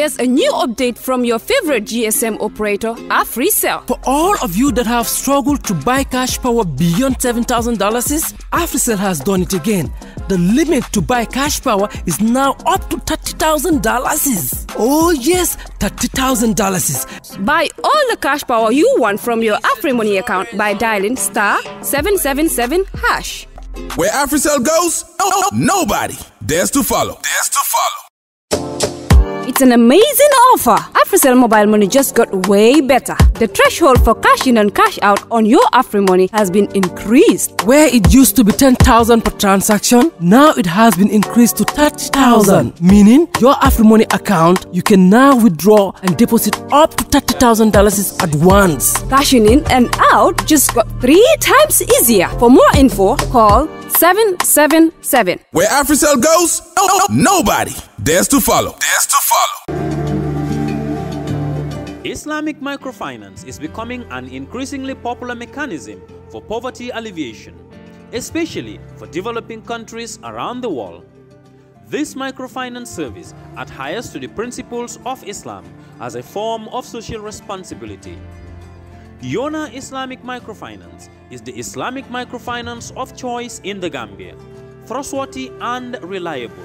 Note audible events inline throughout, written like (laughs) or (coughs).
There's a new update from your favorite GSM operator, AfriCell. For all of you that have struggled to buy cash power beyond $7,000, AfriCell has done it again. The limit to buy cash power is now up to $30,000. Oh yes, $30,000. Buy all the cash power you want from your AfriMoney account by dialing star 777 hash. Where AfriCell goes, nobody dares to follow. Dares to follow. It's an amazing offer. AfriCell Mobile Money just got way better. The threshold for cash in and cash out on your AfriMoney has been increased. Where it used to be 10,000 per transaction, now it has been increased to 30,000. Meaning, your AfriMoney account, you can now withdraw and deposit up to $30,000 at once. Cashing in and out just got three times easier. For more info, call 777. Where AfriCell goes, oh, oh nobody there's to follow. There's to follow. Islamic microfinance is becoming an increasingly popular mechanism for poverty alleviation, especially for developing countries around the world. This microfinance service adheres to the principles of Islam as a form of social responsibility. Yona Islamic Microfinance is the Islamic microfinance of choice in the Gambia, trustworthy and reliable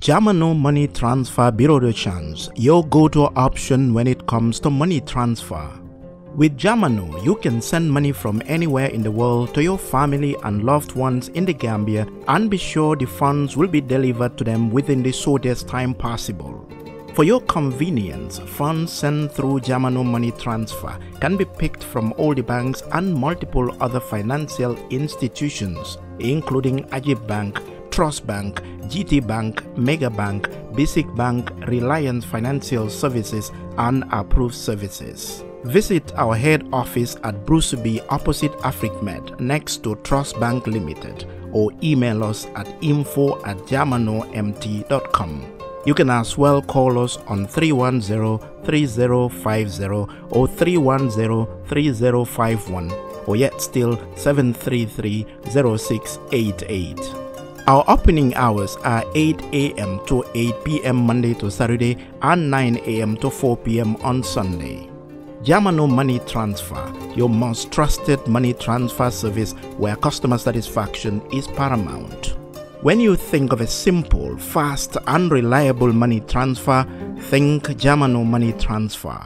Jamano Money Transfer Bureau your go-to option when it comes to money transfer. With Jamano, you can send money from anywhere in the world to your family and loved ones in the Gambia and be sure the funds will be delivered to them within the shortest time possible. For your convenience, funds sent through Jamano Money Transfer can be picked from all the banks and multiple other financial institutions, including Ajib Bank, Trust Bank, GT Bank, Mega Bank, Basic Bank, Reliant Financial Services, and Approved Services. Visit our head office at Bruceby opposite AfricMed next to Trust Bank Limited or email us at info at germanomt.com. You can as well call us on 310-3050 or 310-3051 or yet still 733-0688. Our opening hours are 8 a.m. to 8 p.m. Monday to Saturday and 9 a.m. to 4 p.m. on Sunday. Yamano Money Transfer, your most trusted money transfer service where customer satisfaction is paramount. When you think of a simple, fast, and reliable money transfer, think Germano Money Transfer.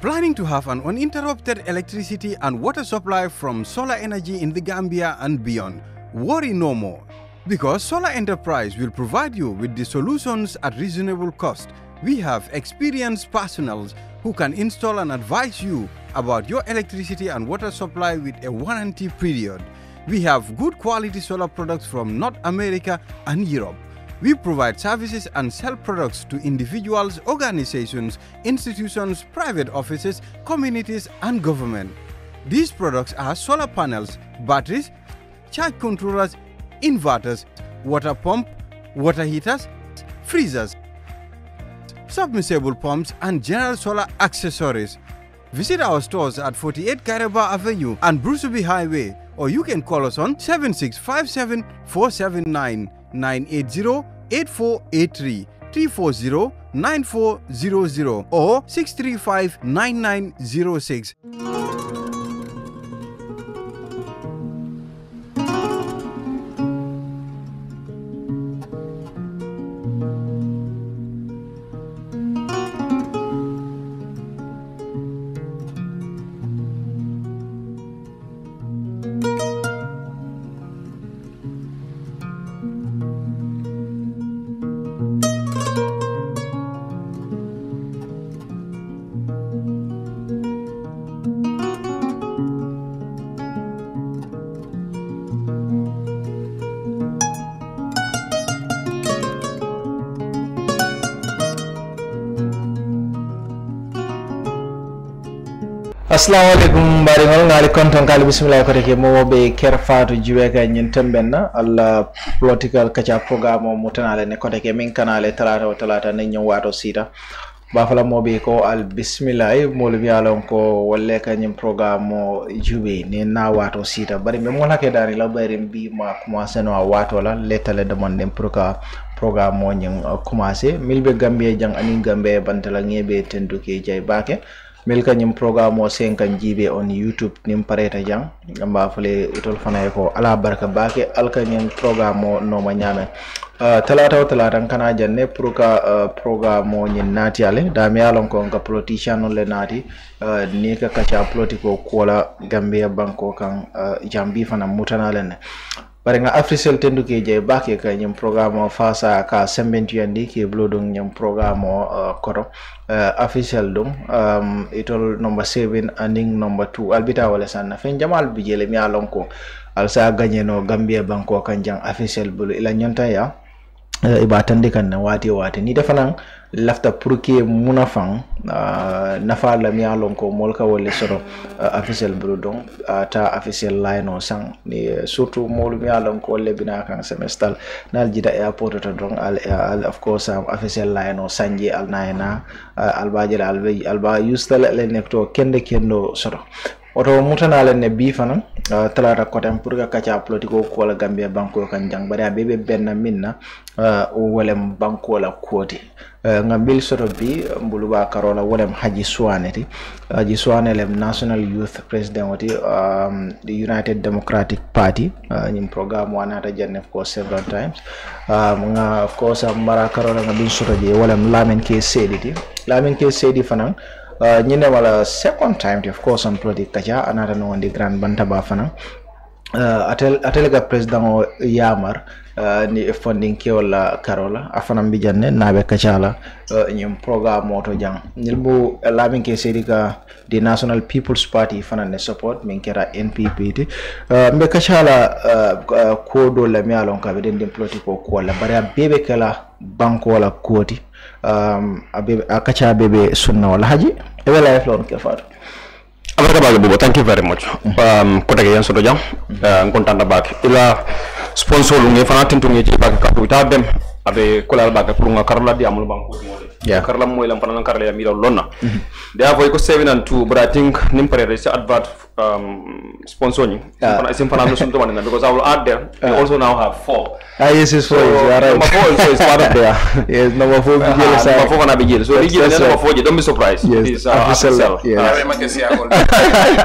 Planning to have an uninterrupted electricity and water supply from solar energy in the Gambia and beyond? Worry no more. Because Solar Enterprise will provide you with the solutions at reasonable cost. We have experienced personals who can install and advise you about your electricity and water supply with a warranty period. We have good quality solar products from North America and Europe. We provide services and sell products to individuals, organizations, institutions, private offices, communities, and government. These products are solar panels, batteries, charge controllers, inverters, water pump, water heaters, freezers, submersible pumps and general solar accessories. Visit our stores at 48 Caribou Avenue and Bruceby Highway or you can call us on 7657 479 980 8483 340 9400 or 635 9906. assalamu aleykum mbarigol ngaali konton kaali bisimillahi kote ke mowoɓe ker fatou juweeka ñin tembenna allah political kaca programme o mutanale ne kote min kanale talata o talata ne wato sita bafala moɓe ko al bisimillahi molu wiyalon ko walle kañin programme o juuɓe ni na wato siita bari mi molake hake dani la ɓayri mbima commencé no a wato la lettale demande ɗen pour que programme o ñin commencé milɓe gambie jang ani gambe bantala ŋeɓe tenduke jaye bake bel kañum programme o senkan jiibe on youtube nim pareta jang gamba fole itol fanay e ko ala barka bake alkañum programme o noma ñamen Uh, talata o talata kana janne pour ka uh, programme o ñin naati ale dami ye ko ka politicien le naati uh, ni ka kaca politiko kola gambia banko kan uh, jambi fana mutana bare nga africell tenduke je bake ka ñim programme o fasa ka sembentiyandi ki blo ɗum ñim programme o uh, koto uh, officiel ɗum um, itol number 7 aning uh, number 2 albita wala sanna fen jamal bijele mi alon ko alsa gagneno gambia banko kan jang officiel bulu ila ñonta ya uh, iba tandikan kan wati wati ni defanan lafta pour ke muna fan uh, nafa la mi alon ko mol ka wolle soto euh, officiel bulu don euh, ta officiel line o san ni euh, surtout molu mi alon ko wolle bina kan semestral nal jida airport to don al, al of course am officiel line o sanje al naina al bajira al bay al ba yustal le nekto kende kendo soto oto mutanalen ne bi fana uh, talata koten pour ka kaca politiko kuwola gambia banko kan jang bari a bebe benna min na wolem banko la kuwoti Eh, ngambil bil soto bi mbuluba karola wolem haji suwane ti eh, haji suwane lem national youth president wati um, the united democratic party ñim eh, program programme wanata jannef ko several times um, nga kosa mbara karola ngambil bil soto je wolem lamen ke sedi ti lamen ke sedi fanan ñine uh, wala second time ti of course on prodi kaca anata no wondi grand bantaba fanan uh, atel president o yamar uh, ni fondinkewol la karola afana mbijanne naɓe kacala uh, ñin programme oto jang nil bo seedi ka the national people's party fana ne support min kera npp ti uh, mbe kacala uh, uh, kuwo do alon ka ɓeɗen ndin politique o kuwol la bare a beɓe kala bankola kuwoti um, a kaca beɓe sunna wala haji e wela e flon ke fatu Available Bobo, thank you very much. Um, kota kiyan soto jam, um, nkontan da bak. Ila sponsor lungi fanatin tungi je bak katu ita dem, abe kulal bak kurunga karla di amul bangku. yeah. karlam moy lam panan karle mi do lonna de mm-hmm. avoy ko sewinan tu brating nim parere se advert um sponsor ni pana sim pana no sunto manena because i will add there we also now have four ah yes is four so, is right number four so is part of there (laughs) yes number four bigel ah, uh, number four kana bigel so bigel number four don't be surprised yes, it is uh, Apicel yes are ma kesi akol ya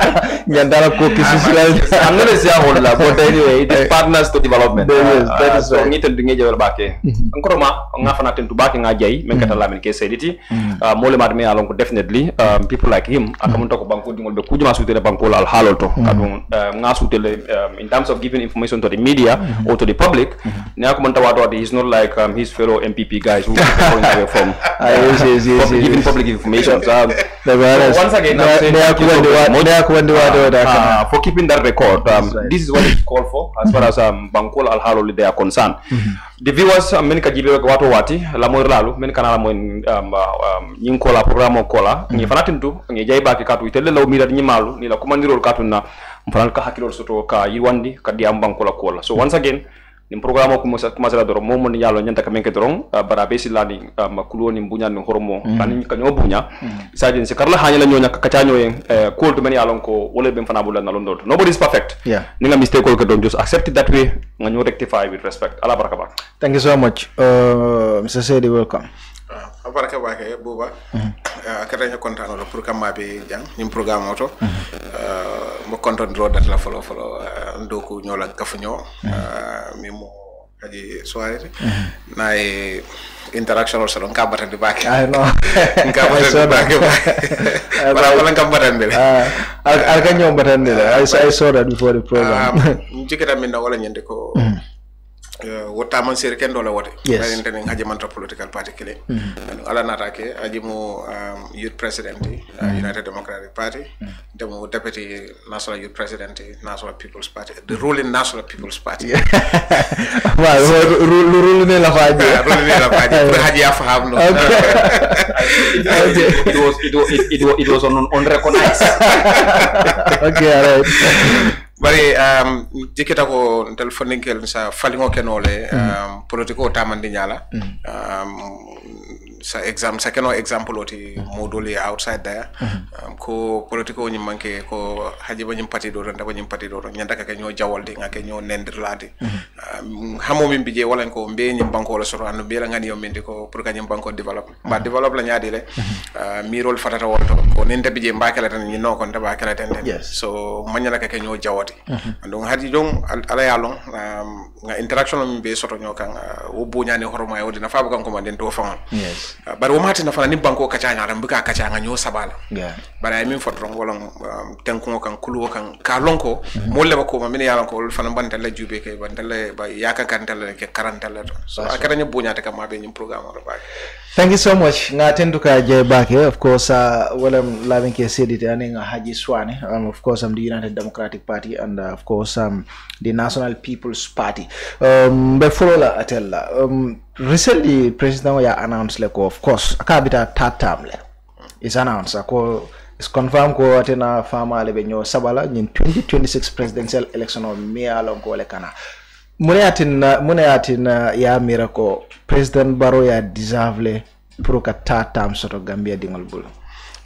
(laughs) nyandara ko kesi sila i'm not a shareholder but anyway it is eh. partners to development yes that is ah, right ngiten dingeje wal bakke encore ma mm-hmm. ngafana tentu bakke ngajay men kata mm-hmm. lamin case editi mm. uh, ah, mole me definitely um, people like him hmm. Aku mentok to ko banko dingol be kujuma sutele banko al halol to mm. kadum um, nga um, in terms of giving information to the media mm. or to the public mm. ne mentok waktu he is not like um, his fellow MPP guys who are going away from (laughs) ah, yes, yes, yes, giving public information so, um, so once again I'm saying thank you so much uh, for keeping that record um, this is what it's called for as far as um, bankol al halol they are concerned mm -hmm. the viewers um, men ka jibe wato wati lamoir lalu I kana lamoir um, uh, um, ñing kola programme kola ñi mm. fanatin tu ñi jay baake katu telle law mirat ñi maalu ni la commandirol katu na fanal ka hakilol soto ka yiwandi ka diam bankola kola so once again nin programme o commencé la doron momo ni yalo ñanta kamen ke doron uh, bara be sila ni um, kulo ni buña ni hormo mm. kani mm. ka ñoo buña mm. sadin se karla hañala ñoo ñaka ka caño yen uh, cool men yalo ko wala ben fana bulla na lon dot nobody is perfect yeah. ni nga mistake ko don just accept that way nga ñoo rectify with respect ala baraka ba thank you so much uh, mr sedi welcome barka baake buba mm-hmm. eh, akata ñu contano la pour kamma be jang ñim programme auto euh mo content do dat la folo folo eh, ndoku ñoo la kaf ñoo mm-hmm. eh, mi mo aji soirée mm-hmm. nay e interaction or salon kabata di baake ay no (laughs) kabata di bake wala (laughs) wala kabata ndel al ah, ka ñom batande ah, ay ay soda before the program ñu ci kata min wala ñende ko What? sere kenɗo la wote ɓaɗentenen hajimanta political party kile ala natake hajimo youth president united democratic party demo deputy national youth president national people's party the ruling national people's party rulune la faajirulune la faaji pour haji a faham no it was on unrecognized okay all right bari um, jikita ko tel fo sa falingo kenole um, politiko tamandi nyala mm. um, sa exam keno example oti mm mm-hmm. moduli outside there mm-hmm. um, ko politiko nyim manke ko haji ba nyim pati do ron ba nyim pati do ron nyanda ka ñoo jawolde ngake nyo nendirlade mm -hmm. um, hamo min bije wala ko mbe nyim banko la soro anu bela ngani yom ko pour ka nyim banko develop ba mm-hmm. develop la nyaade le uh, mirol fatata wolto ko nende bije mbakela tan nyino kon taba kala tan yes. so manyala ka ñoo jawote donc haji jong ala yalon um, nga interaction min be soto kan uh, wo bo nyane horoma e wodi na faabo kan ko manden to yes bari wo matina fana ni banko ka ca ɲaala n ka sabala yeah. bari a ye min fɔ doronko la tenkuŋo kan kuluwo kan ka lon ko mm -hmm. moolu leba koma mine ye a lon ko wolu fana ba ntalla jube ke ba ntalla ba yaka ka ntalla ke kara ntalla to so a kara ɲe boñata ka ma be ñiŋ programme ro baake thank you so much ŋa tentu ka jee baake eh? of course uh, walam lamin ke ani nga haji swane um, of course um, di united democratic party and uh, of course um, di national people's party um, be folo la atel la um, recently president ya announce le ko of course akabita third term le is announced ko is confirm ko tena fama le benyo sabala nyin 2026 presidential election o mia long ko le kana mune atin mune atin uh, ya mira ko president baro ya deserve le pour ka third term soto gambia dingol bul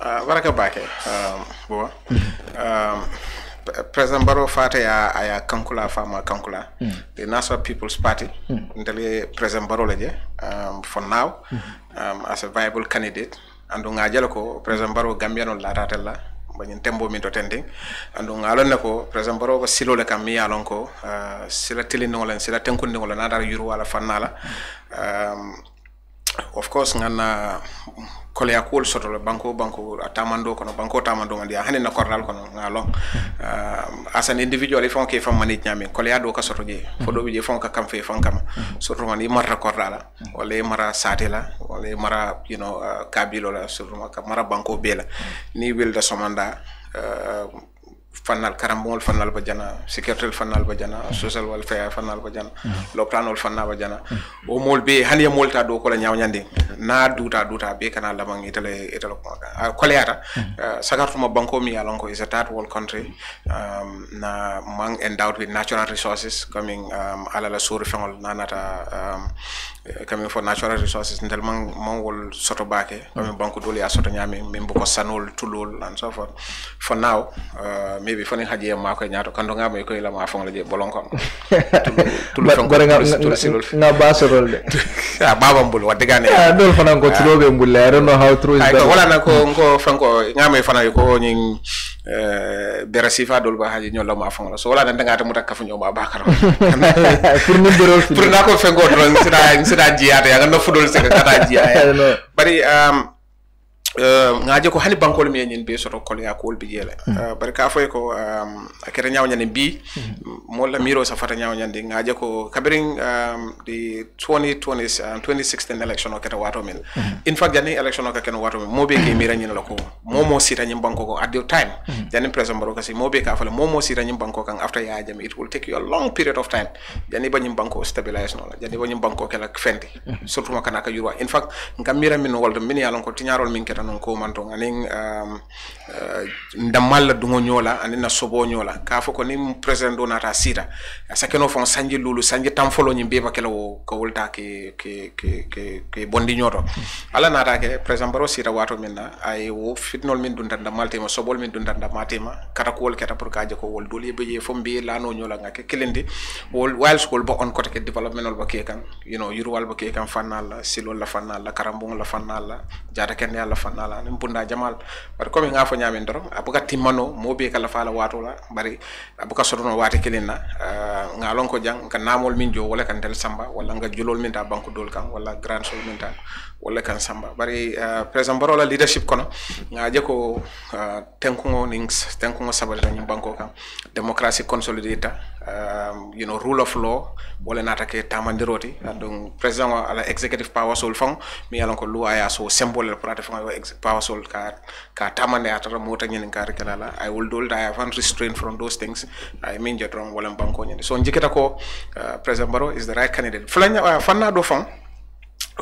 uh, baraka bake um, bo mm-hmm. um, president baro fata ya aya kankula fama kankula mm. the national people's party mm. ndele president baro laje um, for now mm -hmm. um, as a viable candidate andu ngajala ko president baro gambiano latatella bañin tembo min to tending andu ngalon ne ko president baro ba silo le kam mi yalon ko uh, sila len sila tenkundigolen adara yuru wala fanala hmm. um, of course ganna kole soto le banko banko a tamando kono banko tamando ngandi hani na korral kono ngalo long uh, as an individual ifon ke fam manit nyami kole ya do ka soto je mm-hmm. fo do je fon ka kam fe fon kam mm-hmm. soto mani marra korrala wala mm-hmm. mara satela wala mara you know uh, kabilo la soto mara banko bela ni wilda somanda uh, fannal karambool fannal ba jana secrétaire fannal ba jana hmm. social welfare fannal ba jana hmm. lopitanol fanna ba jana hmm. o mool be hani ye moolta do kola ñawñandi na duta duta be kana laban itale itale kumakan koleyata eh, sagartuma banko mi yalon ko is a third world country um, na mang endowed with natural resources coming um, alala suuri feŋol nanata um, kamin eh, fo natural resources ndel man man wol soto baake kamin banko doli a soto ñaami min bo ko sanol tulol and so forth for now uh, maybe fonin haji ma ko nyaato kando ngam e koy la ma fon la je bolon kon tul tul ko (laughs) nga nga silul nga basorol de a (laughs) ah, babam bul wadde gane ah, ya dol fonan ko ah. tulobe bul la no how true is ko wala na ko ngo fanko ngam e fanan ko nyin eh, bere berasifa dol ba haji nyol ma fon la so wala na nga ta mutakka fu ba bakar (laughs) pour ni rol pour na ko fengo dol sida sida jiyaata ya nga no fudol se ka ta jiyaa bari um Ehm, ngaje ko hani bankol mi nyen be soto kol ya kol bi yele hmm. ehm, bari ka foy ko ehm, akere nyaaw nyane bi hmm. mo la miro sa fata nyaaw nyande ngaje ko kabirin di 2020 2016 election okata wato men hmm. in fact jani election okata ken wato men mo be ke mira nyen lako mo mo sita nyim banko ko at the time jani president baro kasi mo be ka fala mo mo sita nyim banko kan after ya jam it will take you a long period of time jani ba nyim banko stabilize no la jani ba nyim banko kala fendi surtout makana ka yurwa in fact ngam ra min woldo min yalon ko tinyarol min tanon ko man ton anin um, uh, ndammalla dungo ñola anin na sobo ñola ka fo ko ni president do nata sita a sakeno fon sanji lulu sanji tanfolo ñi beba kela wo ko wulta ke ke ke ke, bondi ñoto ala nata ke president baro sita wato min na ay wo fitnol min dun danda ma sobol min dun danda ma kata ko wol keta pour ka je ko wol doli be je fo mbi la lano ñola ke kelendi wol wal school bo on kote ke development ol ba ke kan you know yuru wal ba ke kan fanal la silol la fanal la karambong la fanal la jada ken ya la fannal salnala anin bunda jamal bari comme nga fo ñamin dorom abuka timmano mobe kala fala la bari abuka sodono wati kelina na nga lon ko jang ka namol min jo wala kan tel samba wala nga julol min ta banku dol kan wala grand sol min ta walla kan samba bari uh, baro la leadership kono nga je ko uh, eh, nings nin tenkugo sabata ñin banko kan démocratie consolidata eh, you know rule of law wala nata ke tamandiroti ah, donc président o ala executive power sol fan mi yalan ko loi ya so symbole pour ata fan power sol ka ka tamande ata mota ñinin kar la i will do i have restrain from those things i mean jotron wala banko ñinde so jikita ko uh, président baro is the right candidate fulanya fanna do fan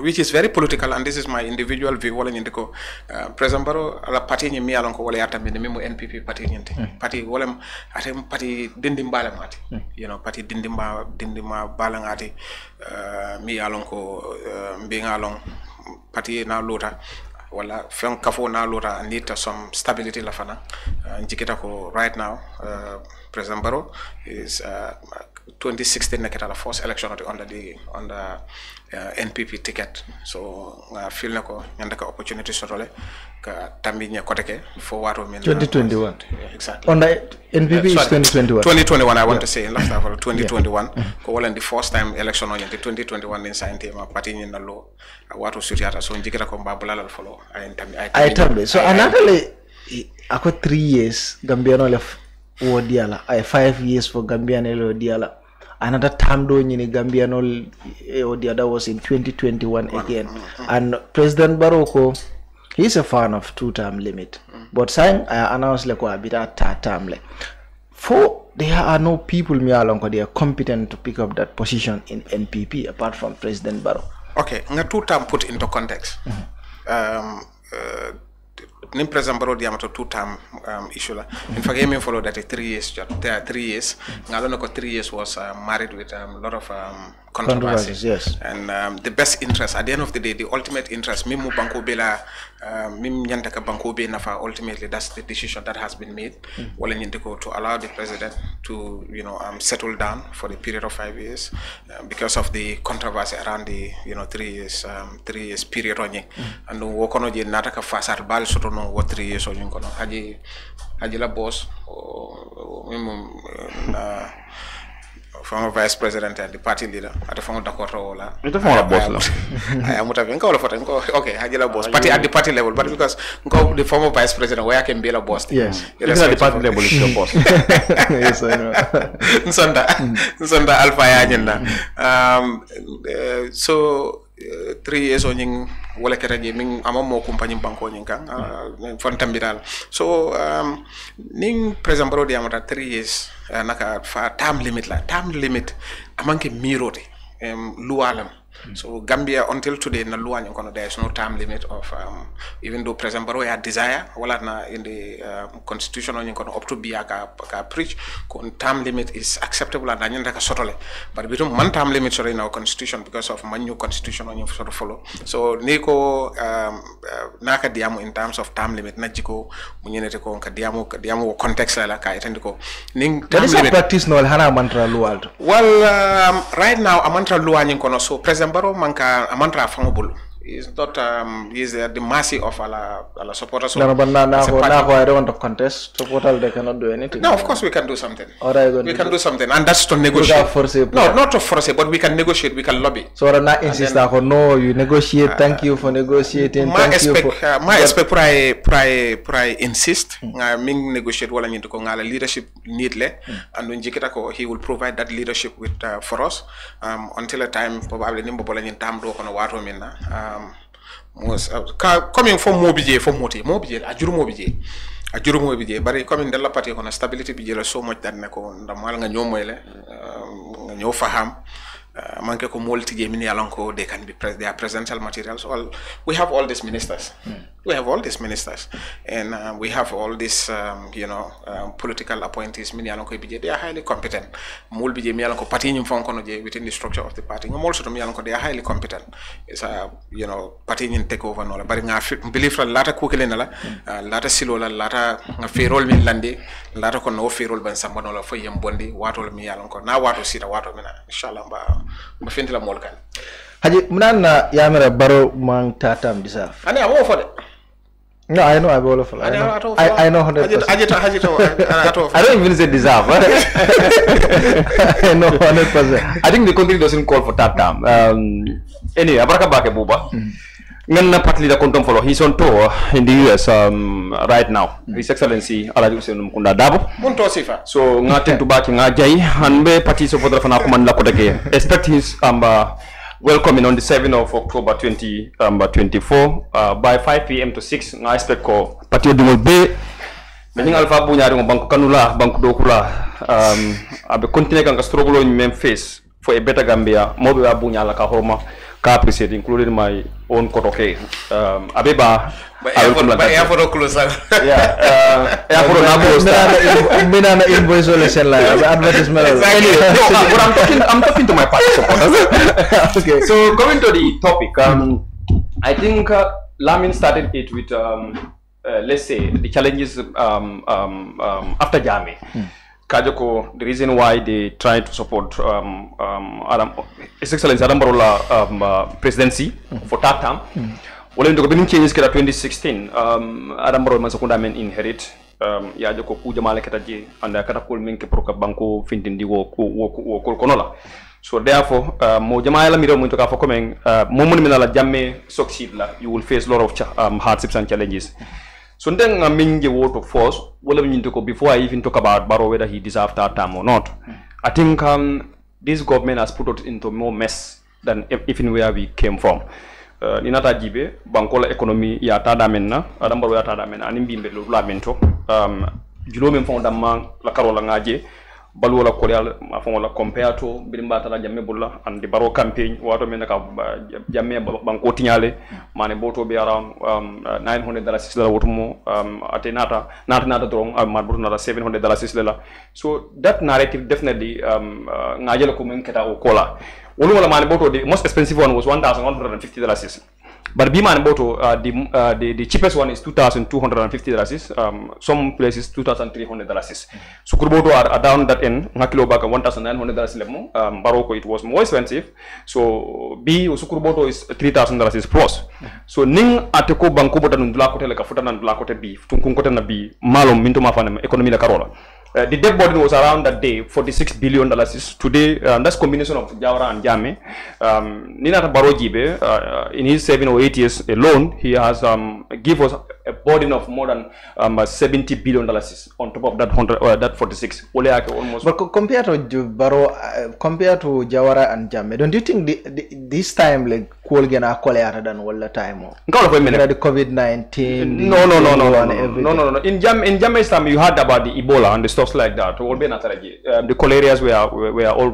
which is very political and this is my individual view wala ñinde ko uh, président baro ala parti ñi mi yalon ko wala yataminde mimo npp parti ñinte mm. parti wala ate parti dindi mbala mati hmm. you know parti dindi mba dindi ma bala ngati uh, mi yalon ko uh, mbi ngalon parti na lota wala fen kafo na lota need some stability la fana uh, jikita ko right now uh, president baro is uh, 2016 nakita la force election under the under Uh, npp ticket so uh, ne ko ñande ka opportunity sotole ka tambi ñe kote ke fo wato min 2021 exactly on the npp uh, is 2021 2021 i want yeah. to say last for 2021 yeah. ko wala di first time election on 2021 in science ma parti ñi nallo wato suriata so jikira ko mbabulalal folo ay tambi ay tambi so another le ako 3 years gambiano le wodiala ay 5 years for gambiano le diala Another term in nyini Gambian eh, old, oh, the other was in 2021 again. Mm, mm. And President Barroso, he's a fan of two-term limit. Mm. But saying I announced like a bit at term For there are no people me along they are competent to pick up that position in NPP apart from President Barrow. Okay, nga two term put into context. Mm -hmm. um, uh, ni president baro diyama to two um, issue la in fact yemin follow that three years three years ngalon ko three years was uh, married with a um, lot of um, controversies, controversies yes and um, the best interest at the end of the day the ultimate interest mimu banko bela Um, mim ñanta ka be nafa ultimately that's the decision that has been made mm. wala ñinde ko to allow the president to you know um, settle down for the period of five years uh, because of the controversy around the you know three years um, three years period oñing mm. andu wo kono je nata ka fasar bal soto no wo three years oñing kono haji haji la boss o mim na uh, former vice president and the party leader ata fanga dakota wala ita fanga boss la (laughs) ay amuta nka wala fota nko okay hajila boss uh, party at the party level but because nko the former vice president where can be la boss yes even at the party level is your boss (laughs) yes i know (laughs) nsonda mm. nsonda alpha ya nyinda mm. um eh, so uh, three years on wala kereji min amammo compagnie bankoñin kan uh, hmm. ah, fon tambiral so um, nin présent barodi amata 3 years uh, naka fa time limit la time limit amanke mirode um, luwalam Hmm. So Gambia until today na luwa kono there is no time limit of um, even though President Barrow ya desire wala na in the um, constitution on kono up to biya ka, ka preach kon time limit is acceptable and anyanda ka sotole but bitum man time limit sore in our constitution because of man new constitution on nyokono sort of follow so niko um, uh, naka diamu in terms of time limit na jiko munyenete ko ka diamu ka diamu wo context la ka itandi ko ning time limit practice no mantra well um, right now amantra luwa nyokono so president jambaro man ka a man t'a faŋo bolo is not um, is at the mercy of our, our supporters. So no, no, but now, now, I don't want to contest. Supporters, they cannot do anything. No, of course we can do something. Or I we can do something, and that's to negotiate. Force no, not to force it, but we can negotiate. We can lobby. So I not insist that oh, no, you negotiate. Uh, thank you for negotiating. My thank expect, you for, uh, my expect, pray, pray, pray, insist. Hmm. Uh, ming negotiate wala nito kung ngala leadership needle, hmm. and when jikita ko, he will provide that leadership with uh, for us um, until a time probably nimbo bola nyo tamdo kono watu mina. Uh, Um, uh, komin fof moobijee fof mootee moobijeel a jour moobijee a jur moobijee bari komin della pati kono stabilité bi jela so moƴ danne ko ndam wala nga ñoo moyle um, nga ñoo faham Uh, manke ko molti je min yalanko they can be pre they materials all we have all these ministers mm we have all these ministers and uh, we have all these um, you know um, political appointees min yalan bije they are highly competent mul bije mi yalan party parti nyum fon kono je within the structure of the party ngam also to mi yalan they are highly competent it's a uh, you know party nyin take over no bari nga believe la lata ku kelen la uh, lata silo la lata nga ferol min lande lata ko no ferol ban samba no la fo yem bondi wato mi yalan na wato sita wato mina inshallah ba ma fentila mol kan haji munan na yamira baro man tatam disa ani amo de No, I know I'm all of I know, I, know, I, I know 100%. Ajito, ajito, ajito, I don't even say deserve. (laughs) I know 100%. I think the country doesn't call for that term. Um, um, anyway, Abaraka Bake Buba. Mm-hmm. Ngan na patli da kontom follow. He's on tour in the US um, right now. Mm-hmm. His Excellency Alhaji Hussein Mukunda Dabo. Munto sifa. So nga tentu baki nga jai. Hanbe pati so fodra fana kuman la kodake. Expect his um, uh, welcoming on the 7th of October 2024 um, uh, by 5 p.m. to 6 na aspect ko patio dingol be mening alfa bu nyaari ngo banko kanula banko dokula um abe continue kan ka struggle on même face for a better Gambia, Mobila Bunya Lakahoma, Capricate, including my own Kotoke. Um, Abeba, but airport close. Yeah, airport close. Minana invoice selection like advertisement. Exactly. I'm talking, I'm to my party supporters. okay. So coming to the topic, um, I think uh, Lamin started it with, um, uh, let's say, the challenges um, um, um, after Jami. Hmm. Kajoko, the reason why they try to support um, um, Adam, His Excellency Adam Barola um, uh, presidency mm. for that term, mm. wale ndoko bini changes kera 2016, um, Adam Barola masakunda men inherit, um, ya joko kuja male kata je, anda kata kul minke proka banko fintin di wo, wo, wo konola. So therefore, uh, mo jama yala miro mwinto kafo komeng, uh, momuni minala jamme succeed la, you will face a lot of um, hardships and challenges. Mm. So then I mean the vote of force, well, I mean to go before I even talk about Barrow whether he deserved that time or not. Hmm. I think um, this government has put us into more mess than e-, even where we came from. Uh, ninata jibe bankola economy ya tada menna adambaro ya tada menna animbi mbelo la mento um julo men fonda la karola ngaje baluwola la koleya a fɔ la to birinba tala jamme bolla andi baro campaign wato min ka jamme banko tiñale mane boto be around um, 900 dollars la wotumo um, ate nata nata nata dron um, mar botu 700 dollars la so that narrative definitely um, uh, ngajela ko min keta o kola wolu wala mane boto the most expensive one was 1150 dollars But Bima and Boto, uh, the, uh, the, the cheapest one is 2250 thousand two hundred and fifty dollars. Um, some places two thousand three hundred So hmm. Kurboto are, are down that end. Ngakilo back 1900 thousand nine hundred dollars level. Um, Baroko it was more expensive. So B Sukurboto is three dollars plus. Hmm. So Ning ateko banko bota nundula kote leka futa nundula kote B. Tunkunkote na B. Malum minto mafana economy la karola. Uh, the debt burden was around that day, $46 billion. Is today, uh, and that's combination of Jawara and Jame. Um, Barojibe, uh, uh, in his seven or eight years alone, he has um, give us a burden of more than um, 70 uh, billion dollars on top of that 100, uh, that 46 Oleake almost but compared to jubaro uh, compared to Jawara and jamme don't you think the, the, this time like kuol gena kolera than all the time ngalo for minute the covid 19 no no no no no no, no no in Jam in jamme time you heard about the Ebola and the stuff like that all be um, the cholerias were were all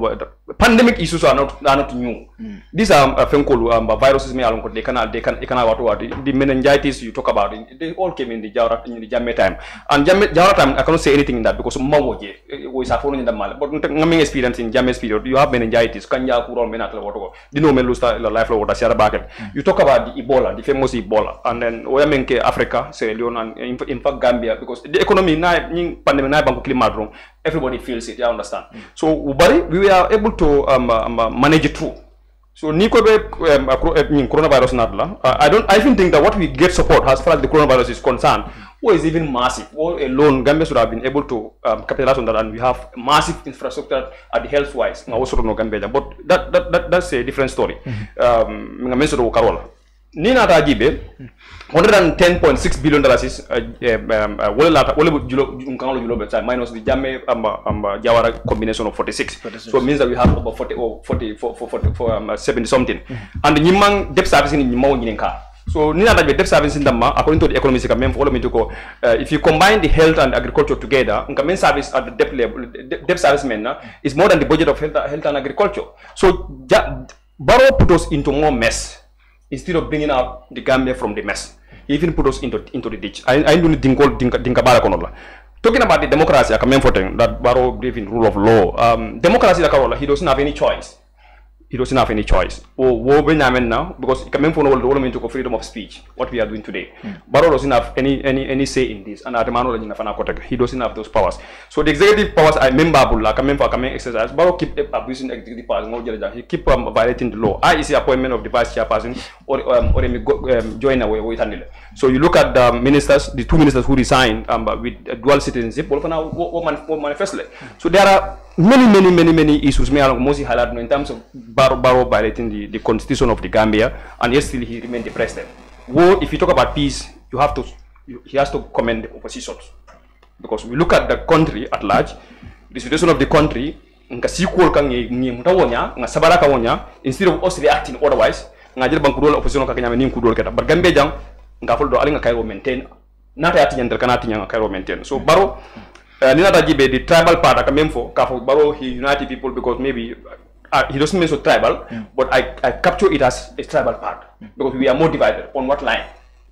pandemic issues are not are not new. Mm. These are uh, called, um, viruses. Me along they can they can they can what what the meningitis you talk about. They all came in the Jawara in the Jamme time. And Jamme Jawara time I cannot say anything in that because Mawoje was a foreign in the mal. But ngami experience in Jamme's period you have meningitis. Kanya kuro mena tla what what. Di no men lose the life lo what siara back. Hmm. You talk about the Ebola, the famous Ebola, and then oya menke Africa, Sierra Leone, and in fact Gambia because the economy na ning pandemic na banko climat wrong. Everybody feels it. I understand. Mm. So we are able to um, um, uh, manage it through. So Nikobe um, uh, uh, coronavirus nadla. I don't. I even think that what we get support as far as the coronavirus is concerned was even massive. All alone, Gambia should have been able to um, capitalize on that, and we have massive infrastructure at health wise. Mm -hmm. But that, that, that that's a different story. Mm -hmm. Um, nina ta jibe on 10.6 billion dollars uh, um, uh, wole lata wole julo un kan lo julo bet minus di jamme amba um, amba um, jawara combination of 46. so means that we have about 40 or 40 for for 40 for um, 70 uh, something mm -hmm. and nyimang debt servicing nyimawo nyinenka so nina that debt servicing dama according to the economics kamen for me to ko if you combine the health and agriculture together un kan service at the debt level debt service men is more than the budget of health, health and agriculture so ja, borrow put us into more mess instead of bringing out the Gambia from the mess. He even put us into, into the ditch. I, I don't think Talking about the democracy, I can for that Barrow believe in rule of law. Um, democracy, he doesn't have any choice he doesn't have any choice. Or Wobenamen now, because coming from all the him into freedom of speech, what we are doing today. Mm. Barrow doesn't have any any any say in this, and Adamano Lajinafanakotag, he doesn't have those powers. So the executive powers are memorable, like for coming exercise. Barrow keep abusing executive powers, he keep um, violating the law. I is the appointment of the vice chairperson or um, or um, join away with handle. So you look at the ministers, the two ministers who resigned um, with dual citizenship, What now? manifestly. Hmm. So there are many, many, many, many issues. Me along Mosi Halad in terms of Baro Baro violating the, the constitution of the Gambia, and yet still he remained the president. Well, if you talk about peace, you have to you, he has to commend the opposition because we look at the country at large, the situation of the country. Nga sequel ka ngi ngi mutawonya, nga sabara kawonya instead of us reacting otherwise, nga jël bank dool opposition ka kanyame ni dool keta. But Gambia jang nga fol do ali nga kayo maintain. Nata yati nyandel kana ati kay maintain. So baro uh, eh, Ninata Jibe, the tribal part, I can mean for Kafo Baro, he united people because maybe uh, he doesn't mean so tribal, yeah. but I, I capture it as a tribal part yeah. because we are more divided on what line.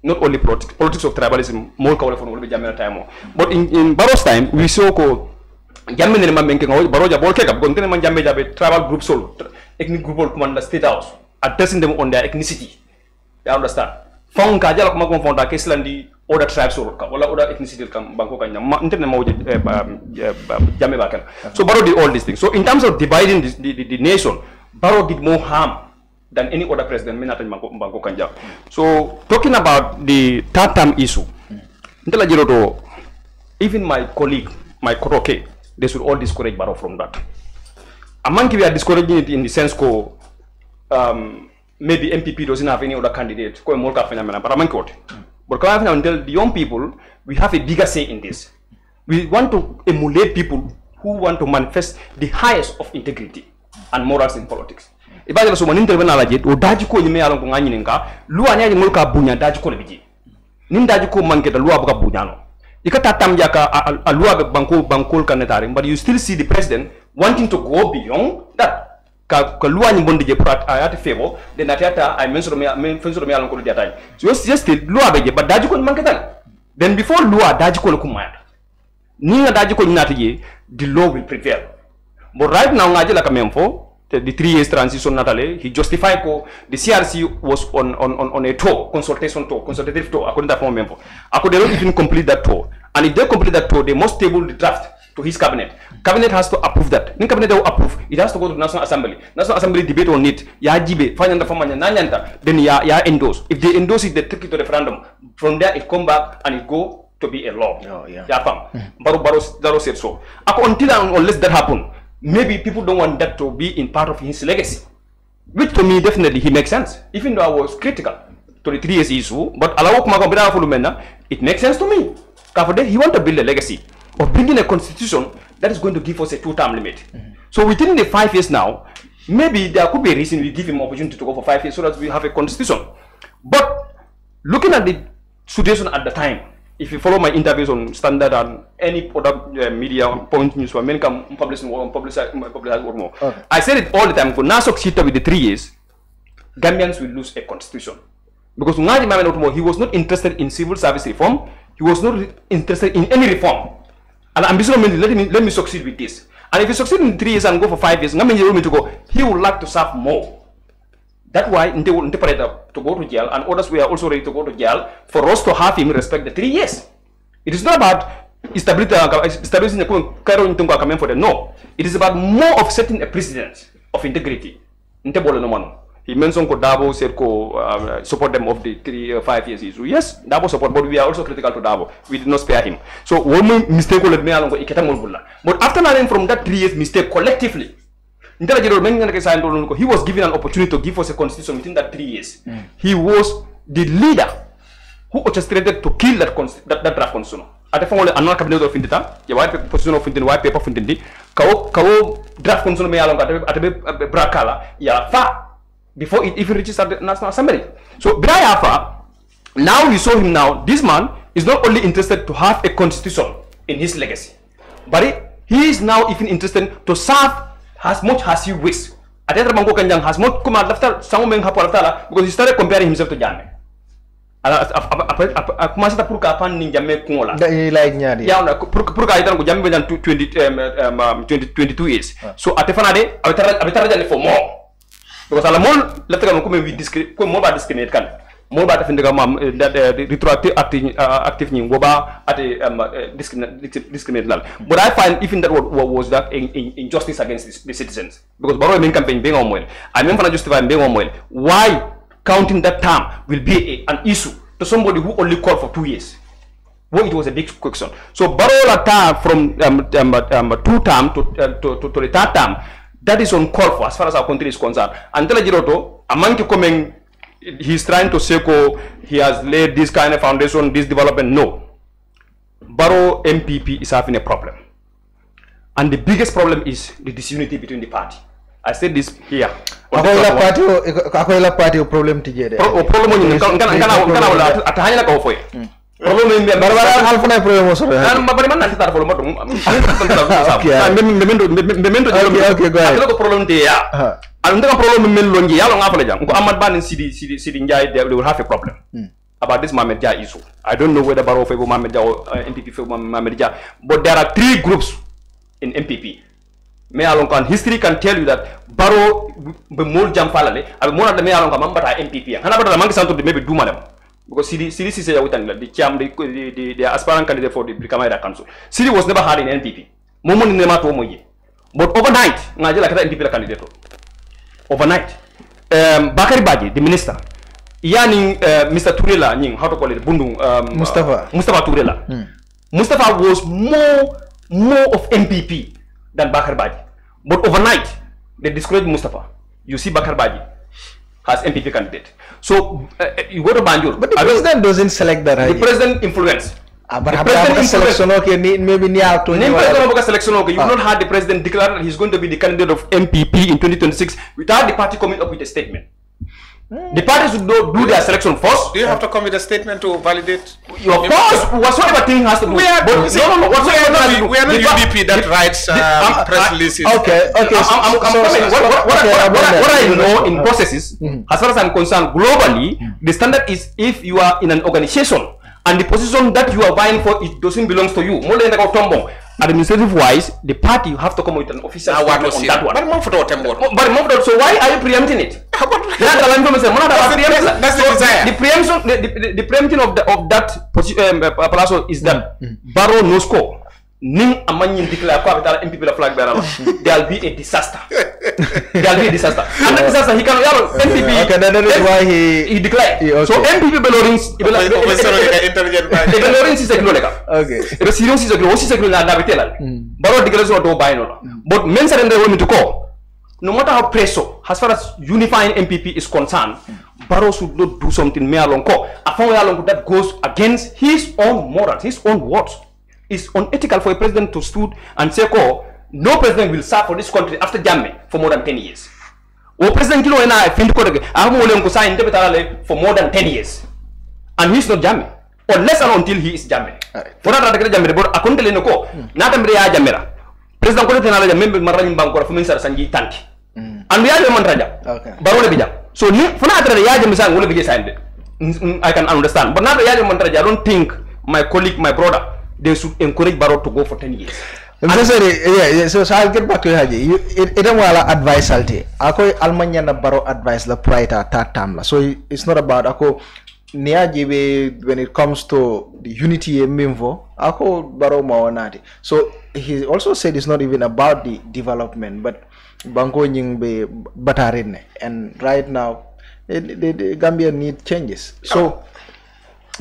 Not only politics, politics of tribalism, more powerful will be Jamaica time. But in, in Baro's time, we saw ko jamme ne man menke baro ja bol keka gonte man jamme jabe tribal group solo ethnic group command state house addressing them on their ethnicity you understand fon ka jala kuma fonda ke slandi oda tribe sur ka wala oda ethnicity kam banko kanya ma interne mawje eh, jamme ba kan so baro did all these things so in terms of dividing this, the, the, the nation baro did more harm than any other president minata banko banko kanja so talking about the tatam issue ntela jiro to even my colleague my kotoke they should all discourage baro from that among we are discouraging it in the sense ko um, maybe mpp doesn't have any other candidate ko molka phenomena but among what mm. But Kalafi now tell the young people, we have a bigger say in this. We want to emulate people who want to manifest the highest of integrity and morals in politics. Ibaje baso mani intervene ala jet, o oh, daji ko yime ala ko ngani nenga, lu anya ni mulka bunya daji ko lebiji. Nim daji ko manke da lu abuka bunya no. Ika tatam jaka alu abe banko bankol kanetari, but you still see the president wanting to go beyond that. ka ka luwa bondi je pour a yaata feebo de naata yaata a ye meŋ soto meŋ feŋ soto meŋ ye a loŋ ko lu jaata be je bari daajiko ñiŋ maŋ tan taŋ then before luwa daajiko le kummayaata niŋ ŋa daajiko ñiŋ naata je the law will prevail bon right now ŋa la ka meŋ fo the three years transition natale he justified ko the crc was on on on, on a tour consultation tour consultative tour according to that form member according complete that tour and if they complete that tour they must table the draft to his cabinet. Cabinet has to approve that. In cabinet they will approve. It has to go to National Assembly. National Assembly debate on it. Ya jibe, fanya nanya nta. then ya, ya endorse. If they endorse it, they take it to referendum. From there, it come back and it go to be a law. Oh, yeah. Ya fam. Baru baru baru said so. Ako until and unless that happen, maybe people don't want that to be in part of his legacy. Which to me definitely he makes sense. Even though I was critical to the three years issue, but allow kumagambira fulumena, it makes sense to me. Kafode, he want to build a legacy. of bringing a constitution that is going to give us a two-term limit. Mm -hmm. So within the five years now, maybe there could be a reason we give him opportunity to go for five years so that we have a constitution. But looking at the situation at the time, if you follow my interviews on Standard and any other uh, media Point News, when come publishing publicize, publicize uh, more, okay. Oh. I said it all the time. For Nasok Sita with the three years, Gambians will lose a constitution because Ngadi Mamen he was not interested in civil service reform. He was not interested in any reform. And I'm basically let me let me succeed with this. And if you succeed in three years and go for five years, to go, he would like to serve more. That's why they will interpret to go to jail, and others we are also ready to go to jail for us to have him respect the three years. It is not about establishing uh, a in for no. It is about more of setting a precedent of integrity. Ntebole no manu. He mentioned ko Dabo said co, um, support them of the three, uh, five years issue. Yes, Dabo support, but we are also critical to Dabo. We did not spare him. So one mistake will be But after learning from that three years mistake collectively, he was given an opportunity to give us a constitution within that three years. Mm. He was the leader who orchestrated to kill that, that, that draft constitution. ate fo ngole anona cabinet do findita ye wipe position o findin wipe paper findindi kawo kawo draft constitution me yalonga ate ate brakala ya fa before it even reaches the National Assembly. So Biraya now we saw him now, this man is not only interested to have a constitution in his legacy, but he is now even interested to serve as much as he wishes. Ateta Mango Kanjang has much come out after some men have because he started comparing himself to Jame. a commencé pour ka pan ni jamme ko la day lay ñaari ya na pour pour ka 20 22 years so ate fana de abe tara abe tara jani the mol let's say we discri koye molɓa discriminate kane molɓa defendega mam retroactive eh, eh, active ñi at eh, ate discriminate but i find even that what, was that injustice against the citizens because baroe min campaign ɓe I am i min fana justify mbiyegon moyle why counting that term will be a, an issue to somebody who only called for two years well, it was a big question so barola term from um, um, um, two term to, uh, to, to, to the third term that is uncalled for as far as our country is concerned. And Giroto, a monkey coming, he's trying to say, oh, he has laid this kind of foundation, this development. No. Barrow MPP is having a problem. And the biggest problem is the disunity between the party. I said this here. akoy la party akoy la party problem tijede. Problem ngana ngana ngana wala problem mimpin. Baru baru Kan kita (laughs) problem Oke oke problem ya. kan ya, dia. problem ngapa Kau will have a problem. Hmm. About this Mamed issue. I don't know whether Baro Febo Mamed Jah or uh, MPP Febo Mamed but there are three groups in MPP. Mais alors history can tell you that Baro be more jam falale, abe more than me alors quand mambata MPP. Hanabata mangi santo de maybe malam. because Sidi, Sidi Sise Yawitan, the CHAM, the, the, the, the aspirant candidate for the Brikamaira Council, Sidi was never had in NPP. Mumu ni nema tuomo ye. But overnight, Najela kata NPP la candidate. Overnight. Um, Bakari Baji, the minister, yani uh, Mr. Turela, nying, how to call it, Bundu, um, Mustafa. Uh, Mustafa Turela. Mm. Mustafa was more, more of NPP than Bakari Baji. But overnight, they discouraged Mustafa. You see Bakari Baji. as MPP candidate. So uh, you go to Banjul. But the president doesn't select that. The president influence. Ah, but the president selection okay, maybe You've ah. not had the president declare that he's going to be the candidate of MPP in 2026 without the party coming up with a statement. The parties should do, do their selection first. Do you have to come with a statement to validate? Your course, whatsoever thing has to do. We are, no, no, no, whatsoever we are not, we are UDP that the, writes uh, press releases. Okay, okay. what, I know in processes, mm. as far as I'm concerned, globally, mm. the standard is if you are in an organization and the position that you are vying for it doesn't belong to you. More than like a tombo. administrative wise, the party you have to come with an official now, ah, statement on that one. But for Mumford, but for so why are you preempting it? (laughs) Ah, that's the desire. The preemption, the, the, the preempting of the, of that um, uh, Palazzo is that mm, mm. Barrow no score. nin a man ñin declare ko aɓe tara mpp la flag be a disaster they'll be a disaster and (laughs) a disaster he cannot o mpp okay, that, that is why he he declare okay. so mpp ɓe lorin ɓe lorin kilo leka ɓe sirion sise kilo wo sise kilo naɓe telal mbaro hmm. déclaration do baynola hmm. but même sere nde wonmiti ko no matter how presso as far as unifying mpp is concerned hmm. Barrow should not do something me along ko afon we along that goes against his own morals his own it's unethical for a president to stood and say, oh, no president will serve for this country after Jammy for more than 10 years. Or President Kilo and I find for more than 10 years. And he's not Jammeh. Unless and until he is Jammy. For that, Jammeh. Fora radakira Jammeh, but akuntele noko, nata mre ya Jammera. President Kote tenala Jammeh mara nyimbankora fuminsara sanji tanki. And we are Jammeh raja. Barole bija. So, fora atara ya Jammeh sang, wole bija sande. I can understand. But nata ya Jammeh raja, I don't think my colleague, my brother, they should encourage Barrow to go for 10 years. I'm yeah, yeah, so, so I'll get back to you, Haji. You, it, advice alte. Ako Almanya na Barrow advice la prior ta that la. So it's not about ako niajibe when it comes to the unity mimvo ako baro maonati. So he also said it's not even about the development, but bango nyingbe batarine. And right now, the, the, the Gambia need changes. So.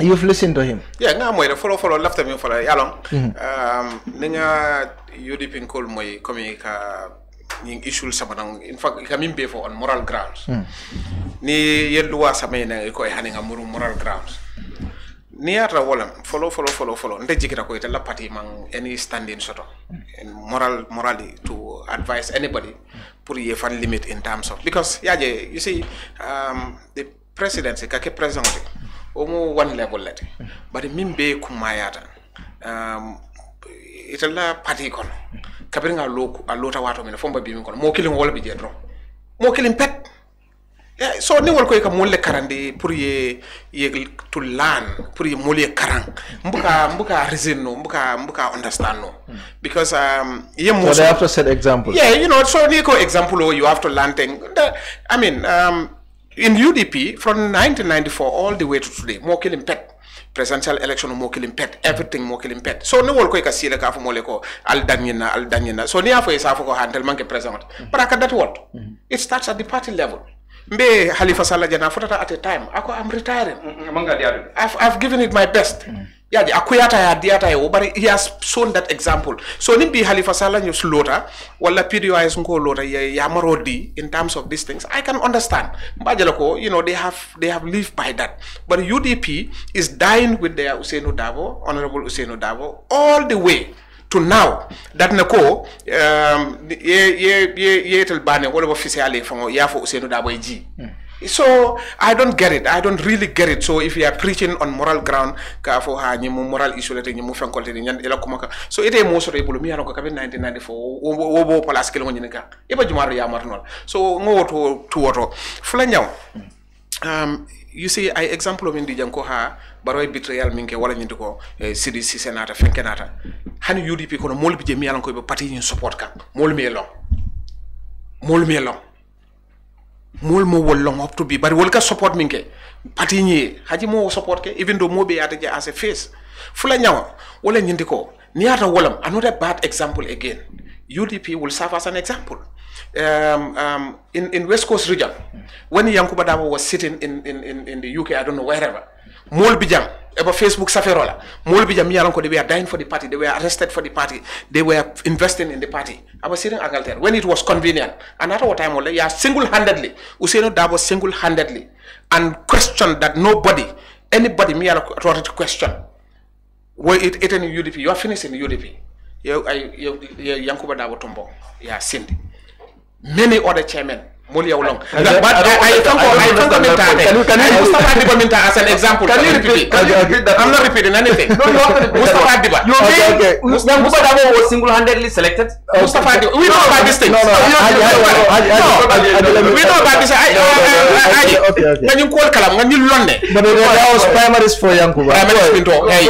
You've listened to him. Yeah, nga moy follow follow left me follow yalong. Mm-hmm. Um ninga UDP call moy communica ning issue sama nang in fact kamim be for on moral grounds. Mm. Ni yeluwa sama ina ko e haninga muru moral grounds. Ni ata wolam follow follow follow follow nde jikira ko ita la party mang any standing soto. And mm. moral morally to advise anybody pour ye fan limit in terms of because yaje you see um the presidency kake president omo wanle gollete bari min be kummayata um, italla pati kono kabiri nga loku a lota wato mine fomba bimin kono mo kilin wala bi je dron mo kilin pet yeah, so ni wol koy ka molle karande pour ye ye to learn pour ye molle karan mbuka mbuka reason no mbuka mbuka understand no because um ye mo so they have to set example yeah you know so ni ko example you have to learn thing i mean um in UDP from 1994 all the way to today mo kilim pet presidential election mo kilim pet everything mo kilim pet so ne wol koy ka sila ka fo ko al dagnina al dagnina so ni afo e safo ko handel manke president mm-hmm. but i can that mm-hmm. it starts at the party level mbe halifa sala jana fotata at a time ako am retiring mm, mm, I've, I've given it my best mm. yaadi a kuyata ya diyata e bari he has shown that example so ni mbi halifa sallah lota loota walla pdos ngo ya, ya marodi in terms of these things i can understand mbajala ko you know they have they have lived by that but udp is dying with their usenu dabo honorable usenu dabo all the way to now datna ko um, ye ye ye yetel bane wala bo fisi ale fango fo usenu da boy ji mm. so i don't get it i don't really get it so if you are preaching on moral ground ka fo ha ni mu moral issue lete ni mu fen kolte ni nyan ila kuma ka so ite mo so rebulu mi yaro ka kabe 1994 wo bo place kelo ni ka e ba jumaro ya marnol so ngo woto to woto fula nyaw um you see i example of indi janko ha baroye bitrayal min ke walañinde ko e eh, sidi sise naata fenke naata hani udp kono molbi je mi yalan koyeɓe patiji support kam molmi e molmi e mol mo wol long hopto bi bari wol ka support min ke patiñi haji mo support ke even do moɓe yata je as a face fula ñawa wala ñindi ko ni yata wolam another bad example again udp will serve as an example um, um, in, in west coast region when yankuba dabo was sitting in, in, in, in the uk i don't know wherever Molbi jang, about Facebook Saferola. Molbi jam yalanko, they were dying for the party, they were arrested for the party, they were investing in the party. I was sitting Angalter when it was convenient. And at what time, yeah, single handedly, Useno Dabo single handedly, and questioned that nobody, anybody, me authority to question. Were it, it in UDP, you are finishing in UDP. You, I, you, you, Yankuba Dabo Tombo, yeah, Cindy. Many other chairmen mol yow long ay kanko ay kanko minta ay Moustapha Diba minta as an example kan repeat I'm not repeating anything no no Moustapha Diba you mean Moustapha Diba was single handedly selected euh, Moustapha Diba we know about this thing no no we know about this I I ngani call kalam ngani lonne but that was primaries for Yankuba primaries minto hey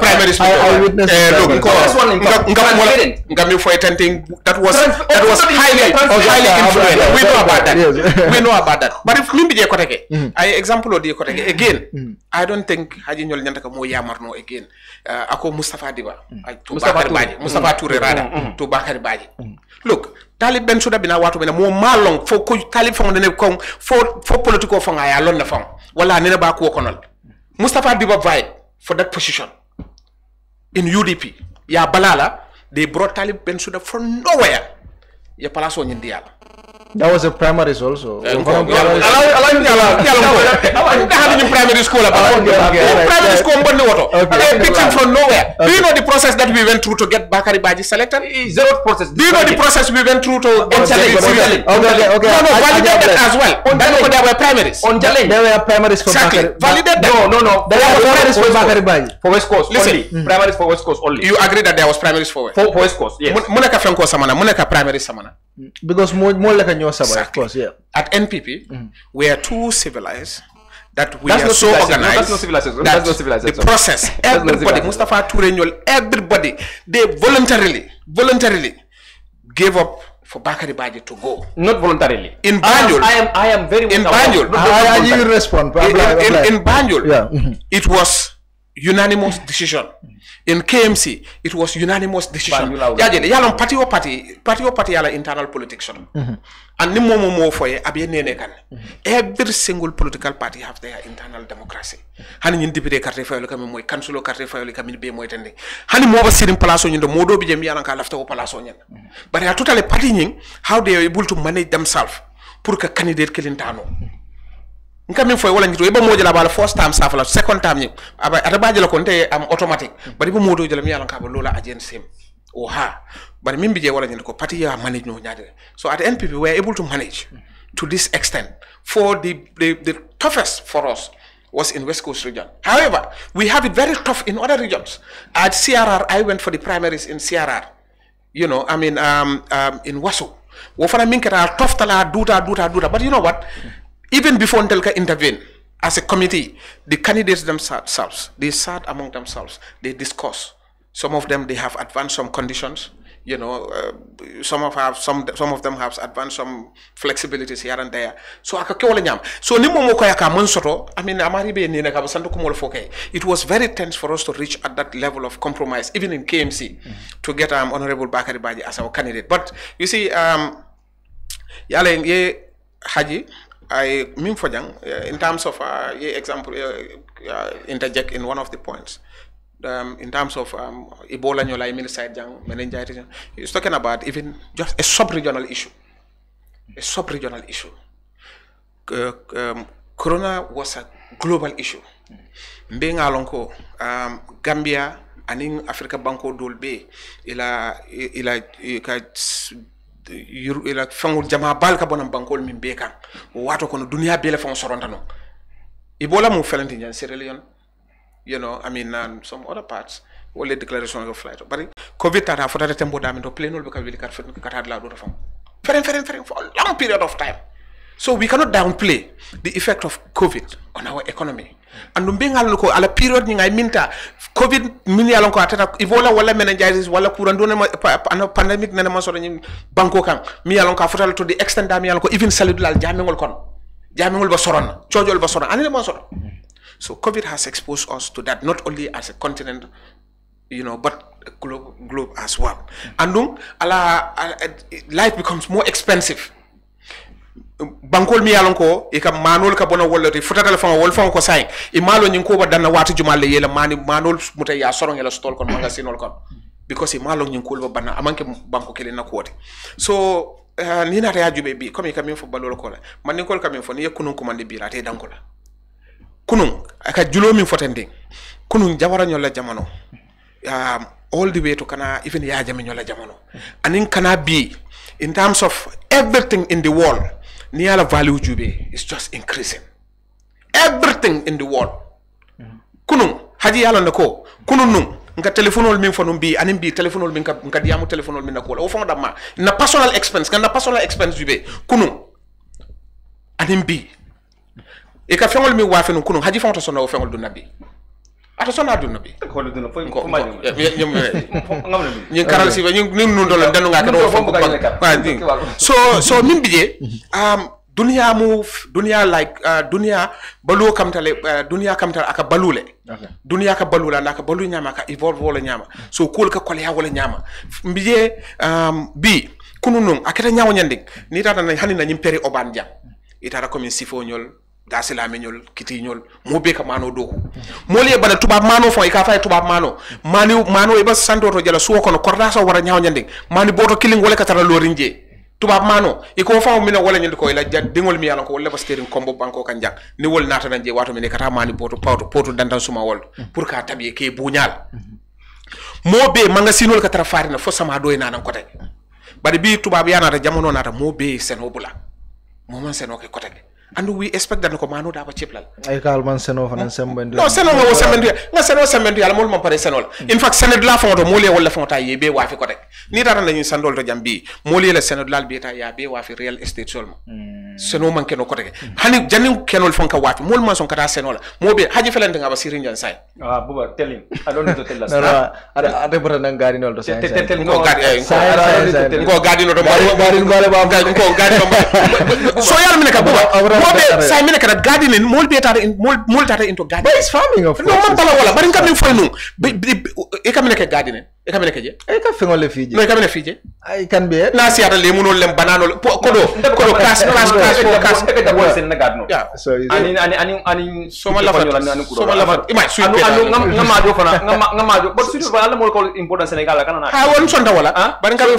primaries minto I witnessed because ngam ngam ngam for attending that was that was highly highly influential about that. Yes. we know about that. But if min bije kote I example odi kote again. Mm. I don't think haji nyol nyanta ka yamar no again. Uh, ako Mustafa Diba, mm. to Mustafa Baji, Mustafa mm. Ture rada, to Bakari Baji. Look, talib ben suda bin Awatu bin mo malong for ko talib fo ne kong, for, for political fo ngaya lon na fo. Wala ba ko konol. Mustafa Diba vibe for that position in UDP. Ya balala, they brought Talib Ben Suda from nowhere. Ya palaso nyindi yala. That was a primaries also. Uh, from primaries. Allow allow me allow me allow me. How did you primary school about? Okay, okay, right, primary right. school mbandi woto. Okay. Picked him from nowhere. Okay. Do you know the process that we went through to get Bakari Baji selected? Zero process. Do you know the process we went through to get selected? Okay, okay, okay. No, no, validate that as well. That there were primaries. On Jaleng. There were primaries for Bakari. Exactly. Validate that. No, no, no. There were primaries for Bakari Baji. For West Coast. Listen, primaries for West Coast only. You agree that there was primaries for West Coast? For West Coast, yes. Muneka Fenko Samana, Muneka primary Samana. Because more, more like a new exactly. of course, yeah. At NPP, mm. Mm-hmm. we are too civilized that we that's are so organized. that's not civilized. that's not civilized. The process, (laughs) everybody, Mustafa Turenyol, everybody, they voluntarily, voluntarily gave up for Bakari Baji to go. Not voluntarily. In Banjul. I am, I am, very In Banjul. I, you respond. In, in, in, Banjul, yeah. (laughs) it was unanimous decision. in KMC it was unanimous decision yaajede yalam party o party party o party yala internal politics on mhm. and ni momo mo foye abe nene kan every single political party have their internal democracy hani ñin député carte fayol kam moy councilo carte fayol kam be moy tande hani mo ba sirim place ñin do modo bi jem yalan ka lafta o place ñen but ya totally party ñing how they are able to manage themselves pour nka min foye wala ngito ibo moje la bala first time safala second time ni aba ata baje la konte am um, automatic bari ibo modo jala mi yalan ka lola agency o ha bari min bije wala ngito ko party ya manage no nyaade so at npp we are able to manage to this extent for the the, the toughest for us was in West Coast region. However, we have it very tough in other regions. At CRR, I went for the primaries in CRR. You know, I mean, um, um, in Waso. Wofana minketa tough tala duta duta duta. But you know what? Even before Ndelka intervened, as a committee, the candidates themselves, they sat among themselves, they discuss. Some of them, they have advanced some conditions, you know, uh, some of have some some of them have advanced some flexibilities here and there. So can't wala nyam. So ni momo ko yaka man soto, I mean amari be ni naka santo ko mol foke. It was very tense for us to reach at that level of compromise even in KMC mm -hmm. to get um, honorable Bakari Baji as our candidate. But you see um yale ye haji I mean for Jang, in terms of uh, example, uh, interject in one of the points. Um, in terms of um, Ebola, Nyola, Emil side Jang, meningitis, he's talking about even just a sub-regional issue, a sub-regional issue. Uh, um, corona was a global issue. Being along ko, um, Gambia, in Africa Banco Dolbe, ila ila ka Eh, jama bal ka bankol min kono no mu you know i mean some other parts wo le déclaration of flight bari covid tata fotata tembo damin to plenol be ka wili kat ka taa la feren feren feren for a long period of time so we cannot downplay the effect of covid on our economy andu mbengal ko ala period ni ngay minta covid min yalon ko atata ivola wala meningitis wala kuran do ma ana pandemic nana ma soro ni banko kan mi yalon ka fotal to di extend mi yalon ko even salidul al jamingol kon jamingol ba soron chojol ba soron anene ma soro so covid has exposed us to that not only as a continent you know but globe globe as well andum ala, ala life becomes more expensive bankol mi yalon ko e kam manol ka bona wollati futatal fa wol fa ko say e malo nyin ko badanna watu le yela mani manol mutay ya soro ngela stol kon manga sinol kon because e malo nyin ko banna amanke banko kele na kote so uh, ni na ta jube bi komi e kam fo balol ko la man ni kol kam fo ni yakunun ko man mande bira te dankola kunun aka julo min fotende kunun jawara nyola jamano um, all the way to kana even ya jamino la jamano anin kana bi in terms of everything in the world Niala value jube is just increasing. Everything in the world. kunu. haji yala nako kunu nung nka telephone ol min fonum bi anim bi telephone ol min ka nka diamu telephone ol min nakola o fonda ma na personal expense ka na personal expense jube kunung anim bi e ka fengol mi wafe nung kunung haji fonto sona o fengol do nabi atosona aduna ɓe hono duna foy ko ñin karal siɓe nin nundola ndanduga kadi so so min mbiƴe um, duniya mu duniya like uh, duniya baluwo kam tale uh, duniya kam tale aka balule okay. duniya ka balula nda ka balu ñama ka evolve wala ñama so kuol ka koleya wala ñama mbiƴe um, bi kunu nun aketa ñawo ñandin ni tata hani na ñim peri oban jam itata komin sifoñol ga silameñol kitiñol mobe ka mano doku moliye bana tubab mano fo i ka fay tubab mano mani mano i ba sandoto jala suwo kono korda so wara nyaaw nyande mani booto kiling wala ka tara jee tubaab mano e ko faaw mina wala nyande ko ila ja dingol mi yala ko wala baskering kombo banko kan jak ni wol nata nan je wato min kata mani boto pawto poto dantan suma wol pour ka tabiye ke buñal mobe manga sinol ka tara farina fo sama do e kote bade bi tubab yanata jamono nata mobe seno bula mo man seno ke kote and we expect that ko manu da ba ciplal ay kal man seno fa nan sembendi no seno wo sembendi nga seno sembendi ala mol man pare seno la in fact seno la fa do mole wala fa ye be wa fi ko tek ni dara lañu sandol to jambi mole la seno dal bi ta ya be wa fi real estate seulement hmm. seno man keno ko tek hani janni kenol fonka wa fi mol man son kata seno la mobe haji felante nga ba sirin jan sai ah buba telin alon to tella sa ada ada bara nan gari eh, eh, nol to sai tel ngo gari ngo gari no to mari mari mari ba ngo gari no so yar min ka buba woɓe saymine kadi gaadinen molɓiyetade moltata into gaadi ɓay faming no mabbala wala mbaɗen kamnen foye noon e kamine ke gaadinen e kamene keje e ka feŋole fiije no e kamene fiije ay kan ɓe na siyata lemunol lem bananol koɗo koɗo kasngasgasgaɗosomalafasomalafaimagamajo fana gamajo bat surtout fana allah mol la kanana ha won sonta wala bari kam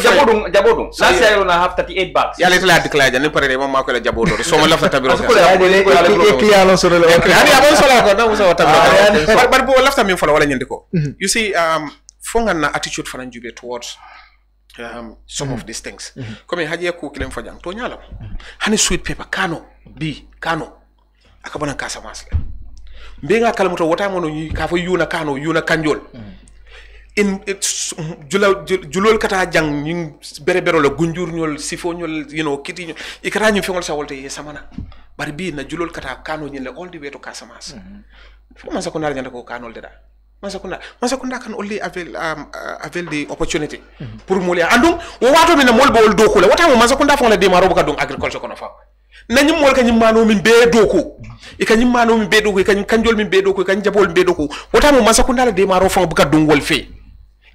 bari bo lafta min fola wala ñandi ko you see fonga na attitude fana njube towards um, some mm of mm-hmm. these things mm -hmm. comme haje ko kilem fajang to nyalam mm -hmm. hani sweet paper kano b kano akabana kasa masle mbenga kala kalmuto wota mono ka fo yuna kano yuna kanjol mm -hmm. in jula, jula kata jang ñing bere bere lo gunjur nyol sifo nyol you know kiti nyol ikara ñu fengol sa wolte samana bari bi na julol kata kano ñin le all the way to kasamas mm -hmm. fama sa ko nar ñanda ko kanol da masakunda masakunda kan olli avel um, uh, aveldi opportunité mm -hmm. pour mole andum wo wato min mol bol doku la wata mo masakunda fonga de maro ka agriculture kono fa nanyim mol kanyim mano min be doku e kanyim mano min be doku e kanyim kanjol min be doku e kanyim jabol min be doku wata mo masakunda la de maro fonga buka wol fe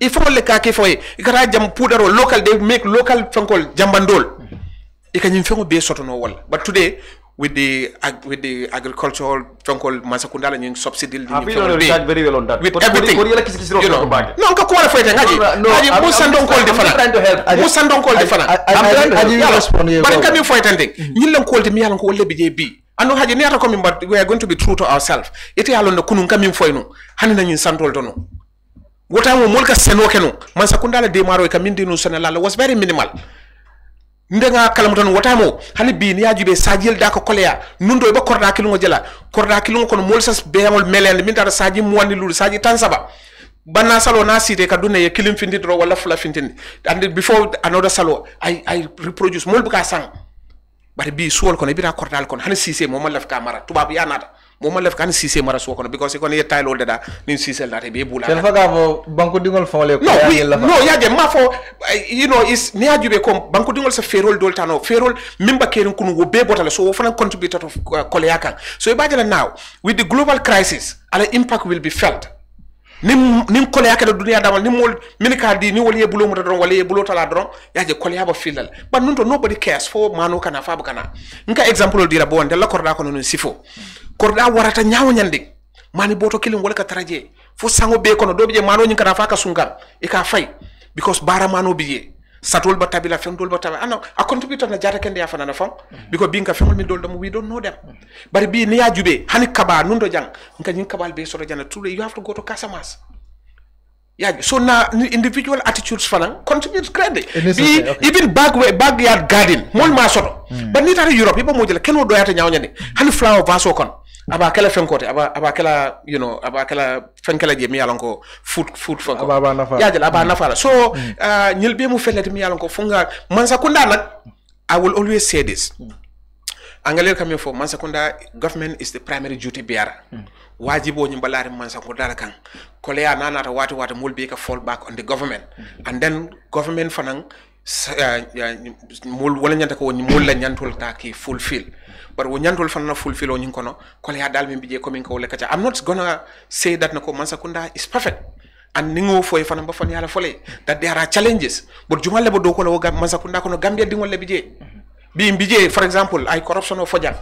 il faut le kake foye e kata jam pudaro local de make local fankol jambandol e kanyim fengo be sotono wala but today with the with the agricultural called masakundala nying subsidy ni you know very well on that with but everything kisi kisi you know no am trying to help but mm-hmm. we are going to be true to ourselves ite yalon no hanina nyin santol tono wota mo seno keno masakundala de maro e was very minimal ndega kala mo tan wotamo hani bi ni yajuɓe sa jelda ko koleya nun ɗo ɓa korda kilgo jela korda kilgo kono molsas beyamol melede min tata saji muwanni luuɗi saji tan saba banna salo na site ka dunne ye kilim findidoro walla fula fintindi ande before anoda salo ay ay reproduce molɓe ka sang bare bi suwol kono ibita kordal kono hani sise momallafka mara ya nata moma lef kan sise mara so kono because kono ye taylo de da ni sise la te be bula sel fa bo banko dingol fon le ko ya la non ya je ma fo eh, you know is ni ajube kom banko dingol sa ferol dol tano ferol mimba keren kunu wo be botale so wo fana contributor of uh, kole so e ba bajala now with the global crisis ala impact will be felt nim nim kole yakada duniya damal nim mol min ka di ni wol ye bulo muta don wala ye bulo tala don ya je kole ba filal ba nun to nobody cares for manu kana fabu kana nka example dira bon la korda kono non sifo mm korda warata nyawo nyande mani boto kilin wala ka traje fo sango be kono doɓe je mano nyinka fa ka sungan e ka fay because bara manoɓe ye satol ba tabila fen dol ba tabila ana a contributor na jata kende ya fana na fam biko binka ka mi dol dum wi don no dem bari bi ni ya jube hani kaba nundo jang nka nyin kabal be soro jana tule you have to go to casamas ya so na individual attitudes fana contributes credit bi okay. even back way backyard garden mol mm. ma soro mm. but ni tare europe ba mo jela keno do yata nyaw nyane hani flower vaso kon aba kala fenkote aba aba kala you know aba kala fenkala je mi yalan ko foot foot fanko aba aba nafa yajal aba mm. nafa la so ñil mm. uh, be mu felati mi yalan ko funga man sa kunda nak i will always say this mm. angalel kam fo man sakunda government is the primary duty bearer mm. wajibo ñi balari man sakunda kan koleya nanata wati wati mulbi ka fall back on the government mm. and then government fanang mol wala ñanta ko woni molla ñantol ta ki fulfill but wo ñantol fanna fulfil o ñing kono kole ya dal min bije ko min ko le kacha not gonna say that nako man sakunda is perfect and ningo foy fana ba fan yala fole that there are challenges but jumal le do ko le man sakunda kono gambia dingol le bije bi bije for example ay corruption o fojal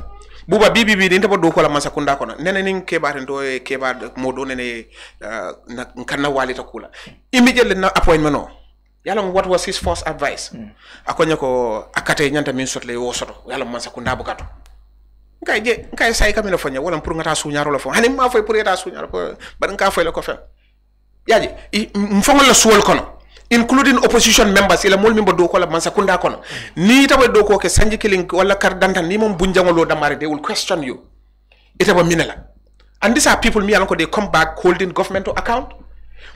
buba bibi bi dinta ba dokola masa kunda kono nene nin kebar ndo kebar mo do nene uh, na kanna walita kula immediately appointment o yalam what was his first advice mm. akonya ko akate nyanta min sotle wo soto yalam man sakunda kato nkay je nkay say kamila fonya wala pour ngata su ñaaro la fo hanim ma fay pour eta suñaro ko ban ka fay la ko fen yaji mfongol la suwol kono including opposition members ila mol do ko la sa kunda kono hmm. ni do ko ke sanji kiling wala kar danta ni mom bunjangolo damare de will question you ita ba minela and these are people mi ko de come back holding government to account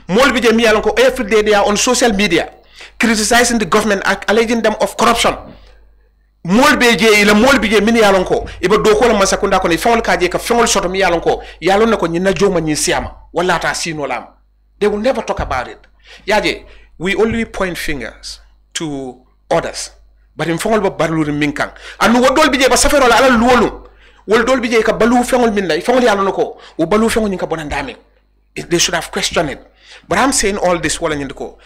mol je mi alanko every day they are on social media criticizing the government alleging them of corruption mool be je ila mool be min yalon ko iba do ko la masakunda ko ni fawol kaaje ka fengol soto mi yalon ko yalon ne ko ni na joma ni siama wala ta sino lam they will never talk about it yaje we only point fingers to others but in fawol ba barluri min kan anu wodol be ba safero la ala luwolum wol dol be ka balu fengol min lay fengol yalon ko o balu fengol ni ka bonan dami they should have questioned it but i'm saying all this wala ni ko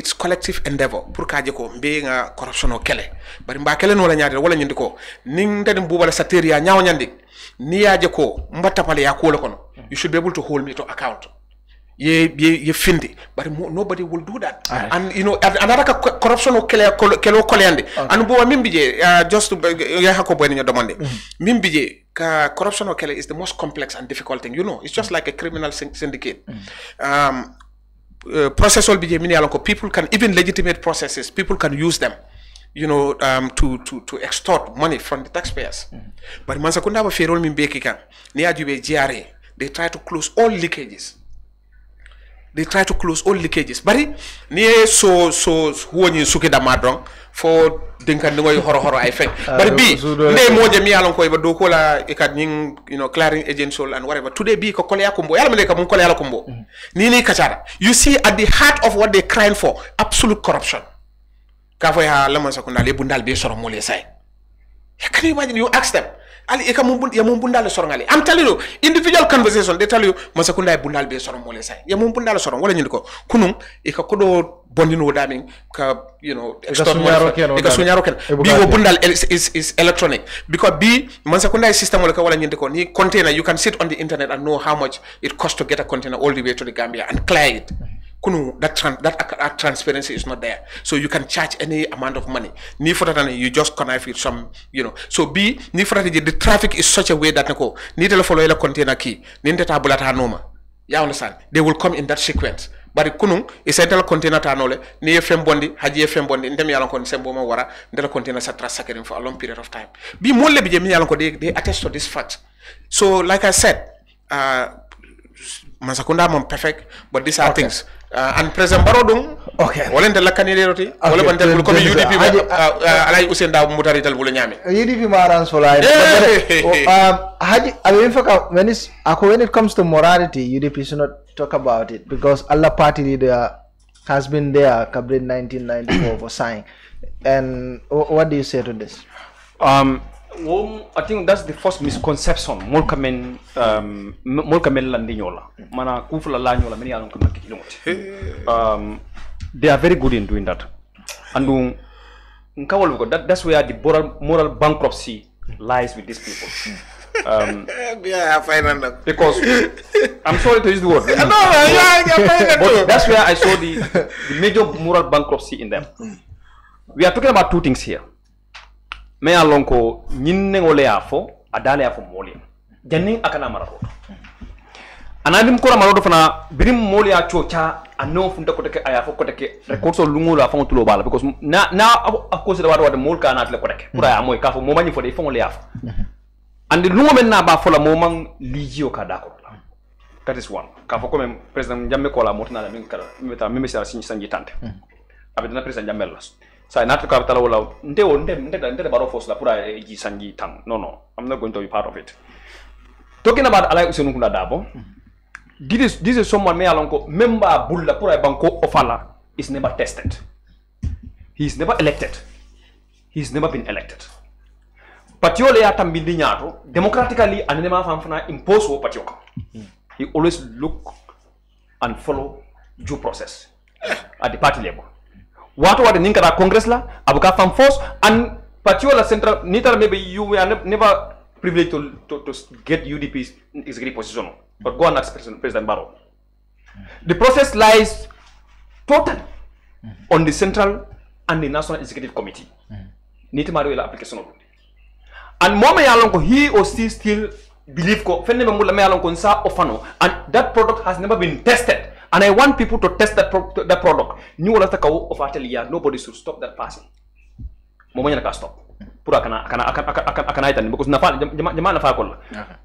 it's collective endeavor pour ka djiko ko nga corruption o kelé bari mba kelé no la ñaade wala ñindiko ni nin tadi mbubala sa teri ya ñaw ñandi ni yaje ko mbattapale ya ko kono you should be able to hold me to account ye ye ye findi but nobody will do that Aye. and you know and that corruption o kelé kelo kolende okay. and bo min bije uh, just uh, ya hako bo ni demandé mm-hmm. min bije ka corruption o kelé is the most complex and difficult thing you know it's just like a criminal syndicate mm. um Uh, process will be Jemini people can even legitimate processes, people can use them, you know, um, to, to, to extort money from the taxpayers. Mm -hmm. But Mansakunda wa Ferol Mimbekika, Niajube GRA, they try to close all leakages. They try to close all leakages. But so so who suke da madrong fo denkanndi ngoy horo horo ay feng ah, bari bi nde moje mi yalon koy ba do kola e kad nyin you know clearing agentsol and whatever today bi ko kola yakumbo yalla mele kam kole yalla kumbo mm-hmm. ni ni kachara you see at the heart of what they crying for absolute corruption ka fo ha lamon sakunda le bundal be soro mo le say can you imagine you ask them ali i ka mun bun, ya am talilu individual conversation de talilu masa kunda be soron mole sai ya mun wala nyindiko kunun i ka kodo bondino da ka you know e wo bundal is, electronic because bi masa kunda e wala ka wala ni container you can sit on the internet and know how much it cost to get a container all the way to the Gambia and clear it Kunu, that, tran- that, that transparency is not there. So you can charge any amount of money. Ni than you just connive with some, you know. So B, ni the traffic is such a way that nako, ni follow the container key, ni bulata noma. You understand? They will come in that sequence. bari kunun isentala container ta nole ni ye fem bondi haji ye fem bondi ndem yalon ko sembo ma wara ndela container sa trasa kerim for a long period of time bi mo lebi je mi yalon ko they, they attest to this fact so like i said uh, Masakunda I'm perfect, but these are okay. things Uh, an présent mbaro ɗum wolente lakkaniɗeɗoti wala ɓantel ɓuuri comme udp alay usen da mutari tal ɓuula ñaami udp maran solari haji aɓemin foka when is ako uh, when it comes to morality udp should not talk about it because allah party leader has been there kabrin 1994 for sign and what do you say to this um, wo I think that's the first misconception mol kamen um mol kamen landinyola mana kufula la nyola many alum kamen kilingoti um they are very good in doing that and um, nkawol ko that, that's where the moral moral bankruptcy lies with these people um (laughs) yeah I because I'm sorry to use the word (laughs) no, no, yeah, yeah, but that's where I saw the, the major moral bankruptcy in them we are talking about two things here me ye a lon ko ñin neŋo le ye a fo a daa le ye a fo moolu ye janniŋ a kana mara to anadim kora maro do fana birim moli ya chocha ano funda kote ke aya kote ke rekorso lungo la fon tulo bala because na na of course da wadu mol kana atle kote ke pura ya moy kafo mo mani fo de fon le yaf and lungo men na ba fo la mo man ligio ka dako that is one kafo ko men president jamme ko la motna la min kala meta meme sa sin sanji tante hmm. abedna president jamme la sai wala nde in Africa, they will borrow force sangi tang. No, no, I'm not going to be part of it. Talking about Alai Usenukunda Dabo, this, is this is someone me alonko member bulla pura banko ofala is never tested. He is never elected. He is never been elected. Patio le yata mbindi nyato, democratically anema fanfana impose wo patio He always look and follow due process at the party level wato wada nin kata congress la abuka fam force an patio la central nitar maybe you are never privileged to, to, to get UDP's executive position but go and ask President, President Barrow the process lies totally on the central and the national executive committee niti mari la application odu and moma ya lonko he or she still believe ko fenne be mulla me ya lonko sa ofano and that product has never been tested And I want people to test the, pro that product. New wala taka of atelier, nobody should stop that person. Momoya can stop. Pura akana akana akana akana akana because nafa jama jama nafa kola.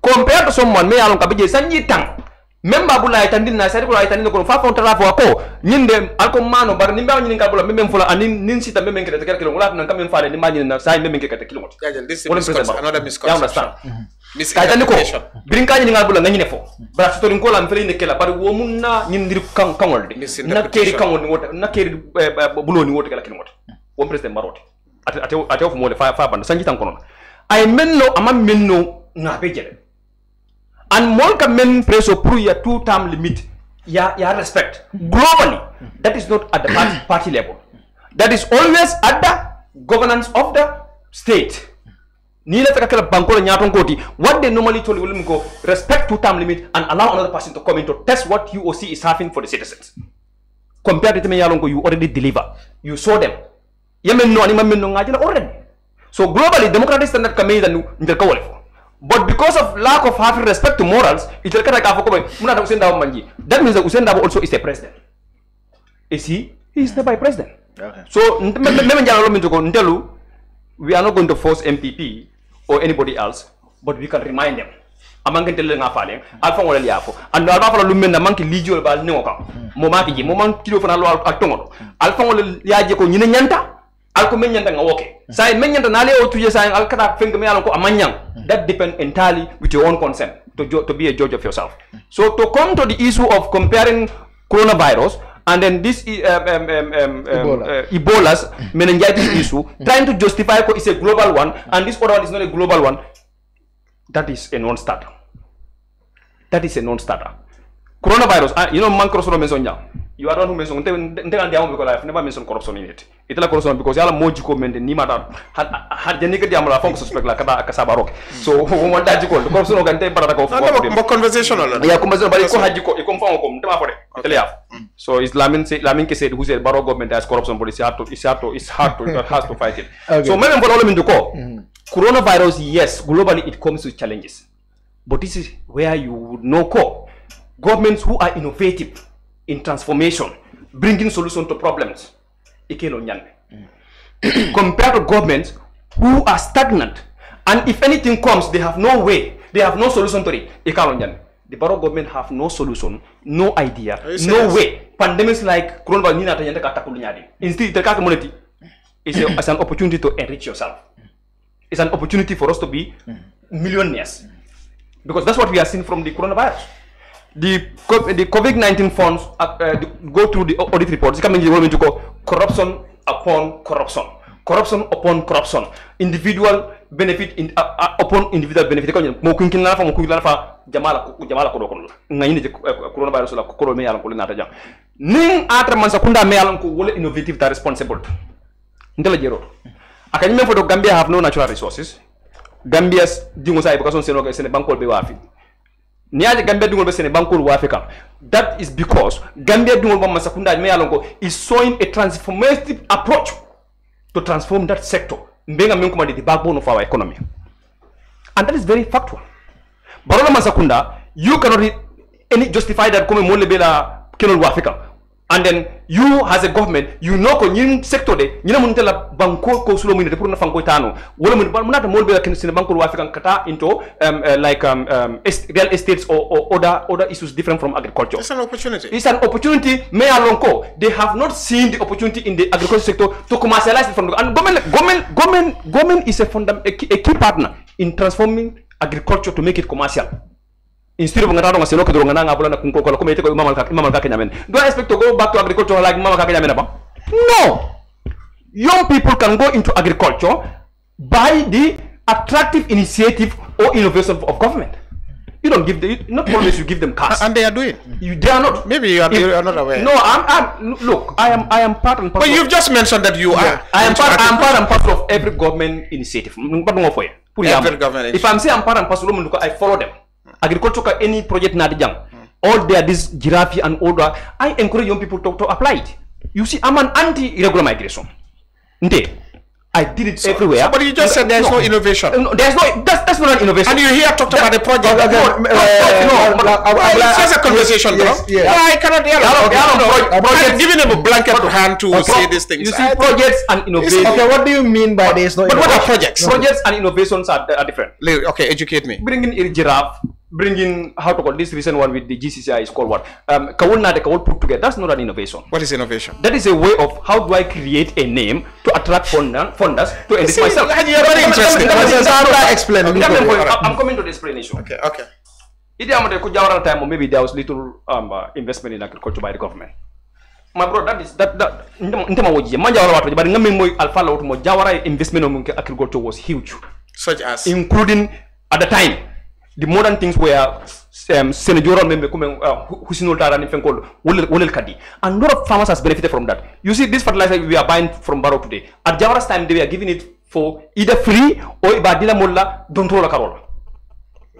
Compared to someone me alon kabije sanyi tang. Member bula itani na sari bula itani ko fa fonta rafu ako nyinde alko mano bar nimba nyin ka bula memem fula anin nin sita memem kete kete kilo wala nan kamem fale nimba nyin na sai memem kete kilo. Another misconception kaita niko birinka ñini ngal bulanga ñine fo bara tutori ngola mi fele ne kela bari wo munna ñin dir de na keri kangol ni wota na keri eh, buloni wota kala kin wota wo president marote ate ate ate mole fa fa banda sanji tan menno ama menno na be jele an mol ka men preso pour ya two term limit ya ya respect globally that is not at the party, party level that is always at the governance of the state ni la ka kala banko nyaton koti what they normally told you go respect to time limit and allow another person to come in to test what you UOC is having for the citizens compared to me yalongo you already deliver you saw them yemen no ani mamen no already so globally democratic standard kami dan ndir ko wolfo but because of lack of having respect to morals itel kata ka foko muna usen dawo manji that means that usen dawo also is a president is he he is the vice president okay. so ndembe jalo min to ko ndelu we are not going to force MPP or anybody else, but we can remind them. amanke tele nga falen alfa ngole yafo ando alfa fala lumen na manke lijo ba ne ngoka mo maki ji mo man kilo fana lo atongo alfa ngole yaje ko nyine nyanta alko men nyanta nga woke sai men nyanta na le o tuje sai al kata fenga me ko amanyang that depend entirely with your own consent to to be a judge of yourself so to come to the issue of comparing coronavirus and then this um um, um, um, um, Ebola. uh, Ebola's meningitis (coughs) issue, trying to justify it's a global one, and this other one is not a global one, that is a non-starter. That is a non-starter. Coronavirus, uh, you know, Mancrosono Mesonja. you are not who mention they kan diamo because life never mention corruption in it it la corruption because yala moji ko mende ni mata had jeni ke diamo la fon suspect la kada ka sabarok so we want that ko corruption o gante parata ko ko mo conversation la ya conversation bari ko haji ko e ko fon ko nte ma fode itele ya so islamin say islamin ke said who said baro government has corruption policy it's hard to it's hard to it's hard to it has to fight it okay. so meme mbolo min ko mm-hmm. coronavirus yes globally it comes with challenges but this is where you would know co governments who are innovative in transformation, bringing solution to problems. Mm. Compared to governments who are stagnant, and if anything comes, they have no way, they have no solution to it. The Barrow government have no solution, no idea, no way. Pandemics like coronavirus, mm. instead, the community is it's an opportunity to enrich yourself. Mm. It's an opportunity for us to be mm. millionaires. Because that's what we are seeing from the coronavirus. the the COVID-19 funds uh, go through the audit reports. Coming to go corruption upon corruption, corruption upon corruption, individual benefit in, uh, upon individual benefit. Kwenye mokuinki jamala jamala coronavirus na tajam. Ning atra kunda wole innovative ta responsible. Ndela jero. Gambia have no natural resources. Gambia's dingo sa niyaje gambia dungol be sene bankol wafe kam that is because gambia dungol mamma sakundaji ma yalon ko is showing a transformative approach to transform that sector mbenga men kuma the backbone of our economy and that is very factual barola masakunda you cannot any justify that come molle bela kenol wafe kam and then you as a government you know ko ñin secteur de ñina mun tela banko ko sulo mun de pour na fanko tano wala mun mun ata mol be ken sin banko wa fikan kata into um, uh, like um, um, real estates or, or other other issues different from agriculture it's an opportunity it's an opportunity may alonko they have not seen the opportunity in the agriculture sector to commercialize it from the, and government government government government is a, fundamental a, a key partner in transforming agriculture to make it commercial instead of ngata nga selo kedro ngana nga bola na kunko kola komete ko imamal kak imamal kak nyamen do i expect to go back to agriculture like mama kak nyamen ba no young people can go into agriculture by the attractive initiative or innovation of government you don't give the not always you give them cars and they are doing you they are not maybe you are, if, you are not aware no I'm, I'm look i am i am part and parcel but you've just mentioned that you yeah, are i am part i'm part and part of every government initiative every government if i'm saying i'm part and parcel i follow them agriculture ka any project na jang hmm. all there this giraffe and all that i encourage young people to, to apply it you see i'm an anti irregular migration nde I did it everywhere. But you just said there's no, innovation. there's no. That's, that's not an innovation. And you here talk about the project. no, no, it's a conversation, yes, yes, I cannot hear I'm giving them a blanket hand to say these things. You see, projects and innovation. Okay, what do you mean by there's no? But what are projects? Projects and innovations are, different. Okay, educate me. Bring in a giraffe bringing how to call this recent one with the GCCI is called what? Um, Kawul Kawul put together. That's not an innovation. What is innovation? That is a way of how do I create a name to attract funders to enrich myself. You're very interesting. I'm coming to the explanation. Okay, okay. time, or maybe there was little um, uh, investment in agriculture by the government. My brother, that is that that ntema wajie manjawara watu but ngami moy alpha la out mo jawara investment in agriculture was huge such as including at the time the modern things were um, senatorial member uh, Husinul Tarani Fenkol, Wolel Kadi. And a lot of farmers has benefited from that. You see, this fertilizer we are buying from Barrow today. At Jawara's time, they were giving it for either free or Ibadila Mulla, don't roll a carola.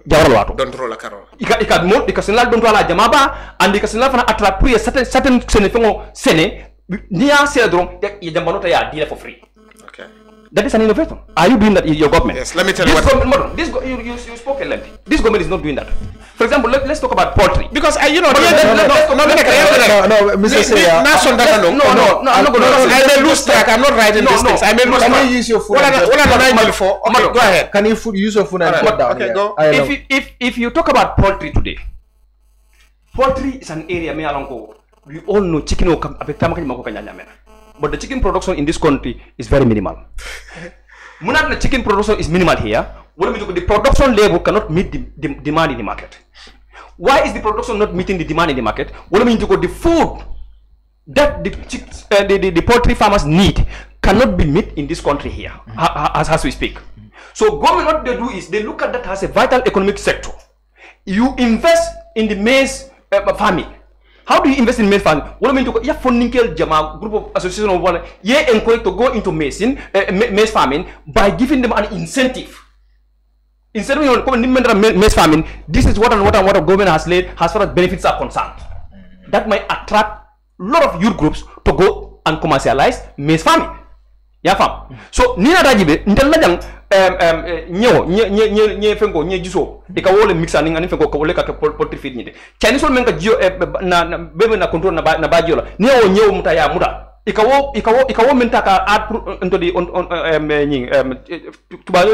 Jawara wato. Don't roll a carola. Ika, ika, mo, ika sinla don't roll a jamaba, and ika sinla fana attrapuye certain, certain senefengo sene, niya sila drong, ya jambanota ya dealer for free. That is an innovation. Are you doing that in your government? Yes, let me tell this you what... Government, this, you, you, you spoke a lot. This government is not doing that. For example, let, us talk about poultry. Because, uh, you know... No, no, no, no, no, no, no, no, Mr. Silla. National no, no, no, no, I'm not going to... I may lose track. I'm not writing these things. I may lose track. Can you use your phone? What am I before? Okay, go ahead. Can you use your phone and put down Okay, go. If you talk about poultry today, poultry is an area, me along go, we all know chicken will come, abe tamakani mako kanyanya mena. But the chicken production in this country is very minimal. (laughs) Munat the chicken production is minimal here. The production level cannot meet the, the demand in the market. Why is the production not meeting the demand in the market? What means the food that the, uh, the, the, the, poultry farmers need cannot be met in this country here, mm -hmm. as, as we speak. Mm -hmm. So government, what they do is they look at that as a vital economic sector. You invest in the maize uh, farming how do you invest in farming? What I mean to yeah, funding Jama group of association of one yeah encourage to go into mason uh, maize farming by giving them an incentive. Instead of coming maize farming, this is what and what and what the government has laid as far as benefits are concerned. That might attract a lot of youth groups to go and commercialize maize farming. ya fam so ni na dajibe ndel la jang em em nyewo ñe ñe ñe fenko ñe jiso e ka wole mixa ni nga ni fenko ka wole ka ke poultry feed ni de chani sol men ka jio eh, na bebe na control na ba na bajio la nyewo nyewo muta ya muta ikawo e ikawo e ikawo e menta ka ad pour eh, ntodi on on eh, em nyi em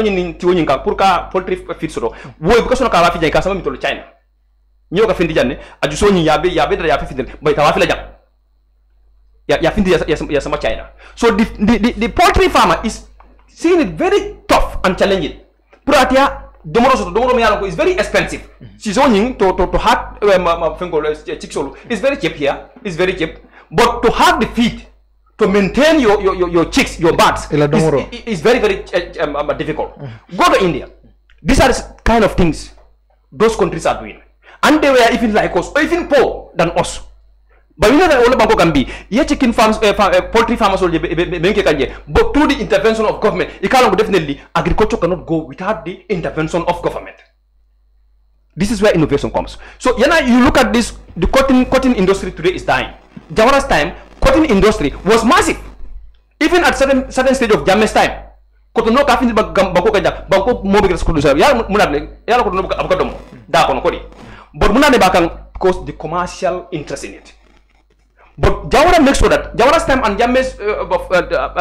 ni nyi wo nyi ka pour ka poultry feed solo wo bu ko so ka la fi jay ka sama mi mitolo china nyewo ka fendi janne aju so nyi yabe yabe dara ya fi feed bay ta wa fi la jang Yeah, yeah, you're, Yeah, yeah, China. So the, the, the, poultry farmer is seeing it very tough and challenging. Puratia, is very expensive. Mm-hmm. She's owning to to to have eh, eh, It's very cheap here. It's very cheap. But to have the feed to maintain your your, your, your chicks, your birds, is, is very very eh, um, um, difficult. Mm. Go to India. These are the kind of things those countries are doing, and they were even like us, or even poor than us. ba wina da wala banko kambi ya cikin farms eh, farm, eh, poultry farmers olje ben ke but through the intervention of government ikalo definitely agriculture cannot go without the intervention of government this is where innovation comes so you know you look at this the cotton cotton industry today is dying jawara's time cotton industry was massive even at certain certain stage of james time cotton no fini banko kanja banko mo be gres kodo ya munadle ya kotono abuka domo da kono kodi but munadle bakan cause the commercial interest in it But Jawara makes sure that Jawara's time and Jame's uh uh,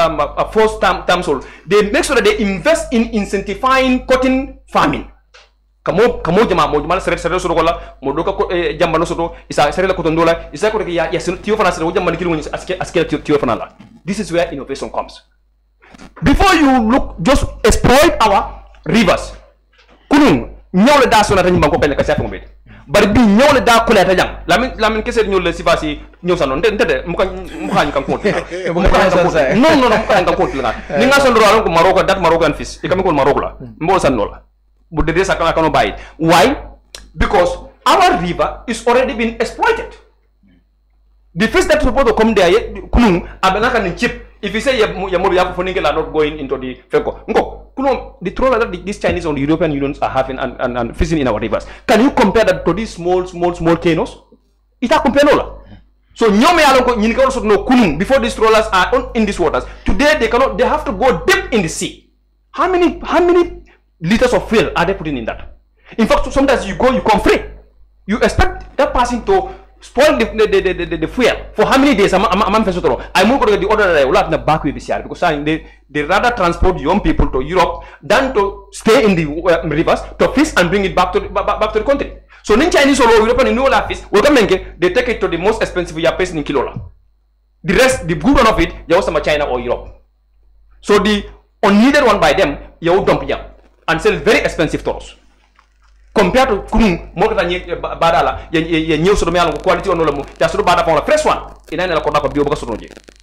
um, uh, uh, um, first time, term soul, they make sure that they invest in incentivizing cotton farming. Kamu, kamu jema, mo jama sere sere soro kola mo jam ko eh, jamba no soto isa sere la kotondo la isa ko ya ya tiyo fana Jam jamba kilu ni aske aske tiyo, tiyo fana la this is where innovation comes before you look just exploit our rivers kunun nyawle da so na tan banko pele ka bari bi ñew la da kuleta jang lamine lamine kese ñu la sifasi ñew sa non ndede de mu ka mu xañ kan ko mu ka sa sa non non mu ka kan ko la ni nga eh. son roal ko maroko dat maroko en fils ikam ko maroko la mbo san no la bu dede sa kan kan why because our river is already been exploited the fish that supposed to come ay kunu, abena kan chip If you say Yamuriya Funingel are not going into the FECO, no, the troll that these Chinese and the European unions are having and, and, and fishing in our rivers, can you compare that to these small, small, small canoes? It's a comparable. So nyome alonko nyinka also no before these trawlers are on, in these waters. Today they cannot they have to go deep in the sea. How many how many liters of fuel are they putting in that? In fact, sometimes you go, you come free. You expect that person to spoil the, the, the, the, the fuel for how many days am am fe sotoro i mo the order will have na back with be siar because they they rather transport young people to europe than to stay in the uh, rivers to fish and bring it back to the, back to the country so in chinese or european New la fish we come they take it to the most expensive you are paying in kilola. the rest the good one of it you also china or europe so the unneeded one by them you dump them and sell very expensive to us compared to kurun moto ta bada la ye nyew so do yalla ko quality ono lamu ta so do bada la fresh one ina ne la ko da ko biyo ba so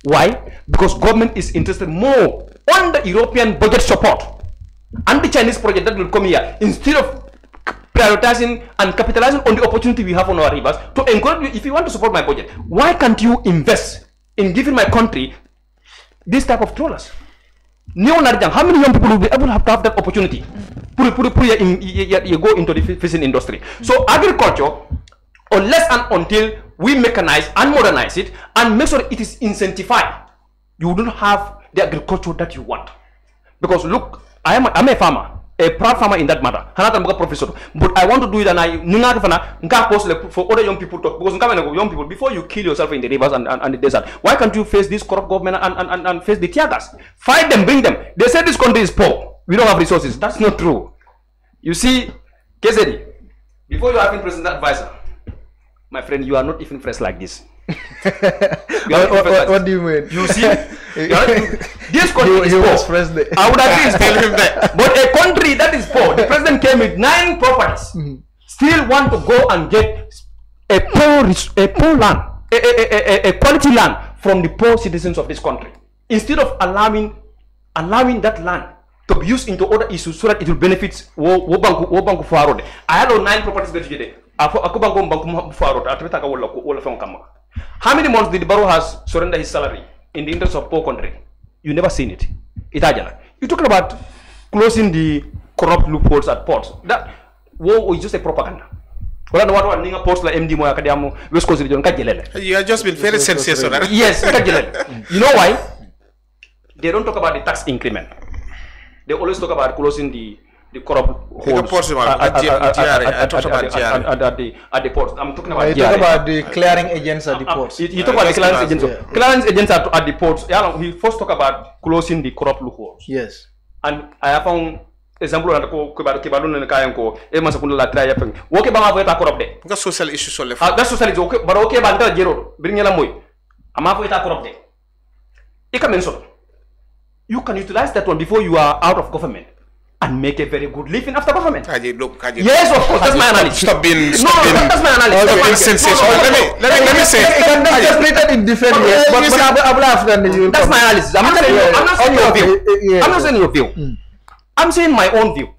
why because government is interested more on the european budget support and the chinese project that will come here instead of prioritizing and capitalizing on the opportunity we have on our rivers to encourage you if you want to support my budget why can't you invest in giving my country this type of trawlers how many young people will be able to have that opportunity mm -hmm. pour pour pour you, you, you go into the fishing industry. So agriculture, unless and until we mechanize and modernize it and make sure it is incentivized, you don't have the agriculture that you want. Because look, I am I'm a farmer, a proud farmer in that matter. Another professor. But I want to do it and I nunakafana post for other young people talk. Because nka young people, before you kill yourself in the rivers and, and, and the desert, why can't you face this corrupt government and, and, and, face the tiagas? Fight them, bring them. They say this country is poor we don't have resources. That's not true. You see, Kesedi, before you have been president advisor, my friend, you are not even fresh like this. (laughs) what, what, what, do you mean? You see, (laughs) this country he, he is poor. I would agree, (laughs) tell him that. But a country that is poor, the president came with nine properties, mm -hmm. still want to go and get a poor, a poor land, a, a, a, a quality land from the poor citizens of this country, instead of allowing allowing that land to be used into other issues so that it will benefit wo wo banku wo banku i have nine properties that you did afo akubango banku at atreta ka wala wala fam kam how many months did Baro has surrender his salary in the interest of poor country you never seen it itajala ya. you talking about closing the corrupt loopholes at ports that wo is just a propaganda wala no watu ninga post la md moya kadi amu ya west coast region jelele you have just been very sensational yes jelele you know why they don't talk about the tax increment they always talk about closing the the corrupt holes ports, at, at, at, at the at the ports. I'm talking about. You talk about the clearing agents at the ports. You talk about the clearing agents. Clearing agents at the ports. Yeah, we first talk about closing the corrupt loopholes. Yes. And I have found example, na ko ko ba ko ba na kayan ko e eh, man sakun la traya peng wo ke ba ma fota korop de ga social issue so le fa ga social issue ko ba ro ke ba ta jero bir ngela moy ama fota korop de e ka men so you can utilize that one before you are out of government and make a very good living after government. Kaji, look, Kaji. Yes, of course, that's my analysis. Stop being, stop no, being, that's my analysis. All the insensational. No, no, let me, let me, let me say. It can be interpreted in different ways, but, I will have you. That's my analysis. I'm not saying, I'm not saying your view. I'm mm. not saying your view. I'm saying my own view.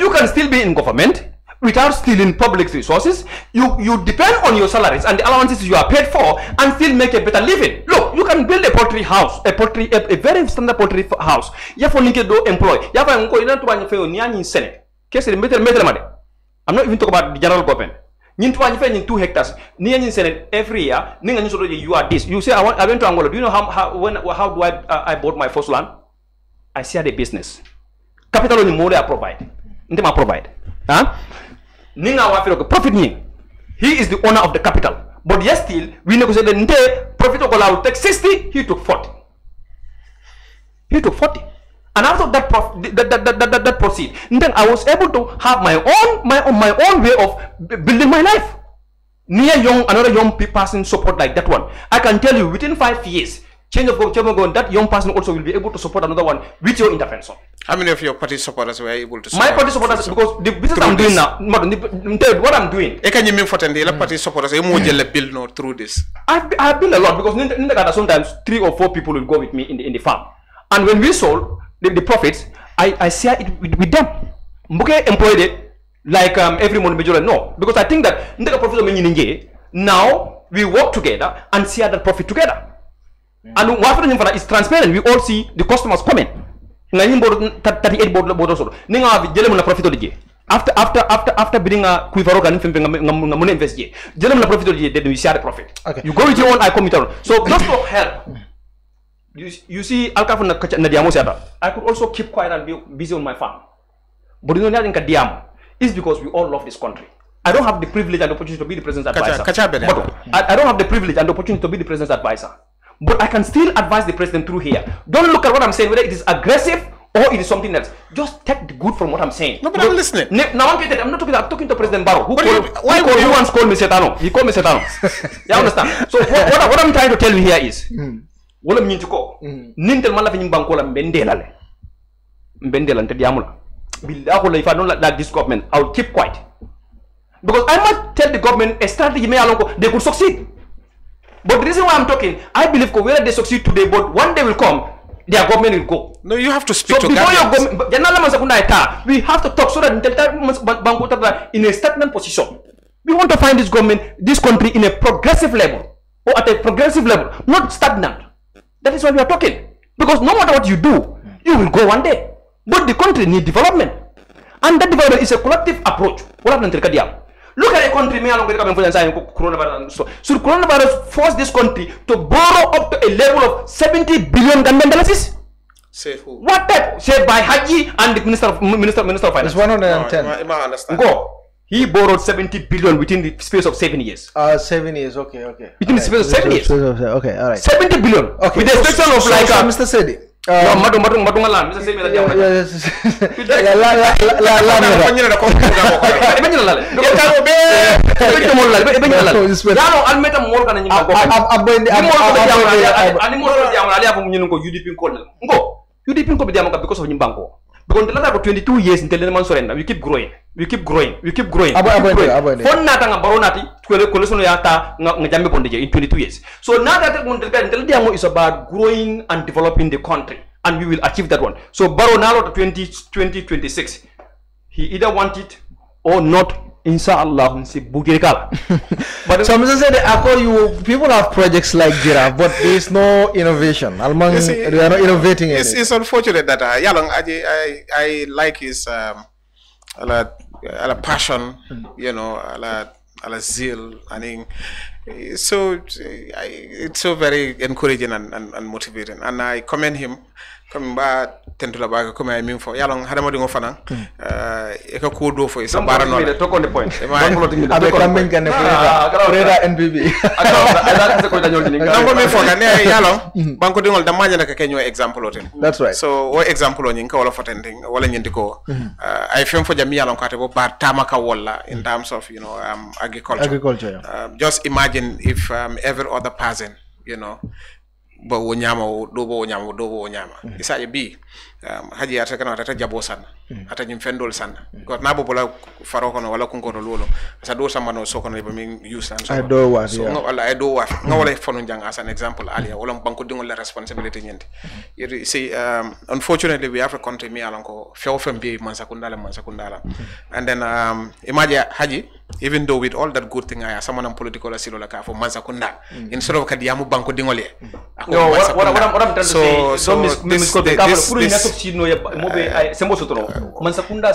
You can still be in government without stealing public resources. You, you depend on your salaries and the allowances you are paid for and still make a better living. Look, you can build a poultry house, a poultry, a, a very standard poultry house. You Yafo ninke do employ. You have ina tuwa nyefeyo have senate. Kesi metel have made. I'm have even talking about have general government. ñin have ñi fe ñin have hectares ni ñin have every year ni have ñu soto you are this you say i want i went to angola do you know how how when how do i uh, i bought my first land i share the business capital ni mo provide provide huh? ninga wafiro ko profit ni he is the owner of the capital but yes still we negotiated the profit of law take 60 he took 40 he took 40 and out of that prof that, that, that, that, that proceed then i was able to have my own my own my own way of building my life near young another young person support like that one i can tell you within five years change of government that young person also will be able to support another one with your intervention. How many of your party supporters were able to support? My party supporters, because the business I'm this. doing now, madam, what I'm doing. E can you mean for the mm. party supporters, you more hmm. build no through this? I've, I've been a lot because sometimes three or four people will go with me in the, in the farm. And when we sold the, the profits, I, I share it with, with them. Mbuke employed it like um, every money major no because I think that now we work together and share that profit together. And what happened for that is transparent. We all see the customers coming. Nga him board 38 board board so. Ni na profit odje. After after after after bidding a quiver kan fimpe nga nga mo invest je. Jele na profit odje then we share the profit. Okay. You go with your own I come with your own. So just to help. You, you see alkafu na the diamo siapa. I could also keep quiet and be busy on my farm. But you know nothing ka diamo. It's because we all love this country. I don't have the privilege and opportunity to be the president's advisor. Kacha, kacha but I, I don't have the privilege and opportunity to be the president's advisor. But I can still advise the president through here. Don't look at what I'm saying, whether it is aggressive or it is something else. Just take the good from what I'm saying. No, but no, I'm listening. Ne, now I'm, I'm not talking. I'm talking to President Barrow. Who, called, you, why who, called, you once called me Setano? He called me Setano. (laughs) you understand? So what, what, what, I'm trying to tell you here is, wala mm. mnyinti ko, nintel mala finyim bankola mbendela le, mbendela nte diamula. if I don't like, this government, I'll keep quiet. Because I might tell the government a strategy may allow, they could succeed. But the reason why I'm talking, I believe whether they succeed today, but one day will come, their government will go. No, you have to speak so to before government. your government, we have to talk so that the in a stagnant position. We want to find this government, this country in a progressive level or at a progressive level, not stagnant. That is why we are talking. Because no matter what you do, you will go one day. But the country needs development. And that development is a collective approach. What happened in Look at a country coronavirus. So, so coronavirus forced this country to borrow up to a level of 70 billion Ghanaian dollars. Say who? What type? Saved by Haji and the Minister of Minister Minister of Finance. It's 110. No, I, I understand. Go. He borrowed 70 billion within the space of seven years. Uh, seven years, okay, okay. Within all the space right. of seven years. okay, all right. 70 billion. Okay. With the exception so, of so, like. So, uh, Mr. Sedi, non matu matu matu nga laal monsieur Seye la jàmm la la la la la ko ba ñu la laal ya taw be be mo laal be ñu la laal ya no al metam mo kana ñu ko ab be ab ab ani mo ko jàmm la ko ñu ko UDP ko la ngo UDP ko bi jàmm ka bi ko so ñu banko because the last about 22 years in Telemann Sorenda, we keep growing. We keep growing. We keep growing. Abo, abo, abo, abo. Fon yata in 22 years. So now that kundi is about growing and developing the country. And we will achieve that one. So baro nalo to 20, 2026. He either want it or not Inshallah, si Bugirikal. (laughs) But some say that ako you people have projects like Jira, but there is no innovation. Almang, they are not innovating. It's, in it. it's unfortunate that uh, Yalong, I, I, I like his um, a a passion, you know, a la a zeal. I mean, so I, it's so very encouraging and, and, and motivating. And I commend him. Come back tentulaɓaka komi ay min fo yalon haɗa modi go fana e ka ko do foy so mbarano mbiɗe tokkode point aɓe kammin kane preda nbb donc min fo exemple o ten that's right so wo exemple o ñin ka wala fo ten wala ñindi ko ay fen fo jam mi yalon bo bar tama ka wolla in mm. terms of you know um, agriculture, agriculture yeah. uh, just imagine if um, every other person you know bo wo ñaama wo do bo wo ñaama do bo wo ñaama e saɗa bi um, haji ata kana atata jabo sanna mm. ata ñum fendol sanna mm. ko bobola faro kono wala kunko to lolo sa do sama no so kono be min use sana so do wa so yeah. Hmm. wala ay do wa mm. nga wala fono jang as an example alia wala banko dingol la responsibility ñende hmm. yeri see um, unfortunately we have a country me alanko ko fem bi man sakundala man sakundala hmm. and then um, imagine haji even though with all that good thing i sama nan political asilo la ka fo man sakunda instead of kadiyamu banko dingol ye no what, what, what, what so, so, this, this, this, this, sino ya mobe eh. ay sembo sotono eh, man sakunda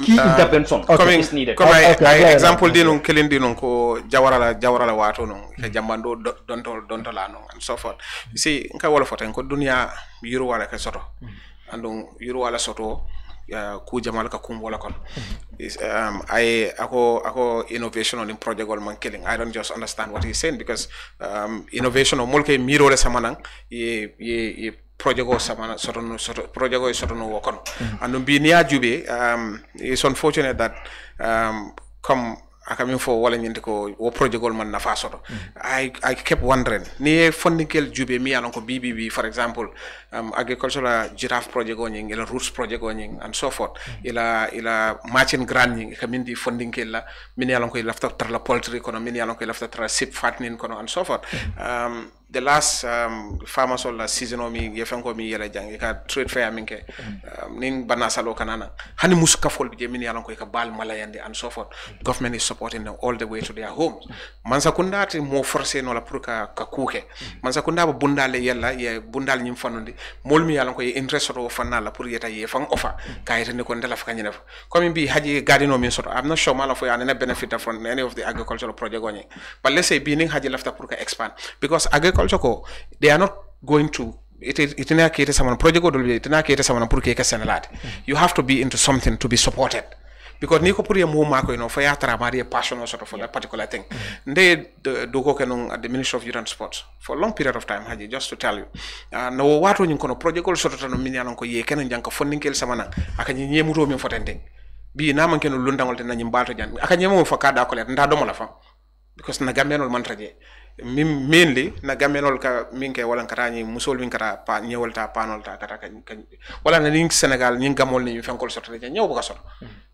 ki uh, okay. is needed comme okay, okay, okay, example okay. kelin dinun ko jawarala jawarala wato non mm. ke jambando dontol dontola non and so forth you see nka wala foto ko dunya yuru wala ke soto mm. Mm-hmm. andon yuru wala soto Uh, ku jamal ka kon mm-hmm. um, I ako ako innovation on project all man killing I don't just understand what he's saying because um, innovation o molke mirore samanang ye ye, ye projet o samana sotono soto projet o e sotonowo kono andu mbi niya juuɓe um, it's unfortunate that um, comme aka min fof wala ñande ko wo projet gol man nafa soto i i kept wondering ni fonnikel juuɓe mi anon ko bibibi for example um, agricultural giraffe projet o ñing ila roots projet o and so forth ila ila matching grant ñing ka min funding. fonninkel la min yalon ko lafta tar la poultry kono min yalon ko lafta tar sip fatnin kono and so forth um, the last um, farmers all season mi ye ko mi yele jang ka trade fair min ke mm-hmm. um, nin banasalo kanana hani musuka fol bi min yalan ko ka bal malayande and so forth mm-hmm. government is supporting them all the way to their homes man sa kunda ti mo forcé no la pour ka ka kuke mm-hmm. man sa kunda ba bundale yella ye bundal nyim fanundi mol mi yalan ko ye interest to fanna la pour yeta ye fan ofa ka yeta ni ko ndela fa kanyina fa comme bi haji gadino min soto i'm not sure mala fo yana benefit from any of the agricultural project onye but let's say bi ning haji lafta pour ka expand because agriculture culture ko they are not going to itena kete samana projet godol ɓe itena kete samana pour keke senelade you have to be into something to be supported because ni ko pour ye mo ma mako no fa ya tara mari ye passion sort of for that particular thing nde do ko ke non at the ministry of youth and sports for long period of time haji just to tell you ah, no no wato nyin no project gol sort tan min yanon ko ye ken kenon janka fonninkel samana aka nyi nyemuto min fotende bi na man kenon lundangol tan nyi balto jan aka nyemo fa kada ko le nda do mo la fa because na gambenol mantraje min mainly na gamenol ka min ke walan ni musol min kata pa ni wala ñewolta ta kata ka wala na ni senegal ni gamol ni fen kol je ñew buka sot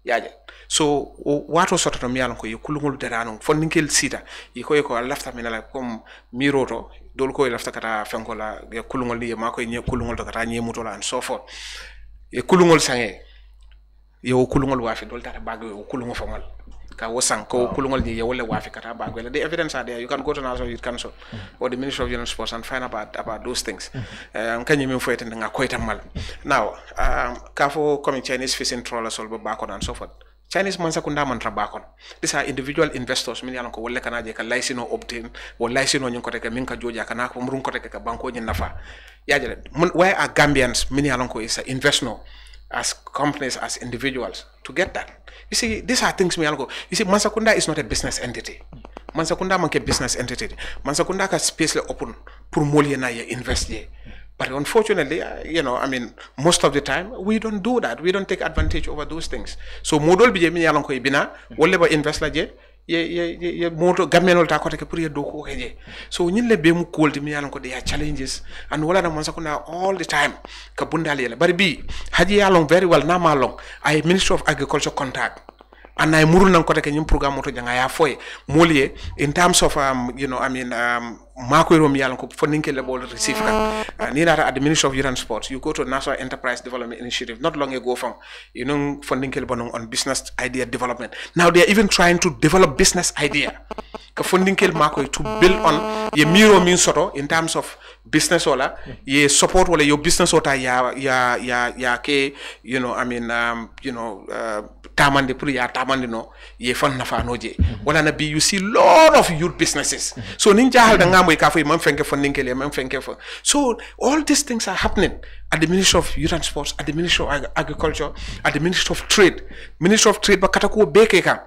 yaaje so wato sotta mi miyalon ko yekulugol derano fon kel sita yi koy ko lafta min la comme miroto dol koy lafta kata fen fenkol la yekulugol ni ma koy ñekulugol to kata muto la an so fort yekulugol sangé yo kulugol wafi dol tata bagge yo fo mal ka wo sanko kulungol ni yewole wafi kata ba gwele the evidence are there you can go to national youth council mm-hmm. or the ministry of youth and sports and find about about those things mm-hmm. um kanyi min foyete nga koyta mal now um ka fo coming chinese fishing trawlers all ba and so fot Chinese man sakunda man rabakon. These are individual investors min yalon ko wolle kana je ka license obtain wo license nyon ko teke min ka joja kana ko murun ko teke ka banko nyin nafa. Yajele why are Gambians min yalon ko is invest no. as companies, as individuals, to get that. You see, these are things we all go. You see, Mansakunda is not a business entity. Mansakunda a business entity. Mansakunda a space le open for more na invest But unfortunately, uh, you know, I mean, most of the time we don't do that. We don't take advantage over those things. So modol bi je mi ye moto gammenolta kote ke pour ye do ko je so ñille be mu kolde mi yalan ko de ya challenges and walana mon sakona all the time ka bundal yela bari bi haji yalon very well nama long ay ministre of agriculture contact anna e murundan kote ke ñim programme I janga ya foye mooliye in terms of um, you know, I mean, um, makoyrom yalan ko fondinke leɓol receive kan uh, ni nata at the ministry of youth sports you go to national enterprise development initiative not long ago from you know funding bonon on business idea development now they are even trying to develop business idea ko fondinkel makoye to build on ye miro min soto in terms of business ola ye support wala yo business ota ya ya ya ya ke you know i mean um, you know uh, tamande pour ya tamande no ye fan nafanoje wala na bi you see lot of youth businesses so nin jahal da ngamoy ka fay man fenke fondinkel man fenke fo so all these things are happening at the Ministry of Youth and Sports, at the Ministry of Agriculture, at the Ministry of Trade. Ministry of Trade, but katako beke kam.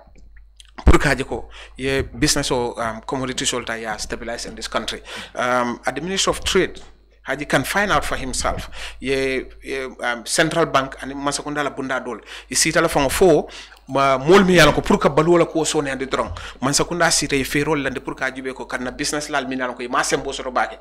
pour ko ye business o um, commodity solta ya stabilize in this country um, at the ministry of trade haji can find out for himself ye, ye um, central bank ani la bunda dol e sitala fango fo ma mol mi yalon ko pour ka balu wala ko sone ande drong man sakunda sita e ferol lande pour ka jube ko kanna business lal mi nan ko ma sembo so baake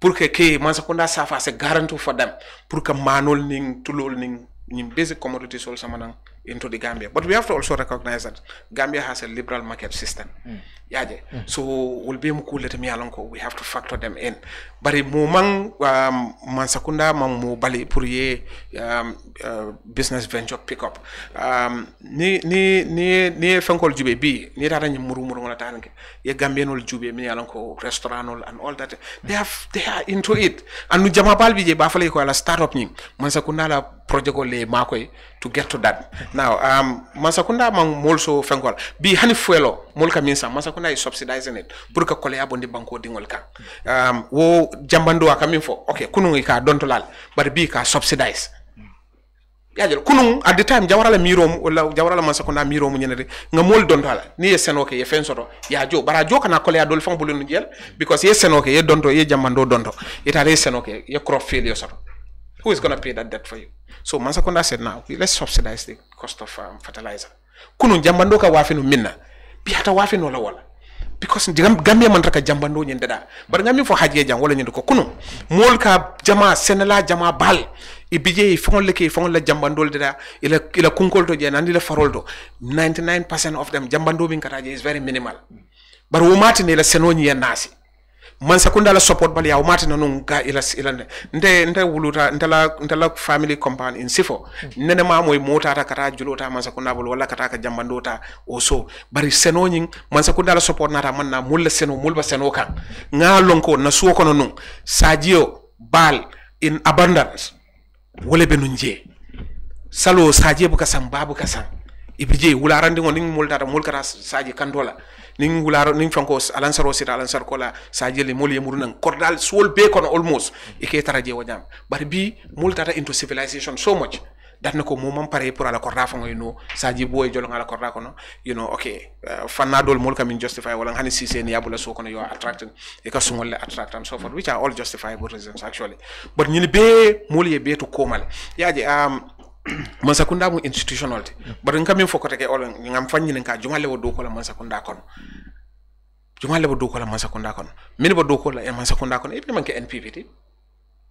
pour que ke man sakunda safa se garantu for them pour que manol ning tulol ning nim basic commodity sol sama nan into the Gambia. But we have to also recognize that Gambia has a liberal market system. Mm. yaje so wol be mo kullete mi yalan ko we have to factor them in bari eh, mo man um, man sakunda man mo bali pour ye um, uh, business venture pick up um, ni ni ni ni fenkol jube bi ni tata ni muru muru ngala tanke ye gambenol jube mi yalan ko restaurantol and all that they have they are into it anu jama bal bi je ba fale ko ala startup ni man sakunda la projet ko le makoy to get to that now um man sakunda man molso fenkol bi hani fuelo mol kamin sa man kono ay subsidizing it pour que kole yabo ndi banko dingol kan um, wo jambandu wa kamin fo ok kunungi ka lal but bi ka subsidize yajol kunun at the time jawara la mirom wala la man sakona miromu ñenede nga mol donto lal ni ye seno ke ye fen soto ya jo bara jo kana kole ya dol fon bulinu jel because ye seno ke ye donto ye jambando donto itare ye seno ke ye crop fail yo soto who is going to pay that debt for you so man sakona said now let's subsidize the cost of um, fertilizer kunun jambando ka wafinu minna biyata wafin wala wala because digam gambia man raka jambando nyen dada bar ngami fo haaje jang wala nyen ko kuno mol ka jama senela jama bal e bije fon leke fon la jambando dada ila ila kunkol to jena ila farol do 99% of them jambando min kataje is very minimal bar wo matine la senoni ya nasi man sa mansa kundala support bali yaw matina non ga ila ila nde nde nde wuluta ndala ndala family compound in sifo nene ma moy mota ta kata julota sa kunda bol wala kata ka jambandota oso bari seno nyin mansa kundala support nata na mulle seno mulba seno kan nga lonko na suwo kono non sajio bal in abundance wole be non salo sadio buka sam babu kasan ibije wularande ngoni multa ta mulkara sadio kandola ning wularo nin fanko alansaro sira alansar kola sa jeli mol yemuru nan kordal sol be kono almost e ke taraje je wajam but bi mol tata into civilization so much nako ko momam pare pour ala korda fango no sa ji boy jolo ngala korda kono you know okay uh, fanna dol mol kamin justify wala hani sise ni yabula so kono yo attract e ka sumol le attract and so forth which are all justifiable reasons actually but ñini be mol ye be to komal yaaje um (clears throat) mansakunda mu institutional te bari nka min foko ko olo nga ngam fanyi nka juma lewo do ko la mansakunda kono juma lewo do ko la mansakunda kono min bo do ko la eh, mansakunda kono ibe manke npp te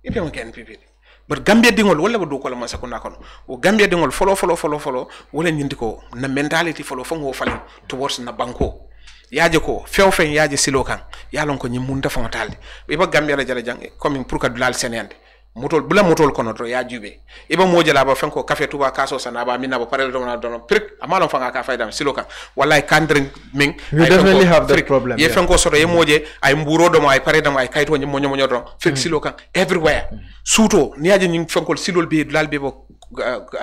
ibe manke npp te bar gambia dingol wala bo do ko la mansakunda kono o gambia dingol folo folo folo folo wala nyindi ko na mentality folo fango falen towards na banko yaje ko few fen yaje silo kan yalon ko nyi nyimunda fontalde be ibe gambia la jara jang eh, coming pour ka dulal senende motol bula motol kono to ya jube e ba modjala ba fanko kafe tuba kaso sana ba minna ba parel na don prik amalon fanga ka faydam siloka wallahi kandring min you definitely have that problem ye fanko soto ye modje mm. ay mburo do ay pare dam ay kayto nyum nyum nyodo fek mm. kan everywhere mm. suto aje nyum fanko silol be dalbe bo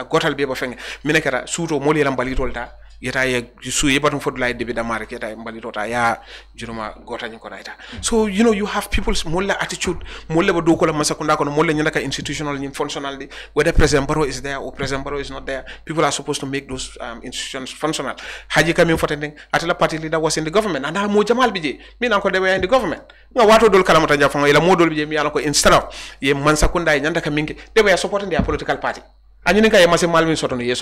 gotal be bo fenge minekara suto moli lam balitol ta ye su yebatum fodu laide be damare ke yetaya mbalitota ya juruma gotañi ko dayta so you know you have people's molle attitude molle ba dokola masa kunda kono molle ka institutional ñin functional di whether president baro is there or president baro is not there people are supposed to make those um, institutions functional haji kamin fotende atela party leader was in the government anda mo jamal bije min anko dewe in the government nga wato dol kala mota fanga ila mo dol bije mi ala ko instead of ye mansa ka ñandaka minke ya supporting their political party anyini ka ye masi malmin sotono ye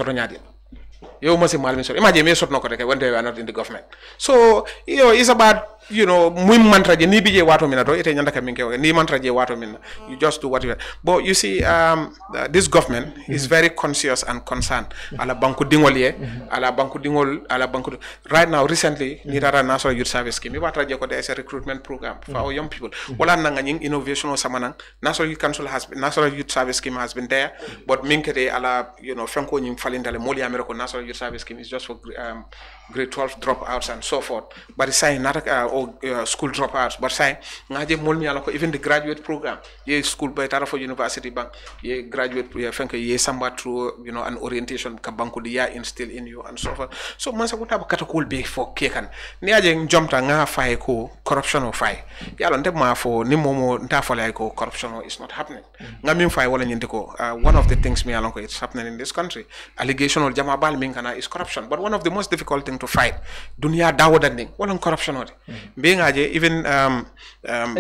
must be malabsorption imagine me sort no correct when they were not in the government so you know it's about you know muy mantra je ni bije wato mina to ite nyanda kaminge ni mantra je wato mina you just do what you but you see um, uh, this government mm -hmm. is mm-hmm. very conscious and concerned mm -hmm. ala banku dingol ye mm -hmm. ala banku dingol ala banku right now recently mm -hmm. ni rara national youth service scheme watraje ko as a recruitment program for mm -hmm. our young people mm -hmm. wala nanga nying innovation samana national youth council has been, national youth service scheme has been there mm -hmm. but minkete ala you know franco nying falindale moli america national youth service scheme is just for um, grade 12 dropouts and so forth but it's saying not uh, or uh, school dropouts but say ngaje mol nyala ko even the graduate program ye school by tarafo university bank ye graduate ye fenka ye samba through you know an orientation ka banko dia instill in you and so forth so man sa ko taba kata kol be for kekan ni aje njomta nga fay ko corruption o fay yalo ndem ma fo ni momo nta fo lay ko corruption o is not happening mm. nga min fay wala nyinde ko uh, one of the things me yalon ko it's happening in this country allegation or jama bal min kana is corruption but one of the most difficult thing to fight dunia dawodan ding wala corruption o being Ajay, even um, um, um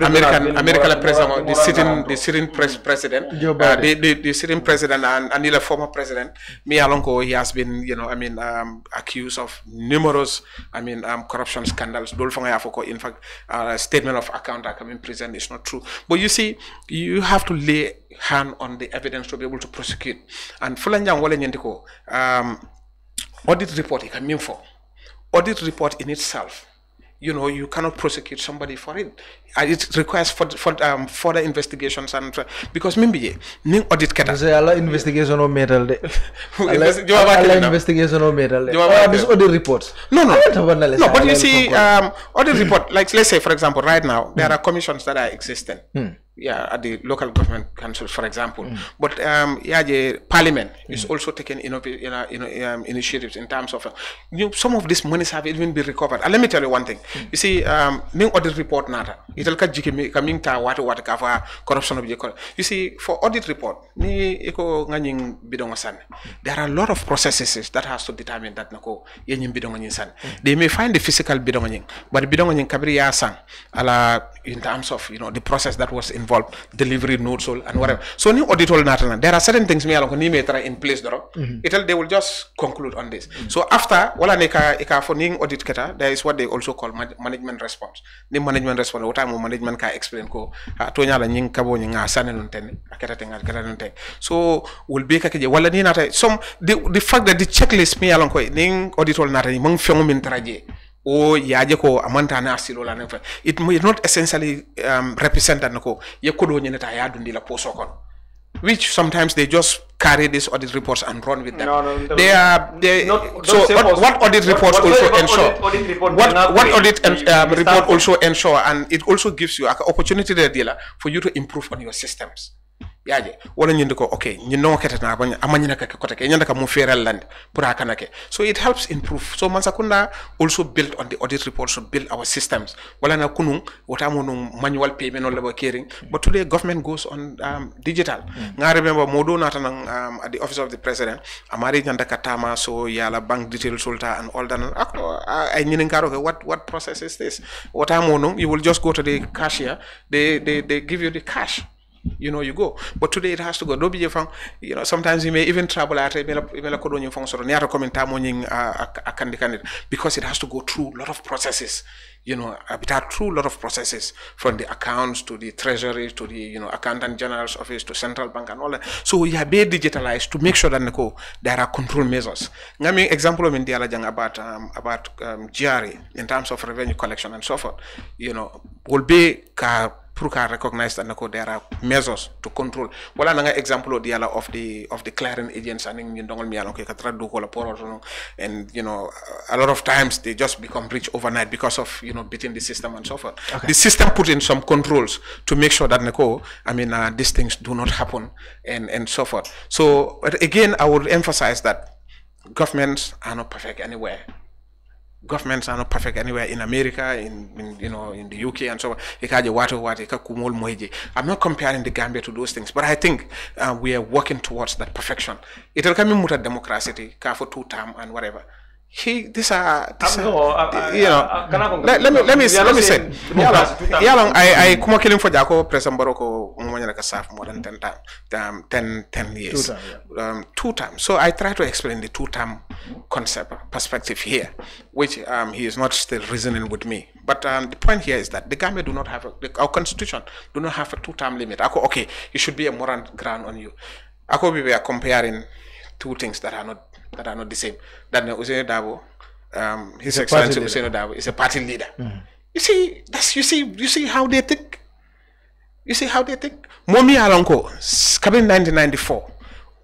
American American president, the sitting the sitting pres president, uh, the, the, the sitting president and, and the former president, me Alonko, he has been you know I mean um, accused of numerous I mean um, corruption scandals. In fact, uh, statement of account I in present is not true. But you see, you have to lay hand on the evidence to be able to prosecute. And Fulanjang Wale Nyendiko, audit report, can mean for audit report in itself you know, you cannot prosecute somebody for it. Uh, it requires for, for um, investigations and uh, because maybe eh, ning audit kata. Say Allah investigation or metal de. (laughs) Allah investigation or metal de. Oh, this audit report. No, no, um, (clears throat) let's say, for example, right now there are commissions that are existing. Hmm. yeah, at the local government council, for example. Mm. But um, yeah, the parliament mm. is also taking innov- you know, you know, um, initiatives in terms of uh, you know, some of these monies have even been recovered. And let me tell you one thing. Mm. You see, um, audit report nata. Itel ka jiki mi kaming ta watu watu kava corruption of the You see, for audit report, ni iko nganying bidongo san. There are a lot of processes that has to determine that nako yenyim bidongo nyin san. Mm. They may find the physical bidongo nyin, but bidongo nyin kabri yasang. ala in terms of you know the process that was in involved delivery notes and whatever so ni audit all natana there are certain things me alonko ni me try in place doro mm -hmm. itel they will just conclude on this mm -hmm. so after wala ne ka e ka fo ni audit keta there is what they also call management response ni management response wata mo management ka explain ko ha ah, to nyala nyin kabo nyin nga ah, sanen non ten aketa ah, ten aketa ten so will be ka ke wala ni nata some the, the fact that the checklist me alonko ning audit all natani mang fengu min traje It may ko la not essentially um, represented nako ye kodo la poso kon which sometimes they just carry these audit reports and run with them. No, no, no, they are they, not, so what, what, audit reports what, also ensure audit, audit report what, what audit and, um, report also ensure and it also gives you an opportunity there, dealer for you to improve on your systems yaaje wona ñande ko ok ñi noketatana bañ ama ñinaka ke kotake ñande ka mu feerel pour so it helps improve so Kunda also build on the audit report so build our systems wala na kunun wotamo no manual payment on labor caring but today government goes on um, digital mm. remember modo natana um, at the office of the president amari ñande ka tama so yala bank detail sulta and all that ako uh, ay ñinin karo ke what what process is this I'm no you will just go to the cashier they they they give you the cash you know you go but today it has to go do you know sometimes you may even travel out a because it has to go through a lot of processes you know it had through a lot of processes from the accounts to the treasury to the you know accountant general's office to central bank and all that so you have been digitalized to make sure that there are control measures mean, example of india jang about um, about um, GRE in terms of revenue collection and so forth you know will be Pruka recognized that there are measures to control. Wala nanga example of of the of the clearing agents and and you know a lot of times they just become rich overnight because of you know beating the system and so forth. Okay. The system put in some controls to make sure that I mean uh, these things do not happen and and so forth. So again, I would emphasize that governments are not perfect anywhere governments are not perfect anywhere in America, in, in, you know, in the UK and so on. I'm not comparing the Gambia to those things, but I think uh, we are working towards that perfection. It'll come in with of democracy, car for two term and whatever. he this uh this, uh, you know ah, ah, let, let me let me let me say yalon I I kuma kilim for jako present baroko mo ka saf more than 10 time um, 10 10 years two time, yeah. um two times so I try to explain the two time concept perspective here which um he is not still reasoning with me but um, the point here is that the Gambia do not have a, our constitution do not have a two time limit ako okay you should be a moral ground on you ako we are comparing two things that are not that are not the same. That Usain Dabo, um, His the Excellency Usain is a party leader. Mm. You see, that's you see, you see how they think. You see how they think. Momi Alonko, coming 1994,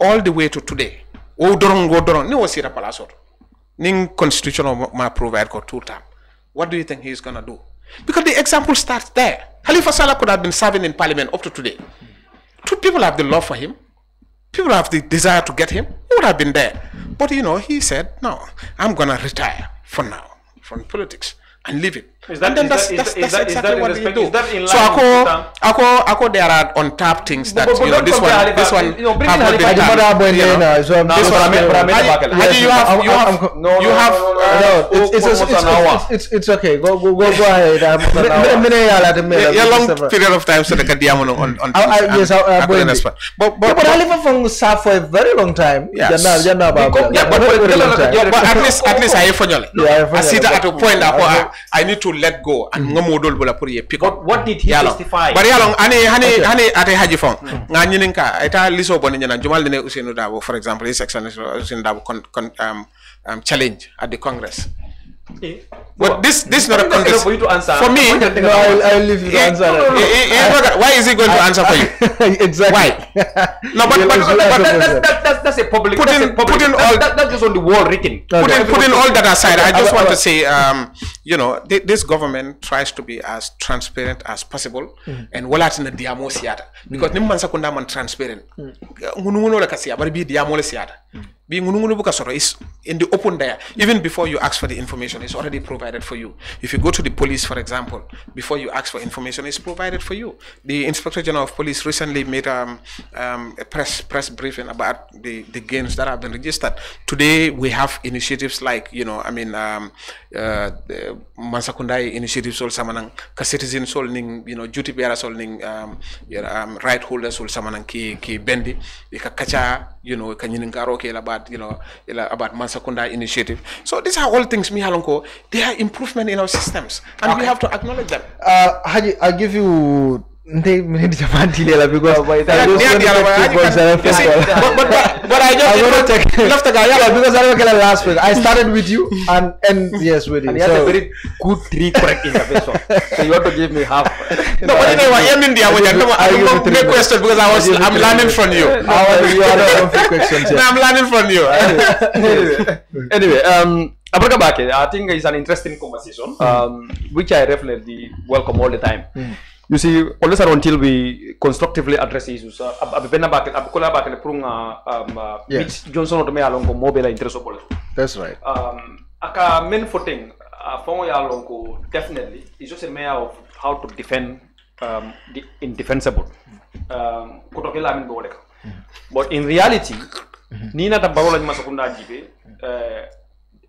all the way to today. Ning constitution ma provide for two term. What do you think he's gonna do? Because the example starts there. Khalifa Salah could have been serving in parliament up to today. Two people have the love for him people have the desire to get him, he would have been there. But you know, he said, no, I'm going to retire for now from politics and leave it. Is that, and then is that's, that, that's, that's, that's exactly what we do. so ako, ako, ako, there are untapped things that but, but, but you know. This one, Halifa, this one, you know, have not been done. You know, this one, you have, you have, you have. No, it's it's it's okay. Go go go go ahead. (laughs) Yeah, long period of time so they can diamono on on. Yes, but but but Halifa from South for a very long time. Yeah, yeah, but but at least at least I have for you. I see that at a point I need to let go and mm. ngomo dol bula pour ye pick up what, what did he yalo. justify bari yalo ani hani okay. hani ate haji fon mm. nga nyinin ka eta liso bon nyana jumal dene usenu dabo for example is exception usenu dabo con, con um, um, challenge at the congress Yeah. But this this is not a contest for you to answer. For me, no, I'll, i leave you to answer. No, no, no, no. Why is he going to answer for you? (laughs) exactly. Why? No, but, but, but, but that, that, that, that's a public. Putting that's, a putting all that, that's just on the wall written. Okay. Putting putting all that aside, I just want to say, um, you know, this government tries to be as transparent as possible, mm. and wala tina diamo siata because mm. nimman sakunda man transparent. Mm. Ngunu la kasi abari bi diamo la being is in the open there even before you ask for the information it's already provided for you if you go to the police for example before you ask for information it's provided for you the inspector general of police recently made um, um, a press press briefing about the, the gains that have been registered today we have initiatives like you know i mean um, uh, the uh, mansakundai initiative sol samanang ka citizen sol ning you know duty bearer sol ning um, you know, um, right holder sol samanang ki ki bendi ka kacha you know ka okay about you know about Mansakunda initiative. So these are all things, Mihalonko. They are improvement in our systems, and okay. we have to acknowledge them. Uh, Haji, i give you they made Japantili la because yeah, I just yeah, yeah, football, but, but, but, I just I want to take last week. I started with you and end yes with you. And he so. a very good three correct in So you want to give me half. no, but you know what? I am in the India. I come not Make question because I was I'm learning from you. You are the questions. (laughs) No, I'm learning from you. (laughs) Anyway, anyway, um. Abrakabake, I think it's an interesting conversation, hmm. um, which I definitely welcome all the time. Hmm. you see always and until we constructively address issues abena bakele abukola bakele pour nga um, uh, Mitch Johnson otome alongo mobile interest obole that's right um aka main footing afongo uh, ya alongo definitely is just a matter of how to defend um, the indefensible um kutokela amin boleka mm-hmm. but in reality mm-hmm. nina tabarola nyuma sekunda jibe uh,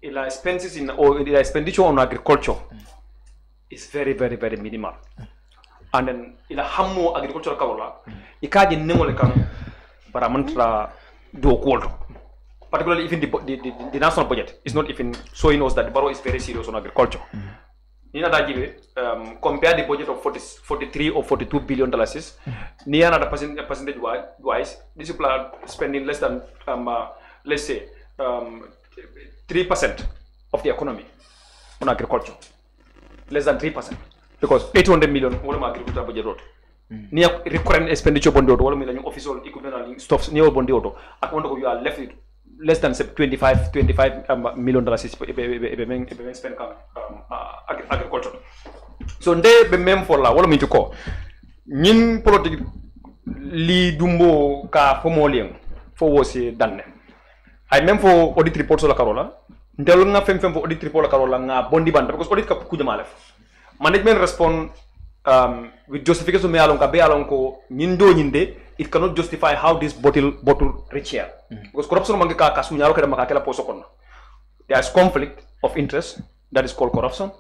ila expenses in or ila expenditure on agriculture mm. is very very very minimal mm -hmm. And then, ila hammo agriculture kawola i kaje nemole kan para mantara do kolto particularly even the, the, the, the national budget is not even showing us that the borough is very serious on agriculture mm -hmm. ninata jibe um, compare the budget of 40, 43 or 42 billion dollars ni another percent, percentage wise this people are spending less than um, uh, let's say um, 3% of the economy on agriculture less than 3% because 800 million wala ma agriculture budget oto hmm. ni recurrent expenditure bonde oto wala mi lañu official equivalent stuffs ni wala bonde oto ak wonde ko you are left with less than 25 25 um, million dollars ɓe ɓe men ɓe men spend kam um, uh, agriculture so nde ɓe men folla wala min ko ñin politique li dumbo ka fomolien fo wosi danne ay même fo audit report sola karola ndelonga fem fem fo audit report la karola nga bondi banda because audit ka kujama lef Management respond um, with justification me along ka be along ko nyin do de it cannot justify how this bottle bottle reach here mm. because corruption mangi ka kasu nyaro ka maka kala poso konna there is conflict of interest that is called corruption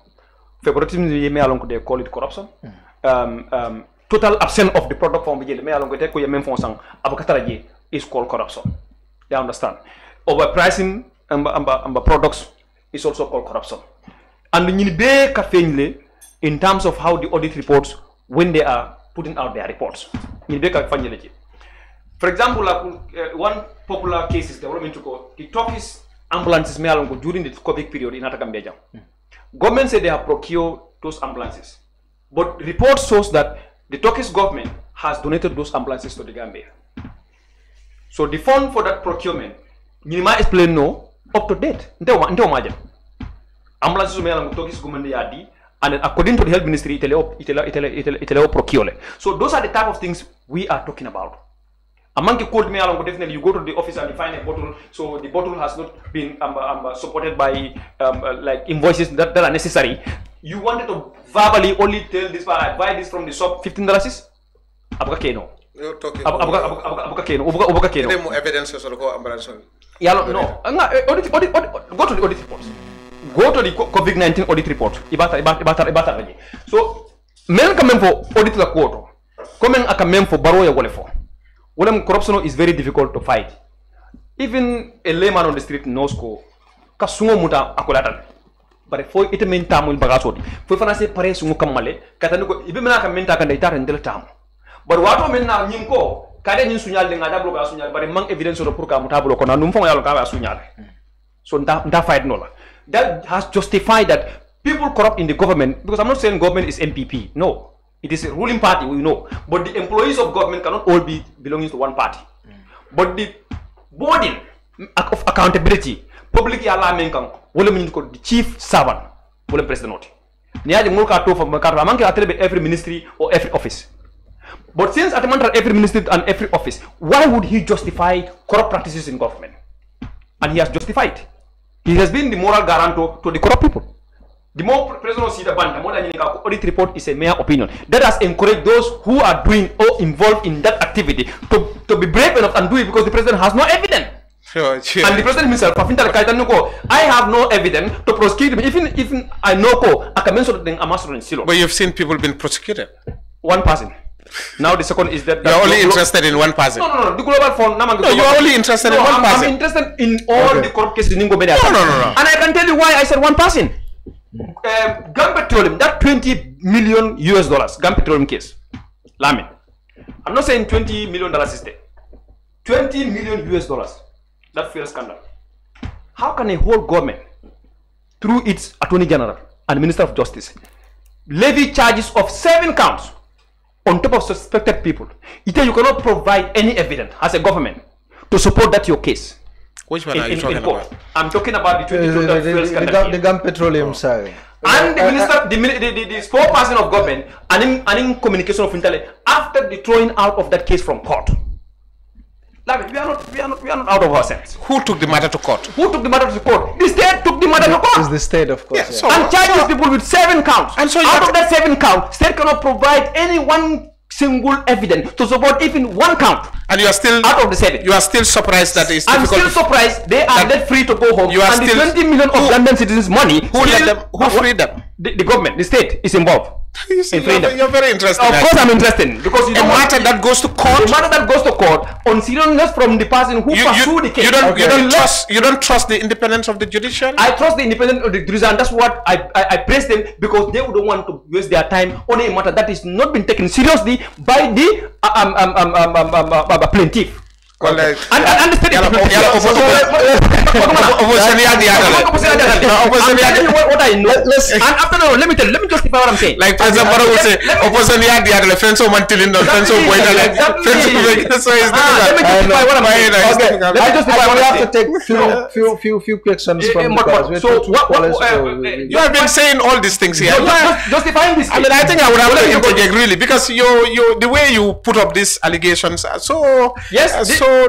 favoritism ye me alon ko they call it corruption mm. um, um, total absence of the product form je me along ko te ko ye même fond sang abakatara je is called corruption you understand overpricing amba amba amba products is also called corruption and ñini be ka feñ le in terms of how the audit reports when they are putting out their reports. For example, uh, one popular case is development to go. The Turkish ambulances during the COVID period in Atakambejam. Mm. Government said they have procured those ambulances. But report shows that the Turkish government has donated those ambulances to the Gambia. So the fund for that procurement, Nima explained no, up to date. Ndewa Ambulances Turkish government yadi, and according to the health ministry, it'll, it'll, it'll, it'll procure. So those are the type of things we are talking about. A monkey cold me along, definitely you go to the office and you find a bottle. So the bottle has not been um, um, supported by um, uh, like invoices that, that, are necessary. You wanted to verbally only tell this person, uh, I buy this from the shop, $15? Abukakeno. You're talking Abukakeno. Abukakeno. Evidence or so, no. Uh, uh, go to the audit reports. go di COVID-19 audit report. Ibata, ibata, ibata, ibata. So, men kamen fo audit la koto. Komen akamen for baro ya wale for. Wale corruption is very difficult to fight. Even a layman on the street knows ko kasungo muta akolatan. bare fo ite min tamul bagaso di fo fana se pare sungu kamale katani ko ibe mena kam min ta kanda itara ndel tamu bare wato min na nyim ko kade nyin sunyal de ngada bloga sunyal bare mang evidence ro pour ka mutablo ko na num fo yalo ka ba sunyal so nda nda fight no la that has justified that people corrupt in the government, because I'm not saying government is MPP, no. It is a ruling party, we know. But the employees of government cannot all be belonging to one party. Mm. But the burden of accountability, public alarming kan, wala min the chief servant, wala president. Niyaji ngol ka to fa ka every ministry or every office. But since at Atamantra every ministry and every office, why would he justify corrupt practices in government? And he has justified. He has been the moral guarantor to the corrupt people. The more prisoners see the ban, the more than audit report is a mere opinion. That has encouraged those who are doing or involved in that activity to, to be brave enough and do it because the president has no evidence. Sure, sure. And the president himself, I have no evidence to prosecute him. Even if I know, I can mention the But you've seen people being prosecuted. One person. Now the second is that, that you're only interested in one person. No, no, no. The global fund. No, no you're only interested no, in one I'm, person. I'm interested in all okay. the corrupt cases in Ningo Media. No, no, no, no. And I can tell you why I said one person. Um, Gum Petroleum, that 20 million US dollars, Gum Petroleum case, Lamin. I'm not saying 20 million dollars is there. 20 million US dollars, that fair scandal. How can a whole government, through its Attorney General and Minister of Justice, levy charges of seven counts on top of suspected people. It you cannot provide any evidence as a government to support that your case. Which one in, are you in, talking in about? I'm talking about the 2022 uh, the, the, the, Petroleum, oh. sorry. And the uh, uh, minister, the, the, the, the spokesperson of government, and in, and in communication of intelligence, after the throwing out of that case from court we are not, we are not, we are not out of our sense. Who took the matter to court? Who took the matter to court? The state took the matter the, to court. It's the state, of course. Yes. yeah. So, and charges so, people with seven counts. And so out of that seven count, state cannot provide any one single evidence to support even one count. And you are still out of the seven. You are still surprised that it's. I'm still surprised they are let free to go home. You are and still, the 20 million of who, London citizens' money. Who let them? Who freed them? The, the government, the state is involved. (laughs) You see, you're, you're, very interested. Of course, I'm interested because you a matter that goes to court. The matter that goes to court on seriousness from the person who you, pursued you, the case. You don't, okay. you don't trust. You don't trust the independence of the judiciary. I trust the independence of the judiciary, and that's what I, I, I praise them because they would not want to waste their time on a matter that is not been taken seriously by the uh, um, um, um, um, um, um, um, um, uh, plaintiff. Uh, and understand let me tell you, let me justify what I'm saying. Like for example, I would say opposition yeah the fence friends of Mantilin or friends of Boydale. Friends so it's difficult. Let me justify what I'm saying. I'm We have to take few few few few questions from the So what uh, uh, you have been saying all these things here. Justifying this. I think I would have to interject really because you you the way you put up these allegations. So yes,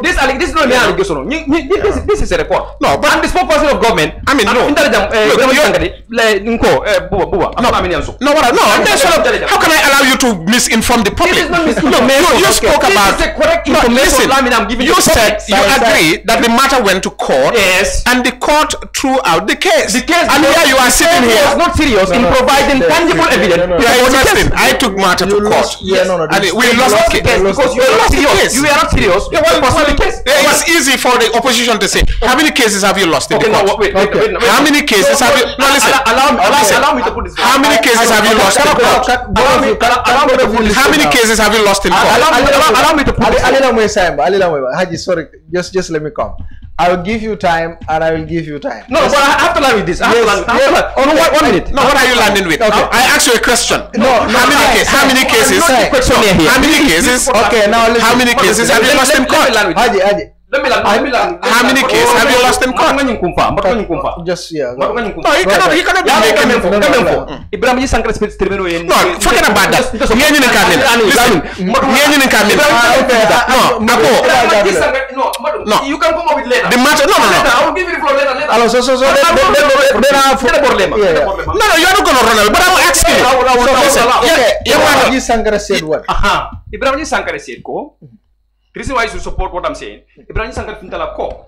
this this is not an allegation. this, this is a report. No, but and the spokesperson of government. I mean, no. Intelligent. Uh, Look, you, like, eh, Buba, Buba. No, I no, no, no. How can I allow you to misinform the public? This is not misinformation. No, you, you spoke about. This is the correct information. I am giving you said you agree that the matter went to court. Yes. And the court threw out the case. The case. And here you are sitting here. Was not serious in providing tangible evidence. Yeah, interesting. I took matter to court. Yeah, no, no. And we lost the case because you are not serious. You were not serious was not the case. It was easy for the opposition to say, how many cases have you lost in okay, the court? No, wait, wait, okay. wait, wait, How many cases no, have you... No, listen. Allow, me allow, listen. allow me to put this How many cases have you lost in court? How many cases have you lost in court? Allow me to put this Allow me to put Haji, sorry. Just, just let me come. I will give you time and I will give you time. No, yes. but I have to land with this. I have yes. to land. I have yes. to land. Oh, no, one, one minute. No, what are you landing with? Okay. I asked you a question. No, no how many, no, case, how many cases? How many cases? How many cases? Okay, now listen. How many cases have you lost in court? bilang Haji, Haji. Dia bilang, dia bilang. How many case have you lost them caught? Kan yung kumpa, baru kan yung kumpa. Just yeah. Baru kan yung kumpa. No, he cannot, he cannot deny kan info, kan info. Ibrahim ji sankar speed streamer No, forget about that. Niye ni nin kamin. Listen, niye ni nin kamin. No, aku. No, You can come up with later. The match, no, no, no. I will give you the floor later. Alors, so, so, so, there are four. problema. No, no, you are not going to run away. but will ask you. Okay. listen, yeah, yeah. Ibrahim ji sankar said what? Aha. Ibrahim ji sankar said The reason why you should support what I'm saying, Ibrahim Sankar Fintala Co.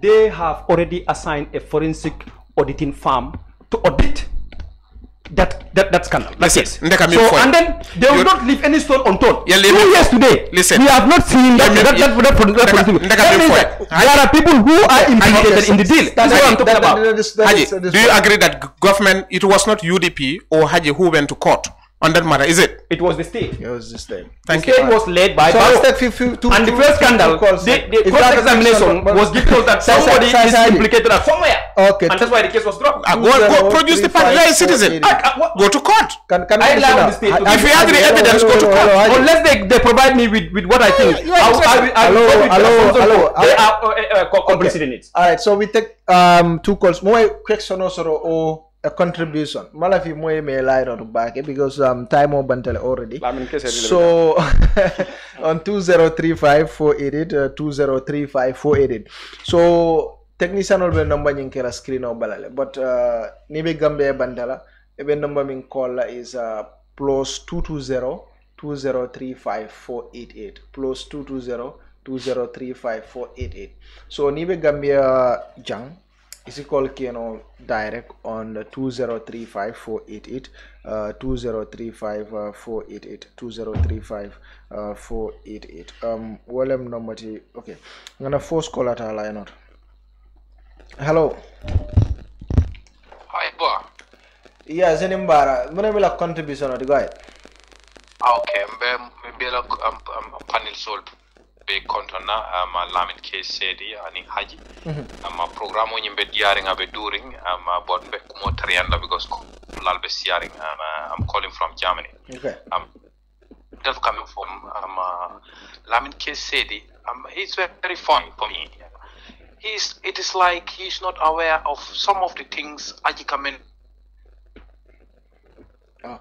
They have already assigned a forensic auditing firm to audit that that that scandal. That's it. So point. and then they will You're, not leave any stone unturned. Yeah, Two years today, listen. we have not seen that yeah, that yeah, that, that, that, that, that, that, means that there are people who are implicated in the deal. That's what I'm talking about. Haji, do you agree that government? It was not UDP or Haji who went to court on that matter, is it? It was the state. It was the state. Thank the state was led by so two, and the first scandal, the, the cross-examination was because (laughs) that somebody is implicated at somewhere. Okay. And that's why the case was dropped. Uh, go, go produce the particular citizen. Ah, ah, go to court. Can, can I allow the state to If you have the evidence, go to court. Unless they, they provide me with, with what I think. Hello, hello, hello. They are uh, uh, uh, complicit in it. All right, so we take um, two calls. More question or... a contribution mala fi moy me rotu baake eh, because um, time o bantale already so (laughs) on 2035488 uh, 2035488 so technician ol be number nyin kera screen o balale but uh, ni be gambe e bantala e be nomba min call is uh, plus 220 2035488 plus 220 2035488 so ni be gambia uh, jang is equal you know direct on 2035488 uh 2035488 uh, 2035488 uh, um walem number t okay i'm gonna force call at our line out hello hi boy yeah zenimbara i'm gonna be like contribution go ahead ah, okay i'm, I'm, I'm, I'm panel sold I'm ma laamin kesseedi i haji amma programme uji mbe diyaring i during amma bon ɓe kumo tariyanɗa because lal am calling from germany am self coming from um, uh, laamin um, very fun for me he's it is like he's not aware of some of the things aji kamen oh. Ah.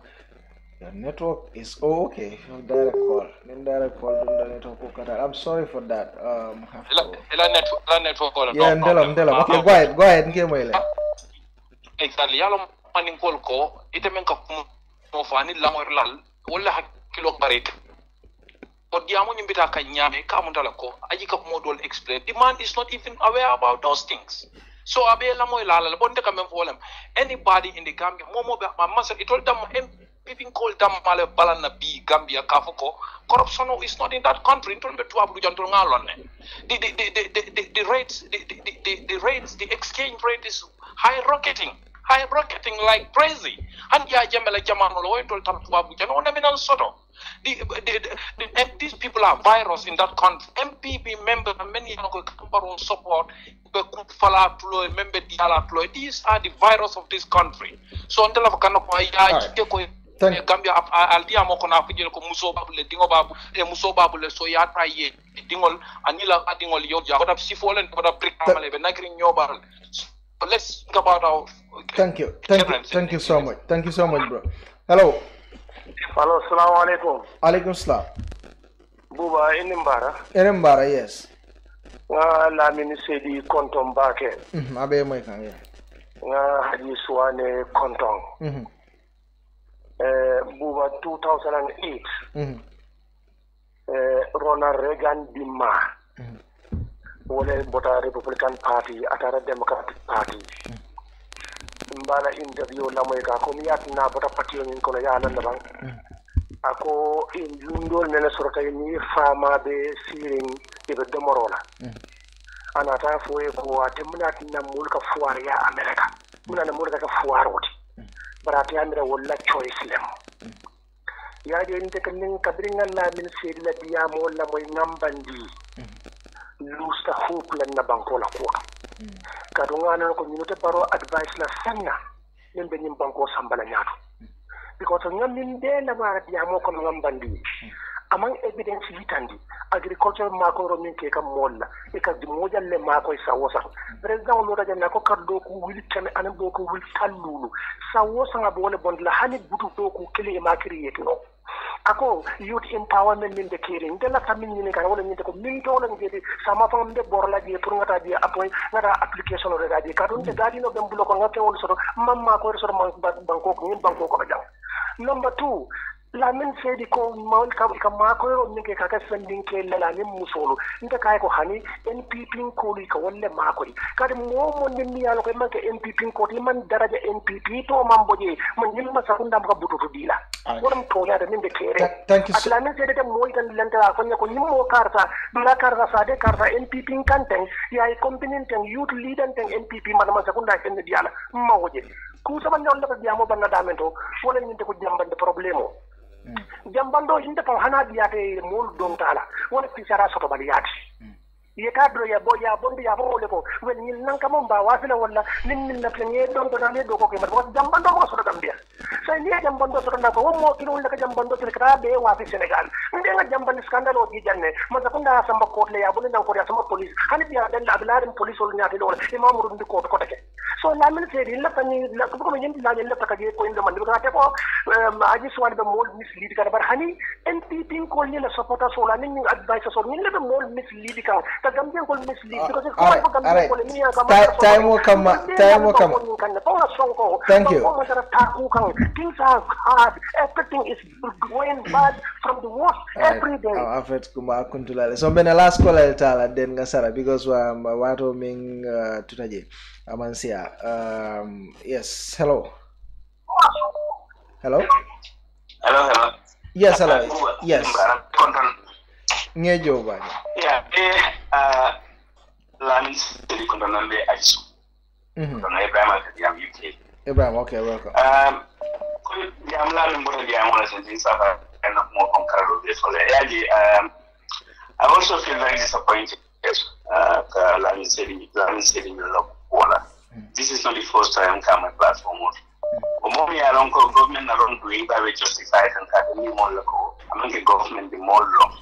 The network is oh, okay. Direct call, then direct call, then the network I'm sorry for that. Um, have to... network, network call. Yeah, no problem. Ndelam. Ah. Okay, go ahead, go ahead. Nge mwele. Exactly. Yalo maning call ko ite men ka mo fani lamor lal wala kilo barit. But the amount bita kanyame kamundala ko aji ka model explain. The man is not even aware about those things. So abe lamoy lalal bonde kamem problem. Anybody in the Gambia, momo ba masa itol dam people them male balana bi Gambia kafuko. Corruption is not in that country. The the the the the rates the rates the exchange rate is high rocketing. High rocketing like crazy. And yeah, jamele jamano lo entol tam tuwa bulujano. Ona minal soto. The, the, the, these people are virus in that country. MPP member, many Cameroon support, These are the virus of this country. So until I can e gambia aldiyamo kono a fijini ko musobaɓule ɗiŋoɓaɓu e eh, musobaɓule so yata ye ɗiŋol anila aɗiŋol yorja koɗa sifolen koɗa prikamale ɓe nakiri ñoɓal so let's think about our thank you thank you thank you so much thank you so much bro hello hello assalamu alaikum. aleykum salam bouba enen mbara enen mbara yes nga lamini seydi konton mbake mhm, aɓe moy kan ye nga haji suwane konton mhm. Buba 2008 mm-hmm. eh, Ronald Reagan Dima mm-hmm. wole bota Republican Party atara Democratic Party mm-hmm. mbala interview lamoy ka komi yatina bota patiyo ñin kono ya nan ako in jundol nene sorota ni fama be sirin ibe domorola anata foye ko atemna tinna mulka fuwar ya America muna na mulka ka fuwar woti but at yandere wala choice lem yaje inte kanin kabringa la min sedi la diyamo la moy ngambandi lusa hope na banko la ko kadu ngana ko nyuta baro advice la sanna min be nyim banko sambala nyaatu because ngamin de la mara diyamo ko ngambandi mm among evidence yitandi agriculture makoro min ke kam molla e ka di mojal le mako e sawo sa president lo rajan ko kar ko wuli tan an do ko wuli tallulu sawo sa ngabo wala bond la hani butu do ko kili e makiri no ako youth empowerment min de kering de la min ni kan wala ni de ko min to la ngedi sama fam de borla je pour ngata je apoy ngata application re gaji ka don de gadi no bem bulo ko ngate wol so mamma ko so man banko ko min banko ko jang number 2 lamin fedi ko mawol kam ka makoyro min ke kaka sendin kelle lamin musolu nte kay ko hani npp koli ka wolle makori kadi mo mo nimmi yalo ko manke npp ko ti man daraja npp to man boje man nimma sakunda ka bututu dila woram to ya min de kere thank you lamin fedi de moy tan lenta ko ko nimmo karta dula karta sa de karta npp kan ten ya ay e company ten youth leader ten npp man ma sakunda ken diala mawoje ku sama nyol la ko diamo banna damento wala nyinte ko jambande problemo jambanɗo inde taw hana ɗiyate e molu dontala wona pisara sotobaliyaade yekadro yabo yabonde yabolebo wel ñil nanka mom ba wasila walla nin min nafle ñe don to nane do ko ke mar wasa jambando mo soto gambia so ni jambando soto na ko mo kino wala ka jambando til kra be wasi senegal nde nga jambandi scandal o di janne ma sa kunda samba ko le yabonde nan ko ya sama police hani biya dan la ablarim police wol nyaati do wala imam rundi ko ko take so la min se di la tani la ko ko ñen la ñen la taka je ko inde man ka te ko aji swal be mol mislead ka bar hani npp ko ni la supporter so la ni advice so ni la be mol mislead ka Ah, time time thank you things are hard everything is going bad from the worst every day so bena last call el tala sara because wa wato ming uh, amansia um yes hello hello hello hello yes hello yes ng'ejo bali ate laminisitiri kuntona mbe aiso kuntona ibrahim akadiyam uk ibrahim okay welcome um, la min bota jam wala sen jinsa ba na kuma kon karado be so le yaji i also feel very disappointed yes uh, uh laminisitiri mm. this is not the first time I am coming platform Omoni along government along doing by justify and academy more local. I mean the government the more law.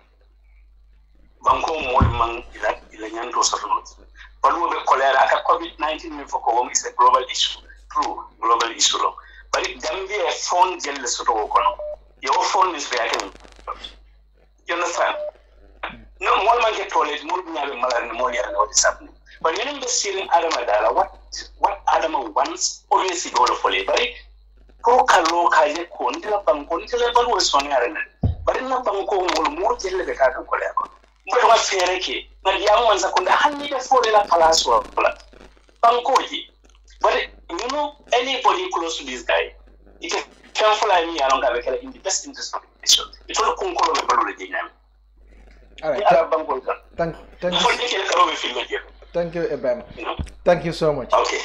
banko moy man ila ila nyanto safno balu be kolera aka covid 19 min foko wong is a global issue true global issue lo bari gambia phone jelle soto ko no your phone is reacting you understand no mol man ke tole mol nyabe malar ni mol yarno di sapni but yenen be sirin adama dala what what adama wants obviously go to fole bari ko kalo kaje ko ndila banko ndila balu sonare bari na banko mol mol jelle be ka kan kolera ko mboɗo wa feereke mbaɗa yamuman sakkonde hanniɓe foorela place wala bankoji bade e e e you know anybody close to this guy ite fen fula mi yaron gaɓe kala in the best interest of the nation e tol kunkoloɓe ballude jeñami mi ala bankol kan fonde kele karoɓe fillo jeeɗo thank you ibrahima thank you so much okay,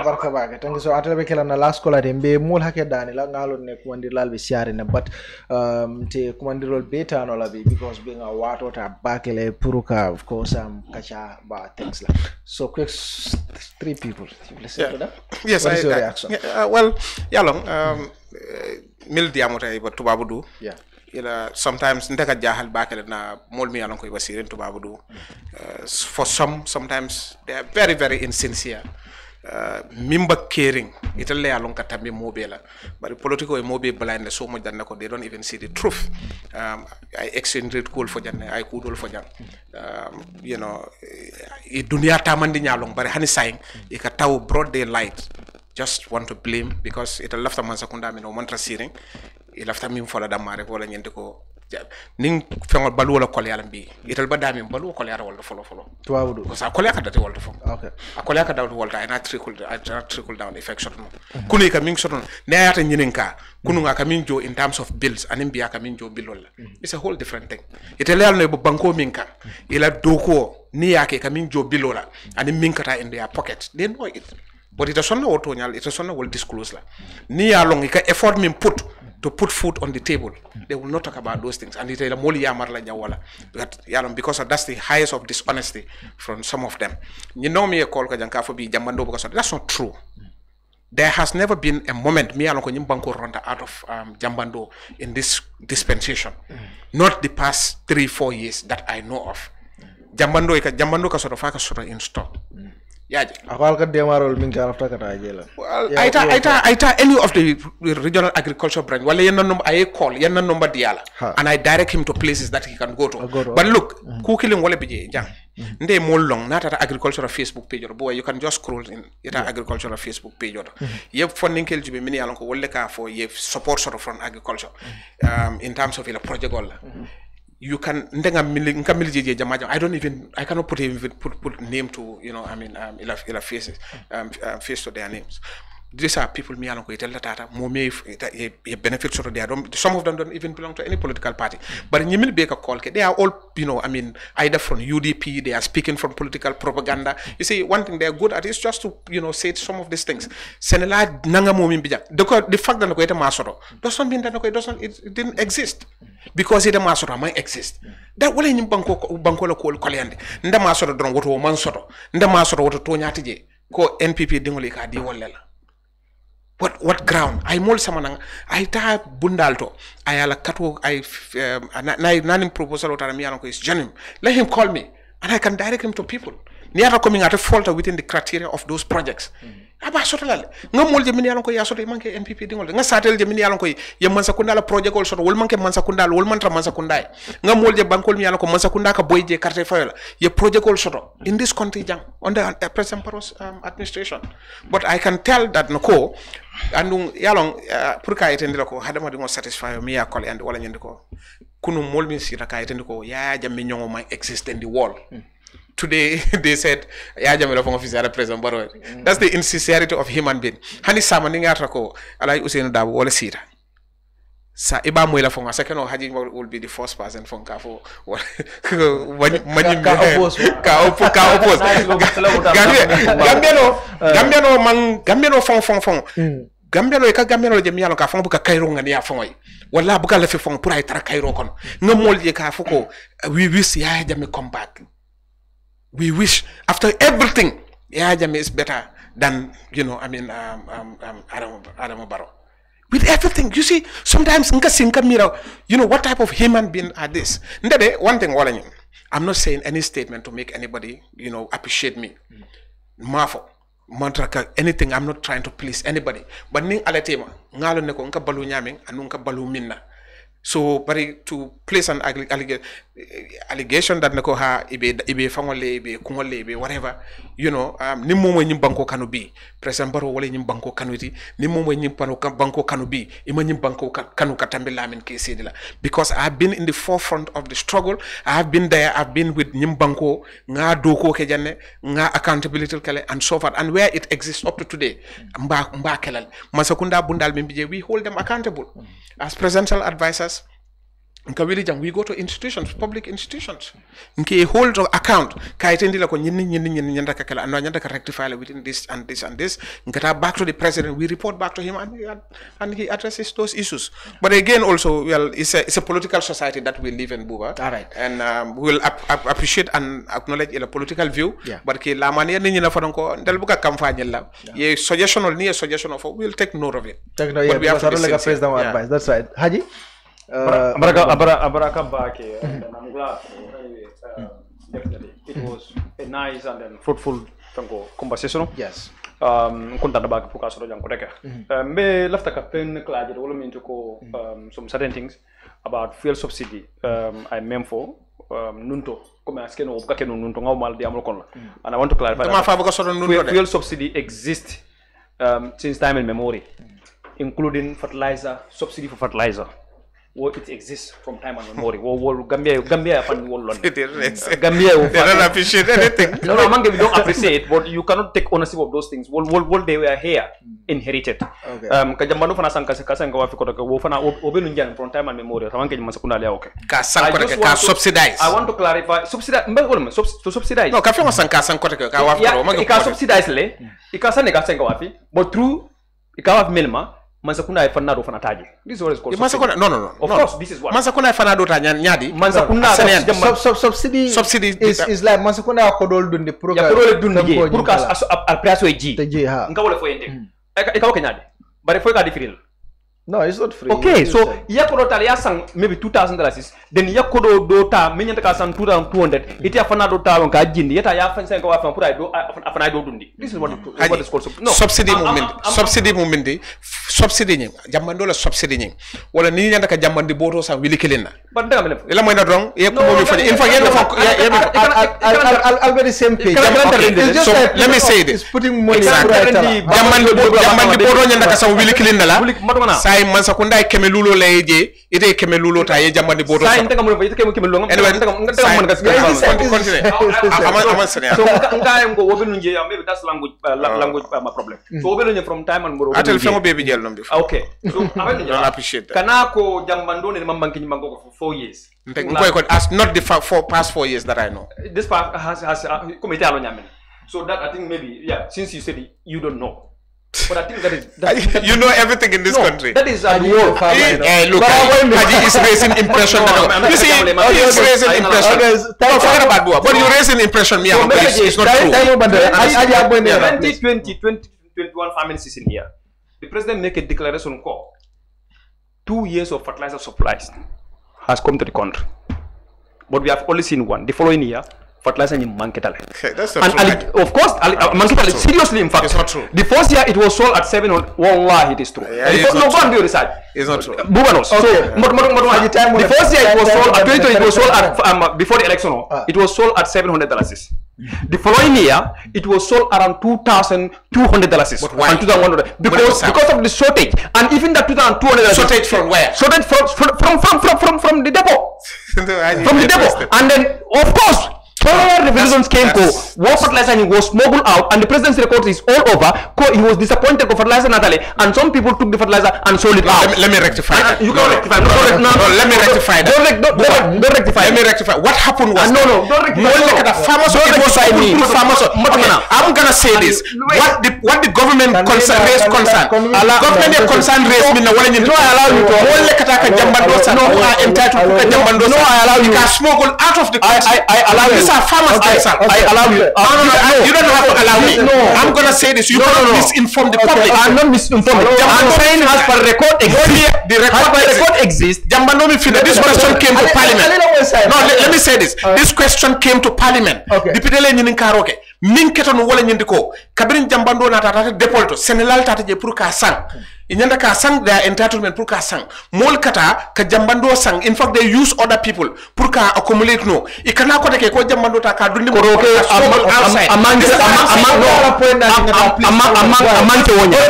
abarka bake thank you so atele ɓe kelanna laskolade mbe muul hake dani la ngalon ne kumandirlal ɓe siyari ne bat um, te kumandirol be tanola ɓe because ɓe ga watota bakele pour ka of course am um, kaca ba thanks la so quick three people yeah. yes What I, is your I, reaction? I, uh, well yalong um, uh, eh, mildi amota e tubabu du yeah. ila sometimes ndeka jahal bakale na mol mi alon koy wasiren tubabu do uh, for some sometimes they are very very insincere Uh, mimba caring ita le alon ka tambi mobe la bari politiko e mobe blind so mo na ko they don't even see the truth um i extended cool for janna I cool for jan um, you know e eh, dunia tamandi nyalong bari hani saying e ka taw broad daylight just want to blame because ita lafta man sakunda me no mantra siring lafta min fola dammare wala ñande ko nin feŋol balu wala kolya mbi ital ba damin balu kolya ra wolde folo folo tuwawu do sa kolya ka date wolde fo a kolya ka dawde wolde ayna trickle ayna trickle down effect shot kunu ka min shot no ne ayata nyinin ka kunu ka min jo in terms of bills anin biya ka min jo billol la mm-hmm. it's a whole different thing ital yal no banko min ka mm-hmm. ila doko ni yake ka min jo billola anin min kata in their pocket they know it but ita sonna woto nyal ita sonna wol disclose la ni ya long ka effort min put to put food on the table. They will not talk about those things. And itela moli ya marla nyawala. But because that's the highest of dishonesty from some of them. You know me call ka jambando fo jamando because that's not true. There has never been a moment me along nyimbanko ronda out of um, Jambando in this dispensation. Not the past three, four years that I know of. Jambando jambando ka sort of ka sort in yaje akwal ka demarol min ka rafta kata jela aita aita aita any of the regional agriculture branch wala yenna number aye call yenna number diala and i direct him to places that he can go to, go to. but look mm-hmm. ku kiling wala bije jang mm-hmm. mm-hmm. nde mol long na tata agriculture facebook page or boy you can just scroll in ita yeah. agriculture facebook page or ye yep funding kel jibe mini alon ko wolle ka fo ye support sort of from agriculture um, in terms of ila project golla you can ndenga mili nka i don't even i cannot put even put put name to you know i mean um ila ila faces um, um face to their names these are people me along tell That mo me a eh, eh, benefit sort they some of them don't even belong to any political party but you mean beka call they are all you know i mean either from udp they are speaking from political propaganda you see one thing they're good at is just to you know say some of these things nanga the fact that they are masoro doesn't mean that it doesn't it, didn't exist because it is masoro may exist that wala nyim banko banko la ko ko nda masoro don woto man soto nda masoro woto to nyaati ko npp dingol ka di what what ground ay mol sama nang ay ta bundal to ay ala katwo ay na nanim proposal otara mi yanko is genuine let him call me and i can direct him to people ni coming at a fault within the criteria of those projects I've hmm. aba sotalale nga mol je min yanko ya soto manke mpp dingol nga satel je min yanko ye man sakundala project ol soto wol manke man sakundala wol mantra man sakundai nga mol je bankol mi yanko man sakunda ka boy je carte fayola ye project ol soto in this country jang under uh, president paros um, administration but i can tell that no ko andum yalon eh, pour ka yitendira ko hadama dingo satisfy mi ya kol and wala nyande ko kunu molmi si sita ka yitendi ko ya jambe nyongo ma exist in the wall hmm. today (laughs) they said ya jambe lo fongo fisi sa president baro uh, that's the insincerity of human being hani sama ni ngata ko alay usenu dabo wala sita sa iba mo la fonga second or haji will be the first person fonga for when many ka oppose (laughs) ka oppose ka oppose gambia gambia no eh. gambia no man gambia no fong fong fong gambia no ka gambia no je mi ka fong bu ka kairo ngani ya fong wala buka ka la fi fong pour ay tara kairo kon no mol je ka foko we wish ya jami come back we wish after everything ya jami is better than you know i mean um um, um adam adam baro with everything. You see, sometimes sinka you know what type of human being are this? One thing, I'm not saying any statement to make anybody, you know, appreciate me. mantra ka anything, I'm not trying to please anybody. But ning aletema, ngalo neko nka balu nyaming, anunka balu minna so bari to place an allegation that nako ha ibe ibe fangolle ibe kungolle ibe whatever you know um, ni momo nyim banko kanu bi president baro wala nyim banko kanu ti ni momo nyim pano banko kanu bi ima nyim banko kanu katambe lamin ke because i have been in the forefront of the struggle i have been there i've been with nyim banko nga doko ke janne nga accountability kale and so forth and where it exists up to today mba mba kelal masakunda bundal mi we hold them accountable mm. as presidential advisors nkawili jang we go to institutions public institutions nke hold account kayite la ko ñinni ñinni ñinni nyanda ka kala no ñanda ka rectify la within this and this and this nkata back to the president we report back to him and he, and he addresses those issues but again also well it's a, it's a political society that we live in buba all right and um, we will ap ap appreciate and acknowledge the political view yeah. but ke la manière ni ñina fanan ko dal bu ka campagne la ye suggestion ni suggestion of we will take note of it take note yeah, we have to president yeah. advice that's right haji Uh, Abraka, Abra, Abraka back here, and I'm glad. Anyway, um, definitely, it was a nice and then fruitful tango conversation. Yes. Um, kunta da bag puka solo jang kodeka. Mbe lafta ka pen klaje wolo min ko um, some certain things about fuel subsidy. Um, I meant for um, nunto comme aske no obka kenu kon la. And I want to clarify. Tama Fuel subsidy exists um, since time in memory, including fertilizer subsidy for fertilizer it exists from time and memory. wo wo gambia gambia ya fan wol lon gambia wo they don't appreciate anything no no mangi we don't appreciate but you cannot take ownership of those things wol wol wol they were here hmm. inherited okay. um ka jambano fana san sanka se ngawa wa fikoto ko fana wo benu from time and memory. Tama tawanke ma sekunda le okay. ka san ka ka subsidize i want to clarify subsidize mbel wol to subsidize no kafu masan fema san sanko ka wa fikoto Yeah, ika subsidize le hmm. ka sanka sanka ngawa fi but through ika wa fi milma Mansa Kunda e fannaaɗo fana taaje Mansa Kunda no no no of Mansa Kunda e fannaaɗo ta ñaadi Mansa Kunda subsidy subsidy is, like Mansa Kunda ko ɗol dunde programme ko ɗole dunde pour que a préasso e jii te jii ha ngawole foyente e kawa ke ñaadi bare foy ka difiril No, it's not free. Okay, so ya kodo tal ya sang maybe 2000 dollars. Then ya kodo do ta menya ta san 2200. Iti afana do ta ka jindi ya ta ya fan sen ko afan pura do afana do dundi. This is what it, what is called no. subsidy movement. Subsidy movement di subsidy nyi jamando la subsidy nyi. Wala ni nyanda ka jamandi boto san wili na. But da mele. Ela moy na drong ya ko mo fani. In fact ya fa ya I'll be the same page. So let me say this. Putting money right. Jamandi boto nyanda ka san wili na la. ay man sa ko nday keme lulo lay je ite keme lulo ta ye jamande boto sa inte kamul ite keme keme lulo ngam inte kam ngam ngam ngas continue aman aman sene so nka yam ko wobelu nje yam maybe that's language uh, uh, language uh, ma problem mm. so wobelu nje from time and moro atel fengo bebe jel nom def okay so amen (laughs) nje appreciate that kana ko jambando ne mam banki nyimango ko for 4 years ngoy ko as not the for past 4 years that i know this past has has come alo nyamene so that i think maybe yeah since you said you don't know But I think that is. That, you know everything in this no, country. That is a war. Uh, look, Haji is raising impression. no, no, you see, he is raising impression. No, forget about war. But you raise an impression, me, So it's, it's not true. 2020, 2021 famine season here. The president make a declaration call. Two years of fertilizer supplies has come to the country. But we have only seen one. The following year, fertilizer in Mankital. Okay, that's not and true. of course, Ali, uh, Mankital, seriously, in fact. It's not true. The first year it was sold at 700. Wallah, it is true. Yeah, it's no, go and do research. It's not true. Buba knows. Okay. So, yeah. mad, mad, mad, the first year it was sold at 2020, it was sold at, um, before the election, uh. it was sold at 700 dollars. The following year, it was sold around two thousand two hundred dollars and two thousand one hundred because because of the shortage and even that two thousand two hundred shortage from where shortage from from from from from, (laughs) from the depot from the depot and then of course the referendums came, co, war fertilizer and he was smuggled out, and the president's record is all over. Co, he was disappointed for fertilizer Natalie, and some people took the fertilizer and sold it out. Let me, let me rectify and, uh, that. You can no, rectify. No, no, no, no, let me rectify that. Don't, don't, don't, don't rectify. Let me rectify. What happened was. Uh, no, no, don't rectify. No, look at the farmers. Don't rectify me. Farmers. Okay, I'm gonna say this. What the what the government concern raised concern. Government concern raised me. No, I allow you to. All the kataka jambandosa who are entitled to jambandosa. No, I allow you. You can smuggle out of no, country. I allow you. la farmers okay, outside. Okay. I allow you. Uh, no, no, no, no. You don't have to allow me. No. I'm going say this. You no, misinform the public. I'm not misinforming. The record, as per record exists. Jambanomi this question came to Parliament. No, let, let me say this. This kabirin jambando na tata depol depolto senelal tata je pour ka sang inyanda ka sang da entertainment pour ka sang mol kata ka jambando sang in fact they use other people pour ka accumulate no i kana ko take ko jambando ta ka dundi mo roke amang amang amang amang amang te wonya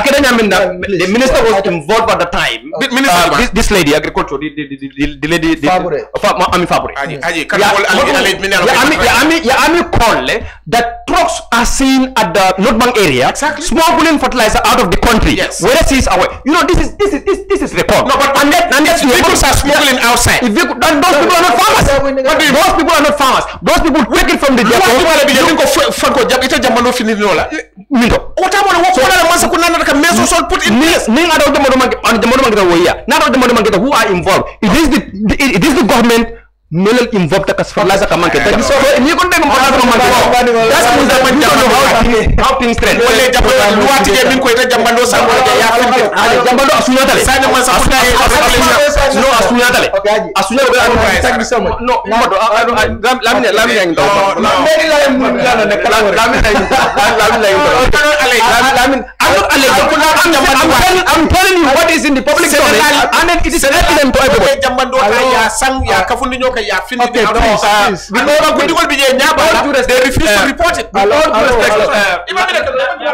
akeda nyaminda the minister was involved at the time minister this, this lady agriculture the, lady the, ami Fabre ya ami ya ami ya ami call that trucks are seen at the North Bank area exactly. smuggling fertilizer out of the country. Yes. Whereas he's away. You know, this is this is this, this is record. No, but and that, and that vehicles are smuggling yeah. outside. If you, and those no, people are not farmers. What do you those people are not farmers. Those people working from the depot. Franco jab ita jamano fini nola. Mindo. Ota mo do wakola na mansa kunana ka meso sol put in place. Ni ada man mangi jamano mangi ta woya. Na ada jamano mangi ta who are involved. It is the it is the government melal im vobta kas falas ka manke tadi so ni ko degum falas ka manke das mu za man jamba no helping strength wala jamba no wati ge min ko ta jamba no sam wala ya fim ke ale jamba no asuna tale sa jamba sa asuna no asuna tale asuna ko an tag so mo no modo lamine lamine ngi taw no meri la mu la na kala lamine lamine la ngi taw ale lamine andu ale ko na am jamba no am telling you what is in the public domain and it is evident to everybody jamba no ya sang ya kafuni nyoka that you are filling okay, out please, of, uh, please. And all of good will be in Yaba. They refuse to report it. With all due respect. Even if they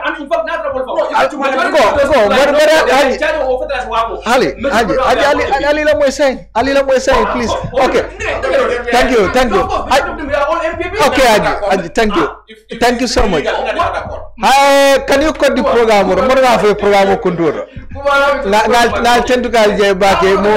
I'm in fact not trouble for. Go, go. But but Ali, Ali, Ali, Ali, Ali, Ali, la moy sign. Ali la moy sign, please. Okay. Thank you, thank you. I, okay, Aji, Aji, thank you. Thank you so much. Uh, can you cut the program? Or more than a program kundur. Na na na tentu kaje bake mo.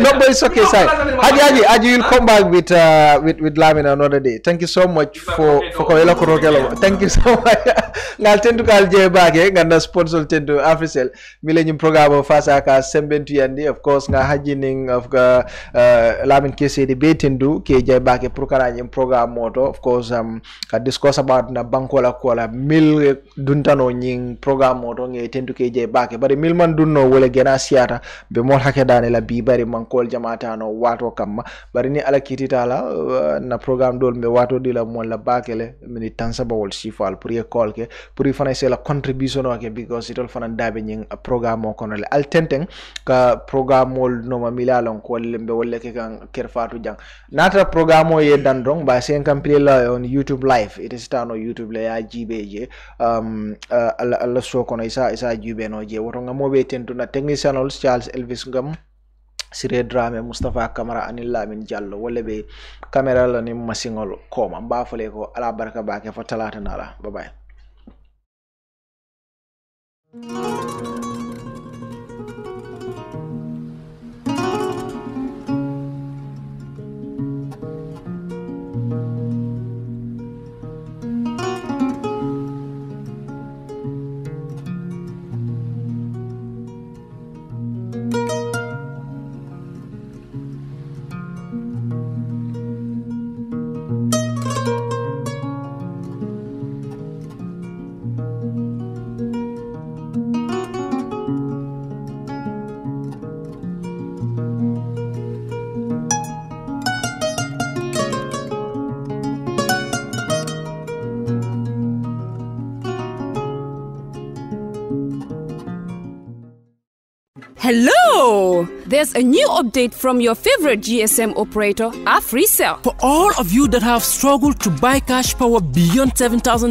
No, but it's okay, sign. Aji, Aji, Aji will come back with uh, with with Lamin another day. Thank you so much for for Kolela Korogelo. Thank you so much. (laughs) Ngal tendu kal je bage ngana sponsor tendu Africell. Millennium program of Fasaka sembentu yandi of course nga hajining of uh, uh Lamin kese de betendu ke je bage prokara nyim program moto of course um ka discuss about na bankola kola mil duntano nying program moto nge tendu ke je bage bari mil man dunno wala genasiara. Bemol be mo hakeda ne la bi bari man kol jamaata no wato kamma bari ni ala kititala eh, na programme dol mbe watodila molla bakele mini tan sabawol sifal pour ye kolke pour fana c'est la contribution wake because itol fana dabe nyin programme o kono altenten ka programme ol no ma milalon ko le mbe wolle ke kan kerfatu jang nata programme o ye dandong ba sen kam la on youtube live it is tano youtube le ya jibe je um uh, eh, alla alla so kono isa isa jibe no je woto ngamo be tentuna technician charles elvis ngam sire drame mustapha camara ani lamin diallo wala be caméra la ni masiŋol kooma mba fole ko ala baraka bake fo talata nala babay Thank There's a new update from your favorite GSM operator, AfriCell. For all of you that have struggled to buy cash power beyond $7,000,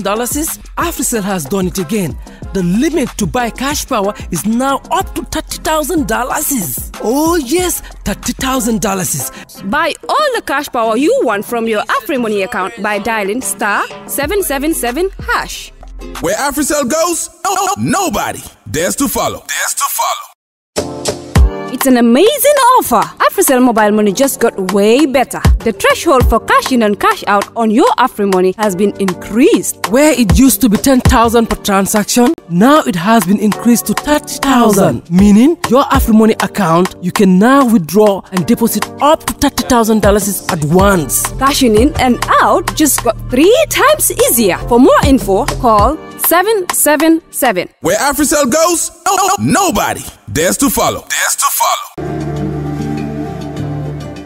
AfriCell has done it again. The limit to buy cash power is now up to $30,000. Oh yes, $30,000. Buy all the cash power you want from your AfriMoney account by dialing star 777 hash. Where AfriCell goes, nobody dares to follow. Dares to follow. It's an amazing offer. AfriCell Mobile Money just got way better. The threshold for cash in and cash out on your AfriMoney has been increased. Where it used to be 10,000 per transaction, now it has been increased to 30,000, meaning your AfriMoney account, you can now withdraw and deposit up to $30,000 at once. Cashing in and out just got three times easier. For more info, call 777. Where AfriCell goes, oh, oh, nobody dares to follow. Dares to follow follow.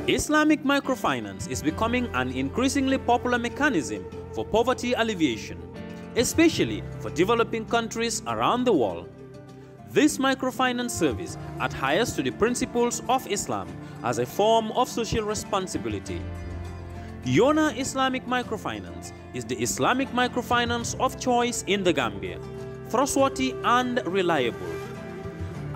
Islamic microfinance is becoming an increasingly popular mechanism for poverty alleviation, especially for developing countries around the world. This microfinance service adheres to the principles of Islam as a form of social responsibility. Yona Islamic Microfinance is the Islamic microfinance of choice in the Gambia, trustworthy and reliable.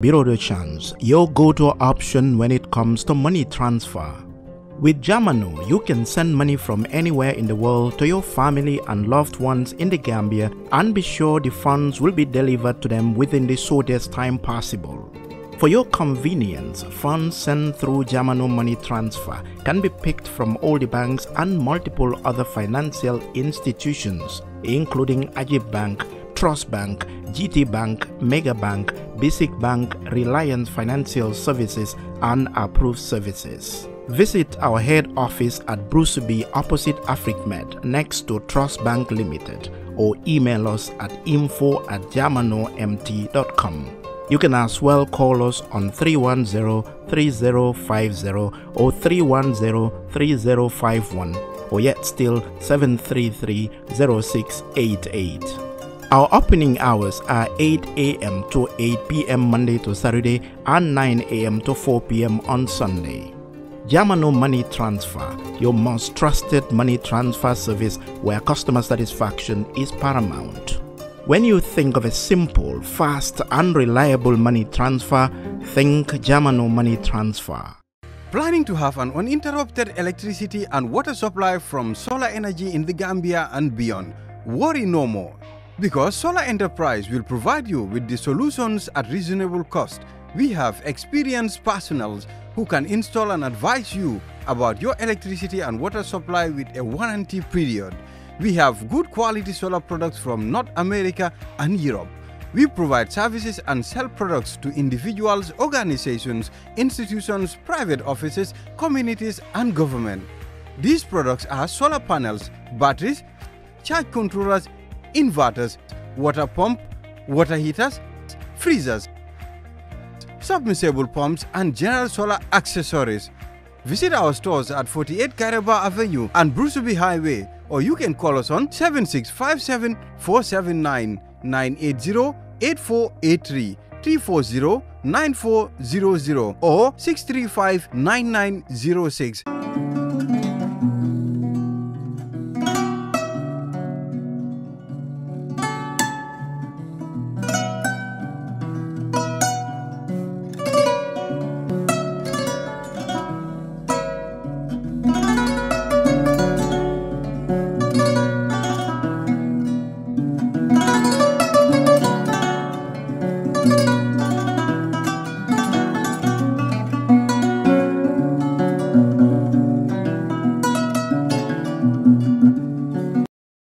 Birodochans, your go-to option when it comes to money transfer. With Jamano, you can send money from anywhere in the world to your family and loved ones in the Gambia and be sure the funds will be delivered to them within the shortest time possible. For your convenience, funds sent through Jamano Money Transfer can be picked from all the banks and multiple other financial institutions, including Ajib Bank, Trust Bank, GT Bank, Mega Bank, Basic Bank, Reliance Financial Services, and approved services. Visit our head office at Bruceby opposite AfricMed next to Trust Bank Limited or email us at info at germanomt.com. You can as well call us on 310-3050 or 310-3051 or yet still 733 our opening hours are 8 a.m. to 8 p.m. Monday to Saturday and 9 a.m. to 4 p.m. on Sunday. Yamano Money Transfer, your most trusted money transfer service where customer satisfaction is paramount. When you think of a simple, fast, and reliable money transfer, think Yamano Money Transfer. Planning to have an uninterrupted electricity and water supply from solar energy in the Gambia and beyond? Worry no more. Because Solar Enterprise will provide you with the solutions at reasonable cost. We have experienced personnel who can install and advise you about your electricity and water supply with a warranty period. We have good quality solar products from North America and Europe. We provide services and sell products to individuals, organizations, institutions, private offices, communities, and government. These products are solar panels, batteries, charge controllers, inverters, water pump, water heaters, freezers, submersible pumps and general solar accessories. Visit our stores at 48 Kareba Avenue and Brusubi Highway or you can call us on 7657 479 980 8483 340 9400 or 635 9906.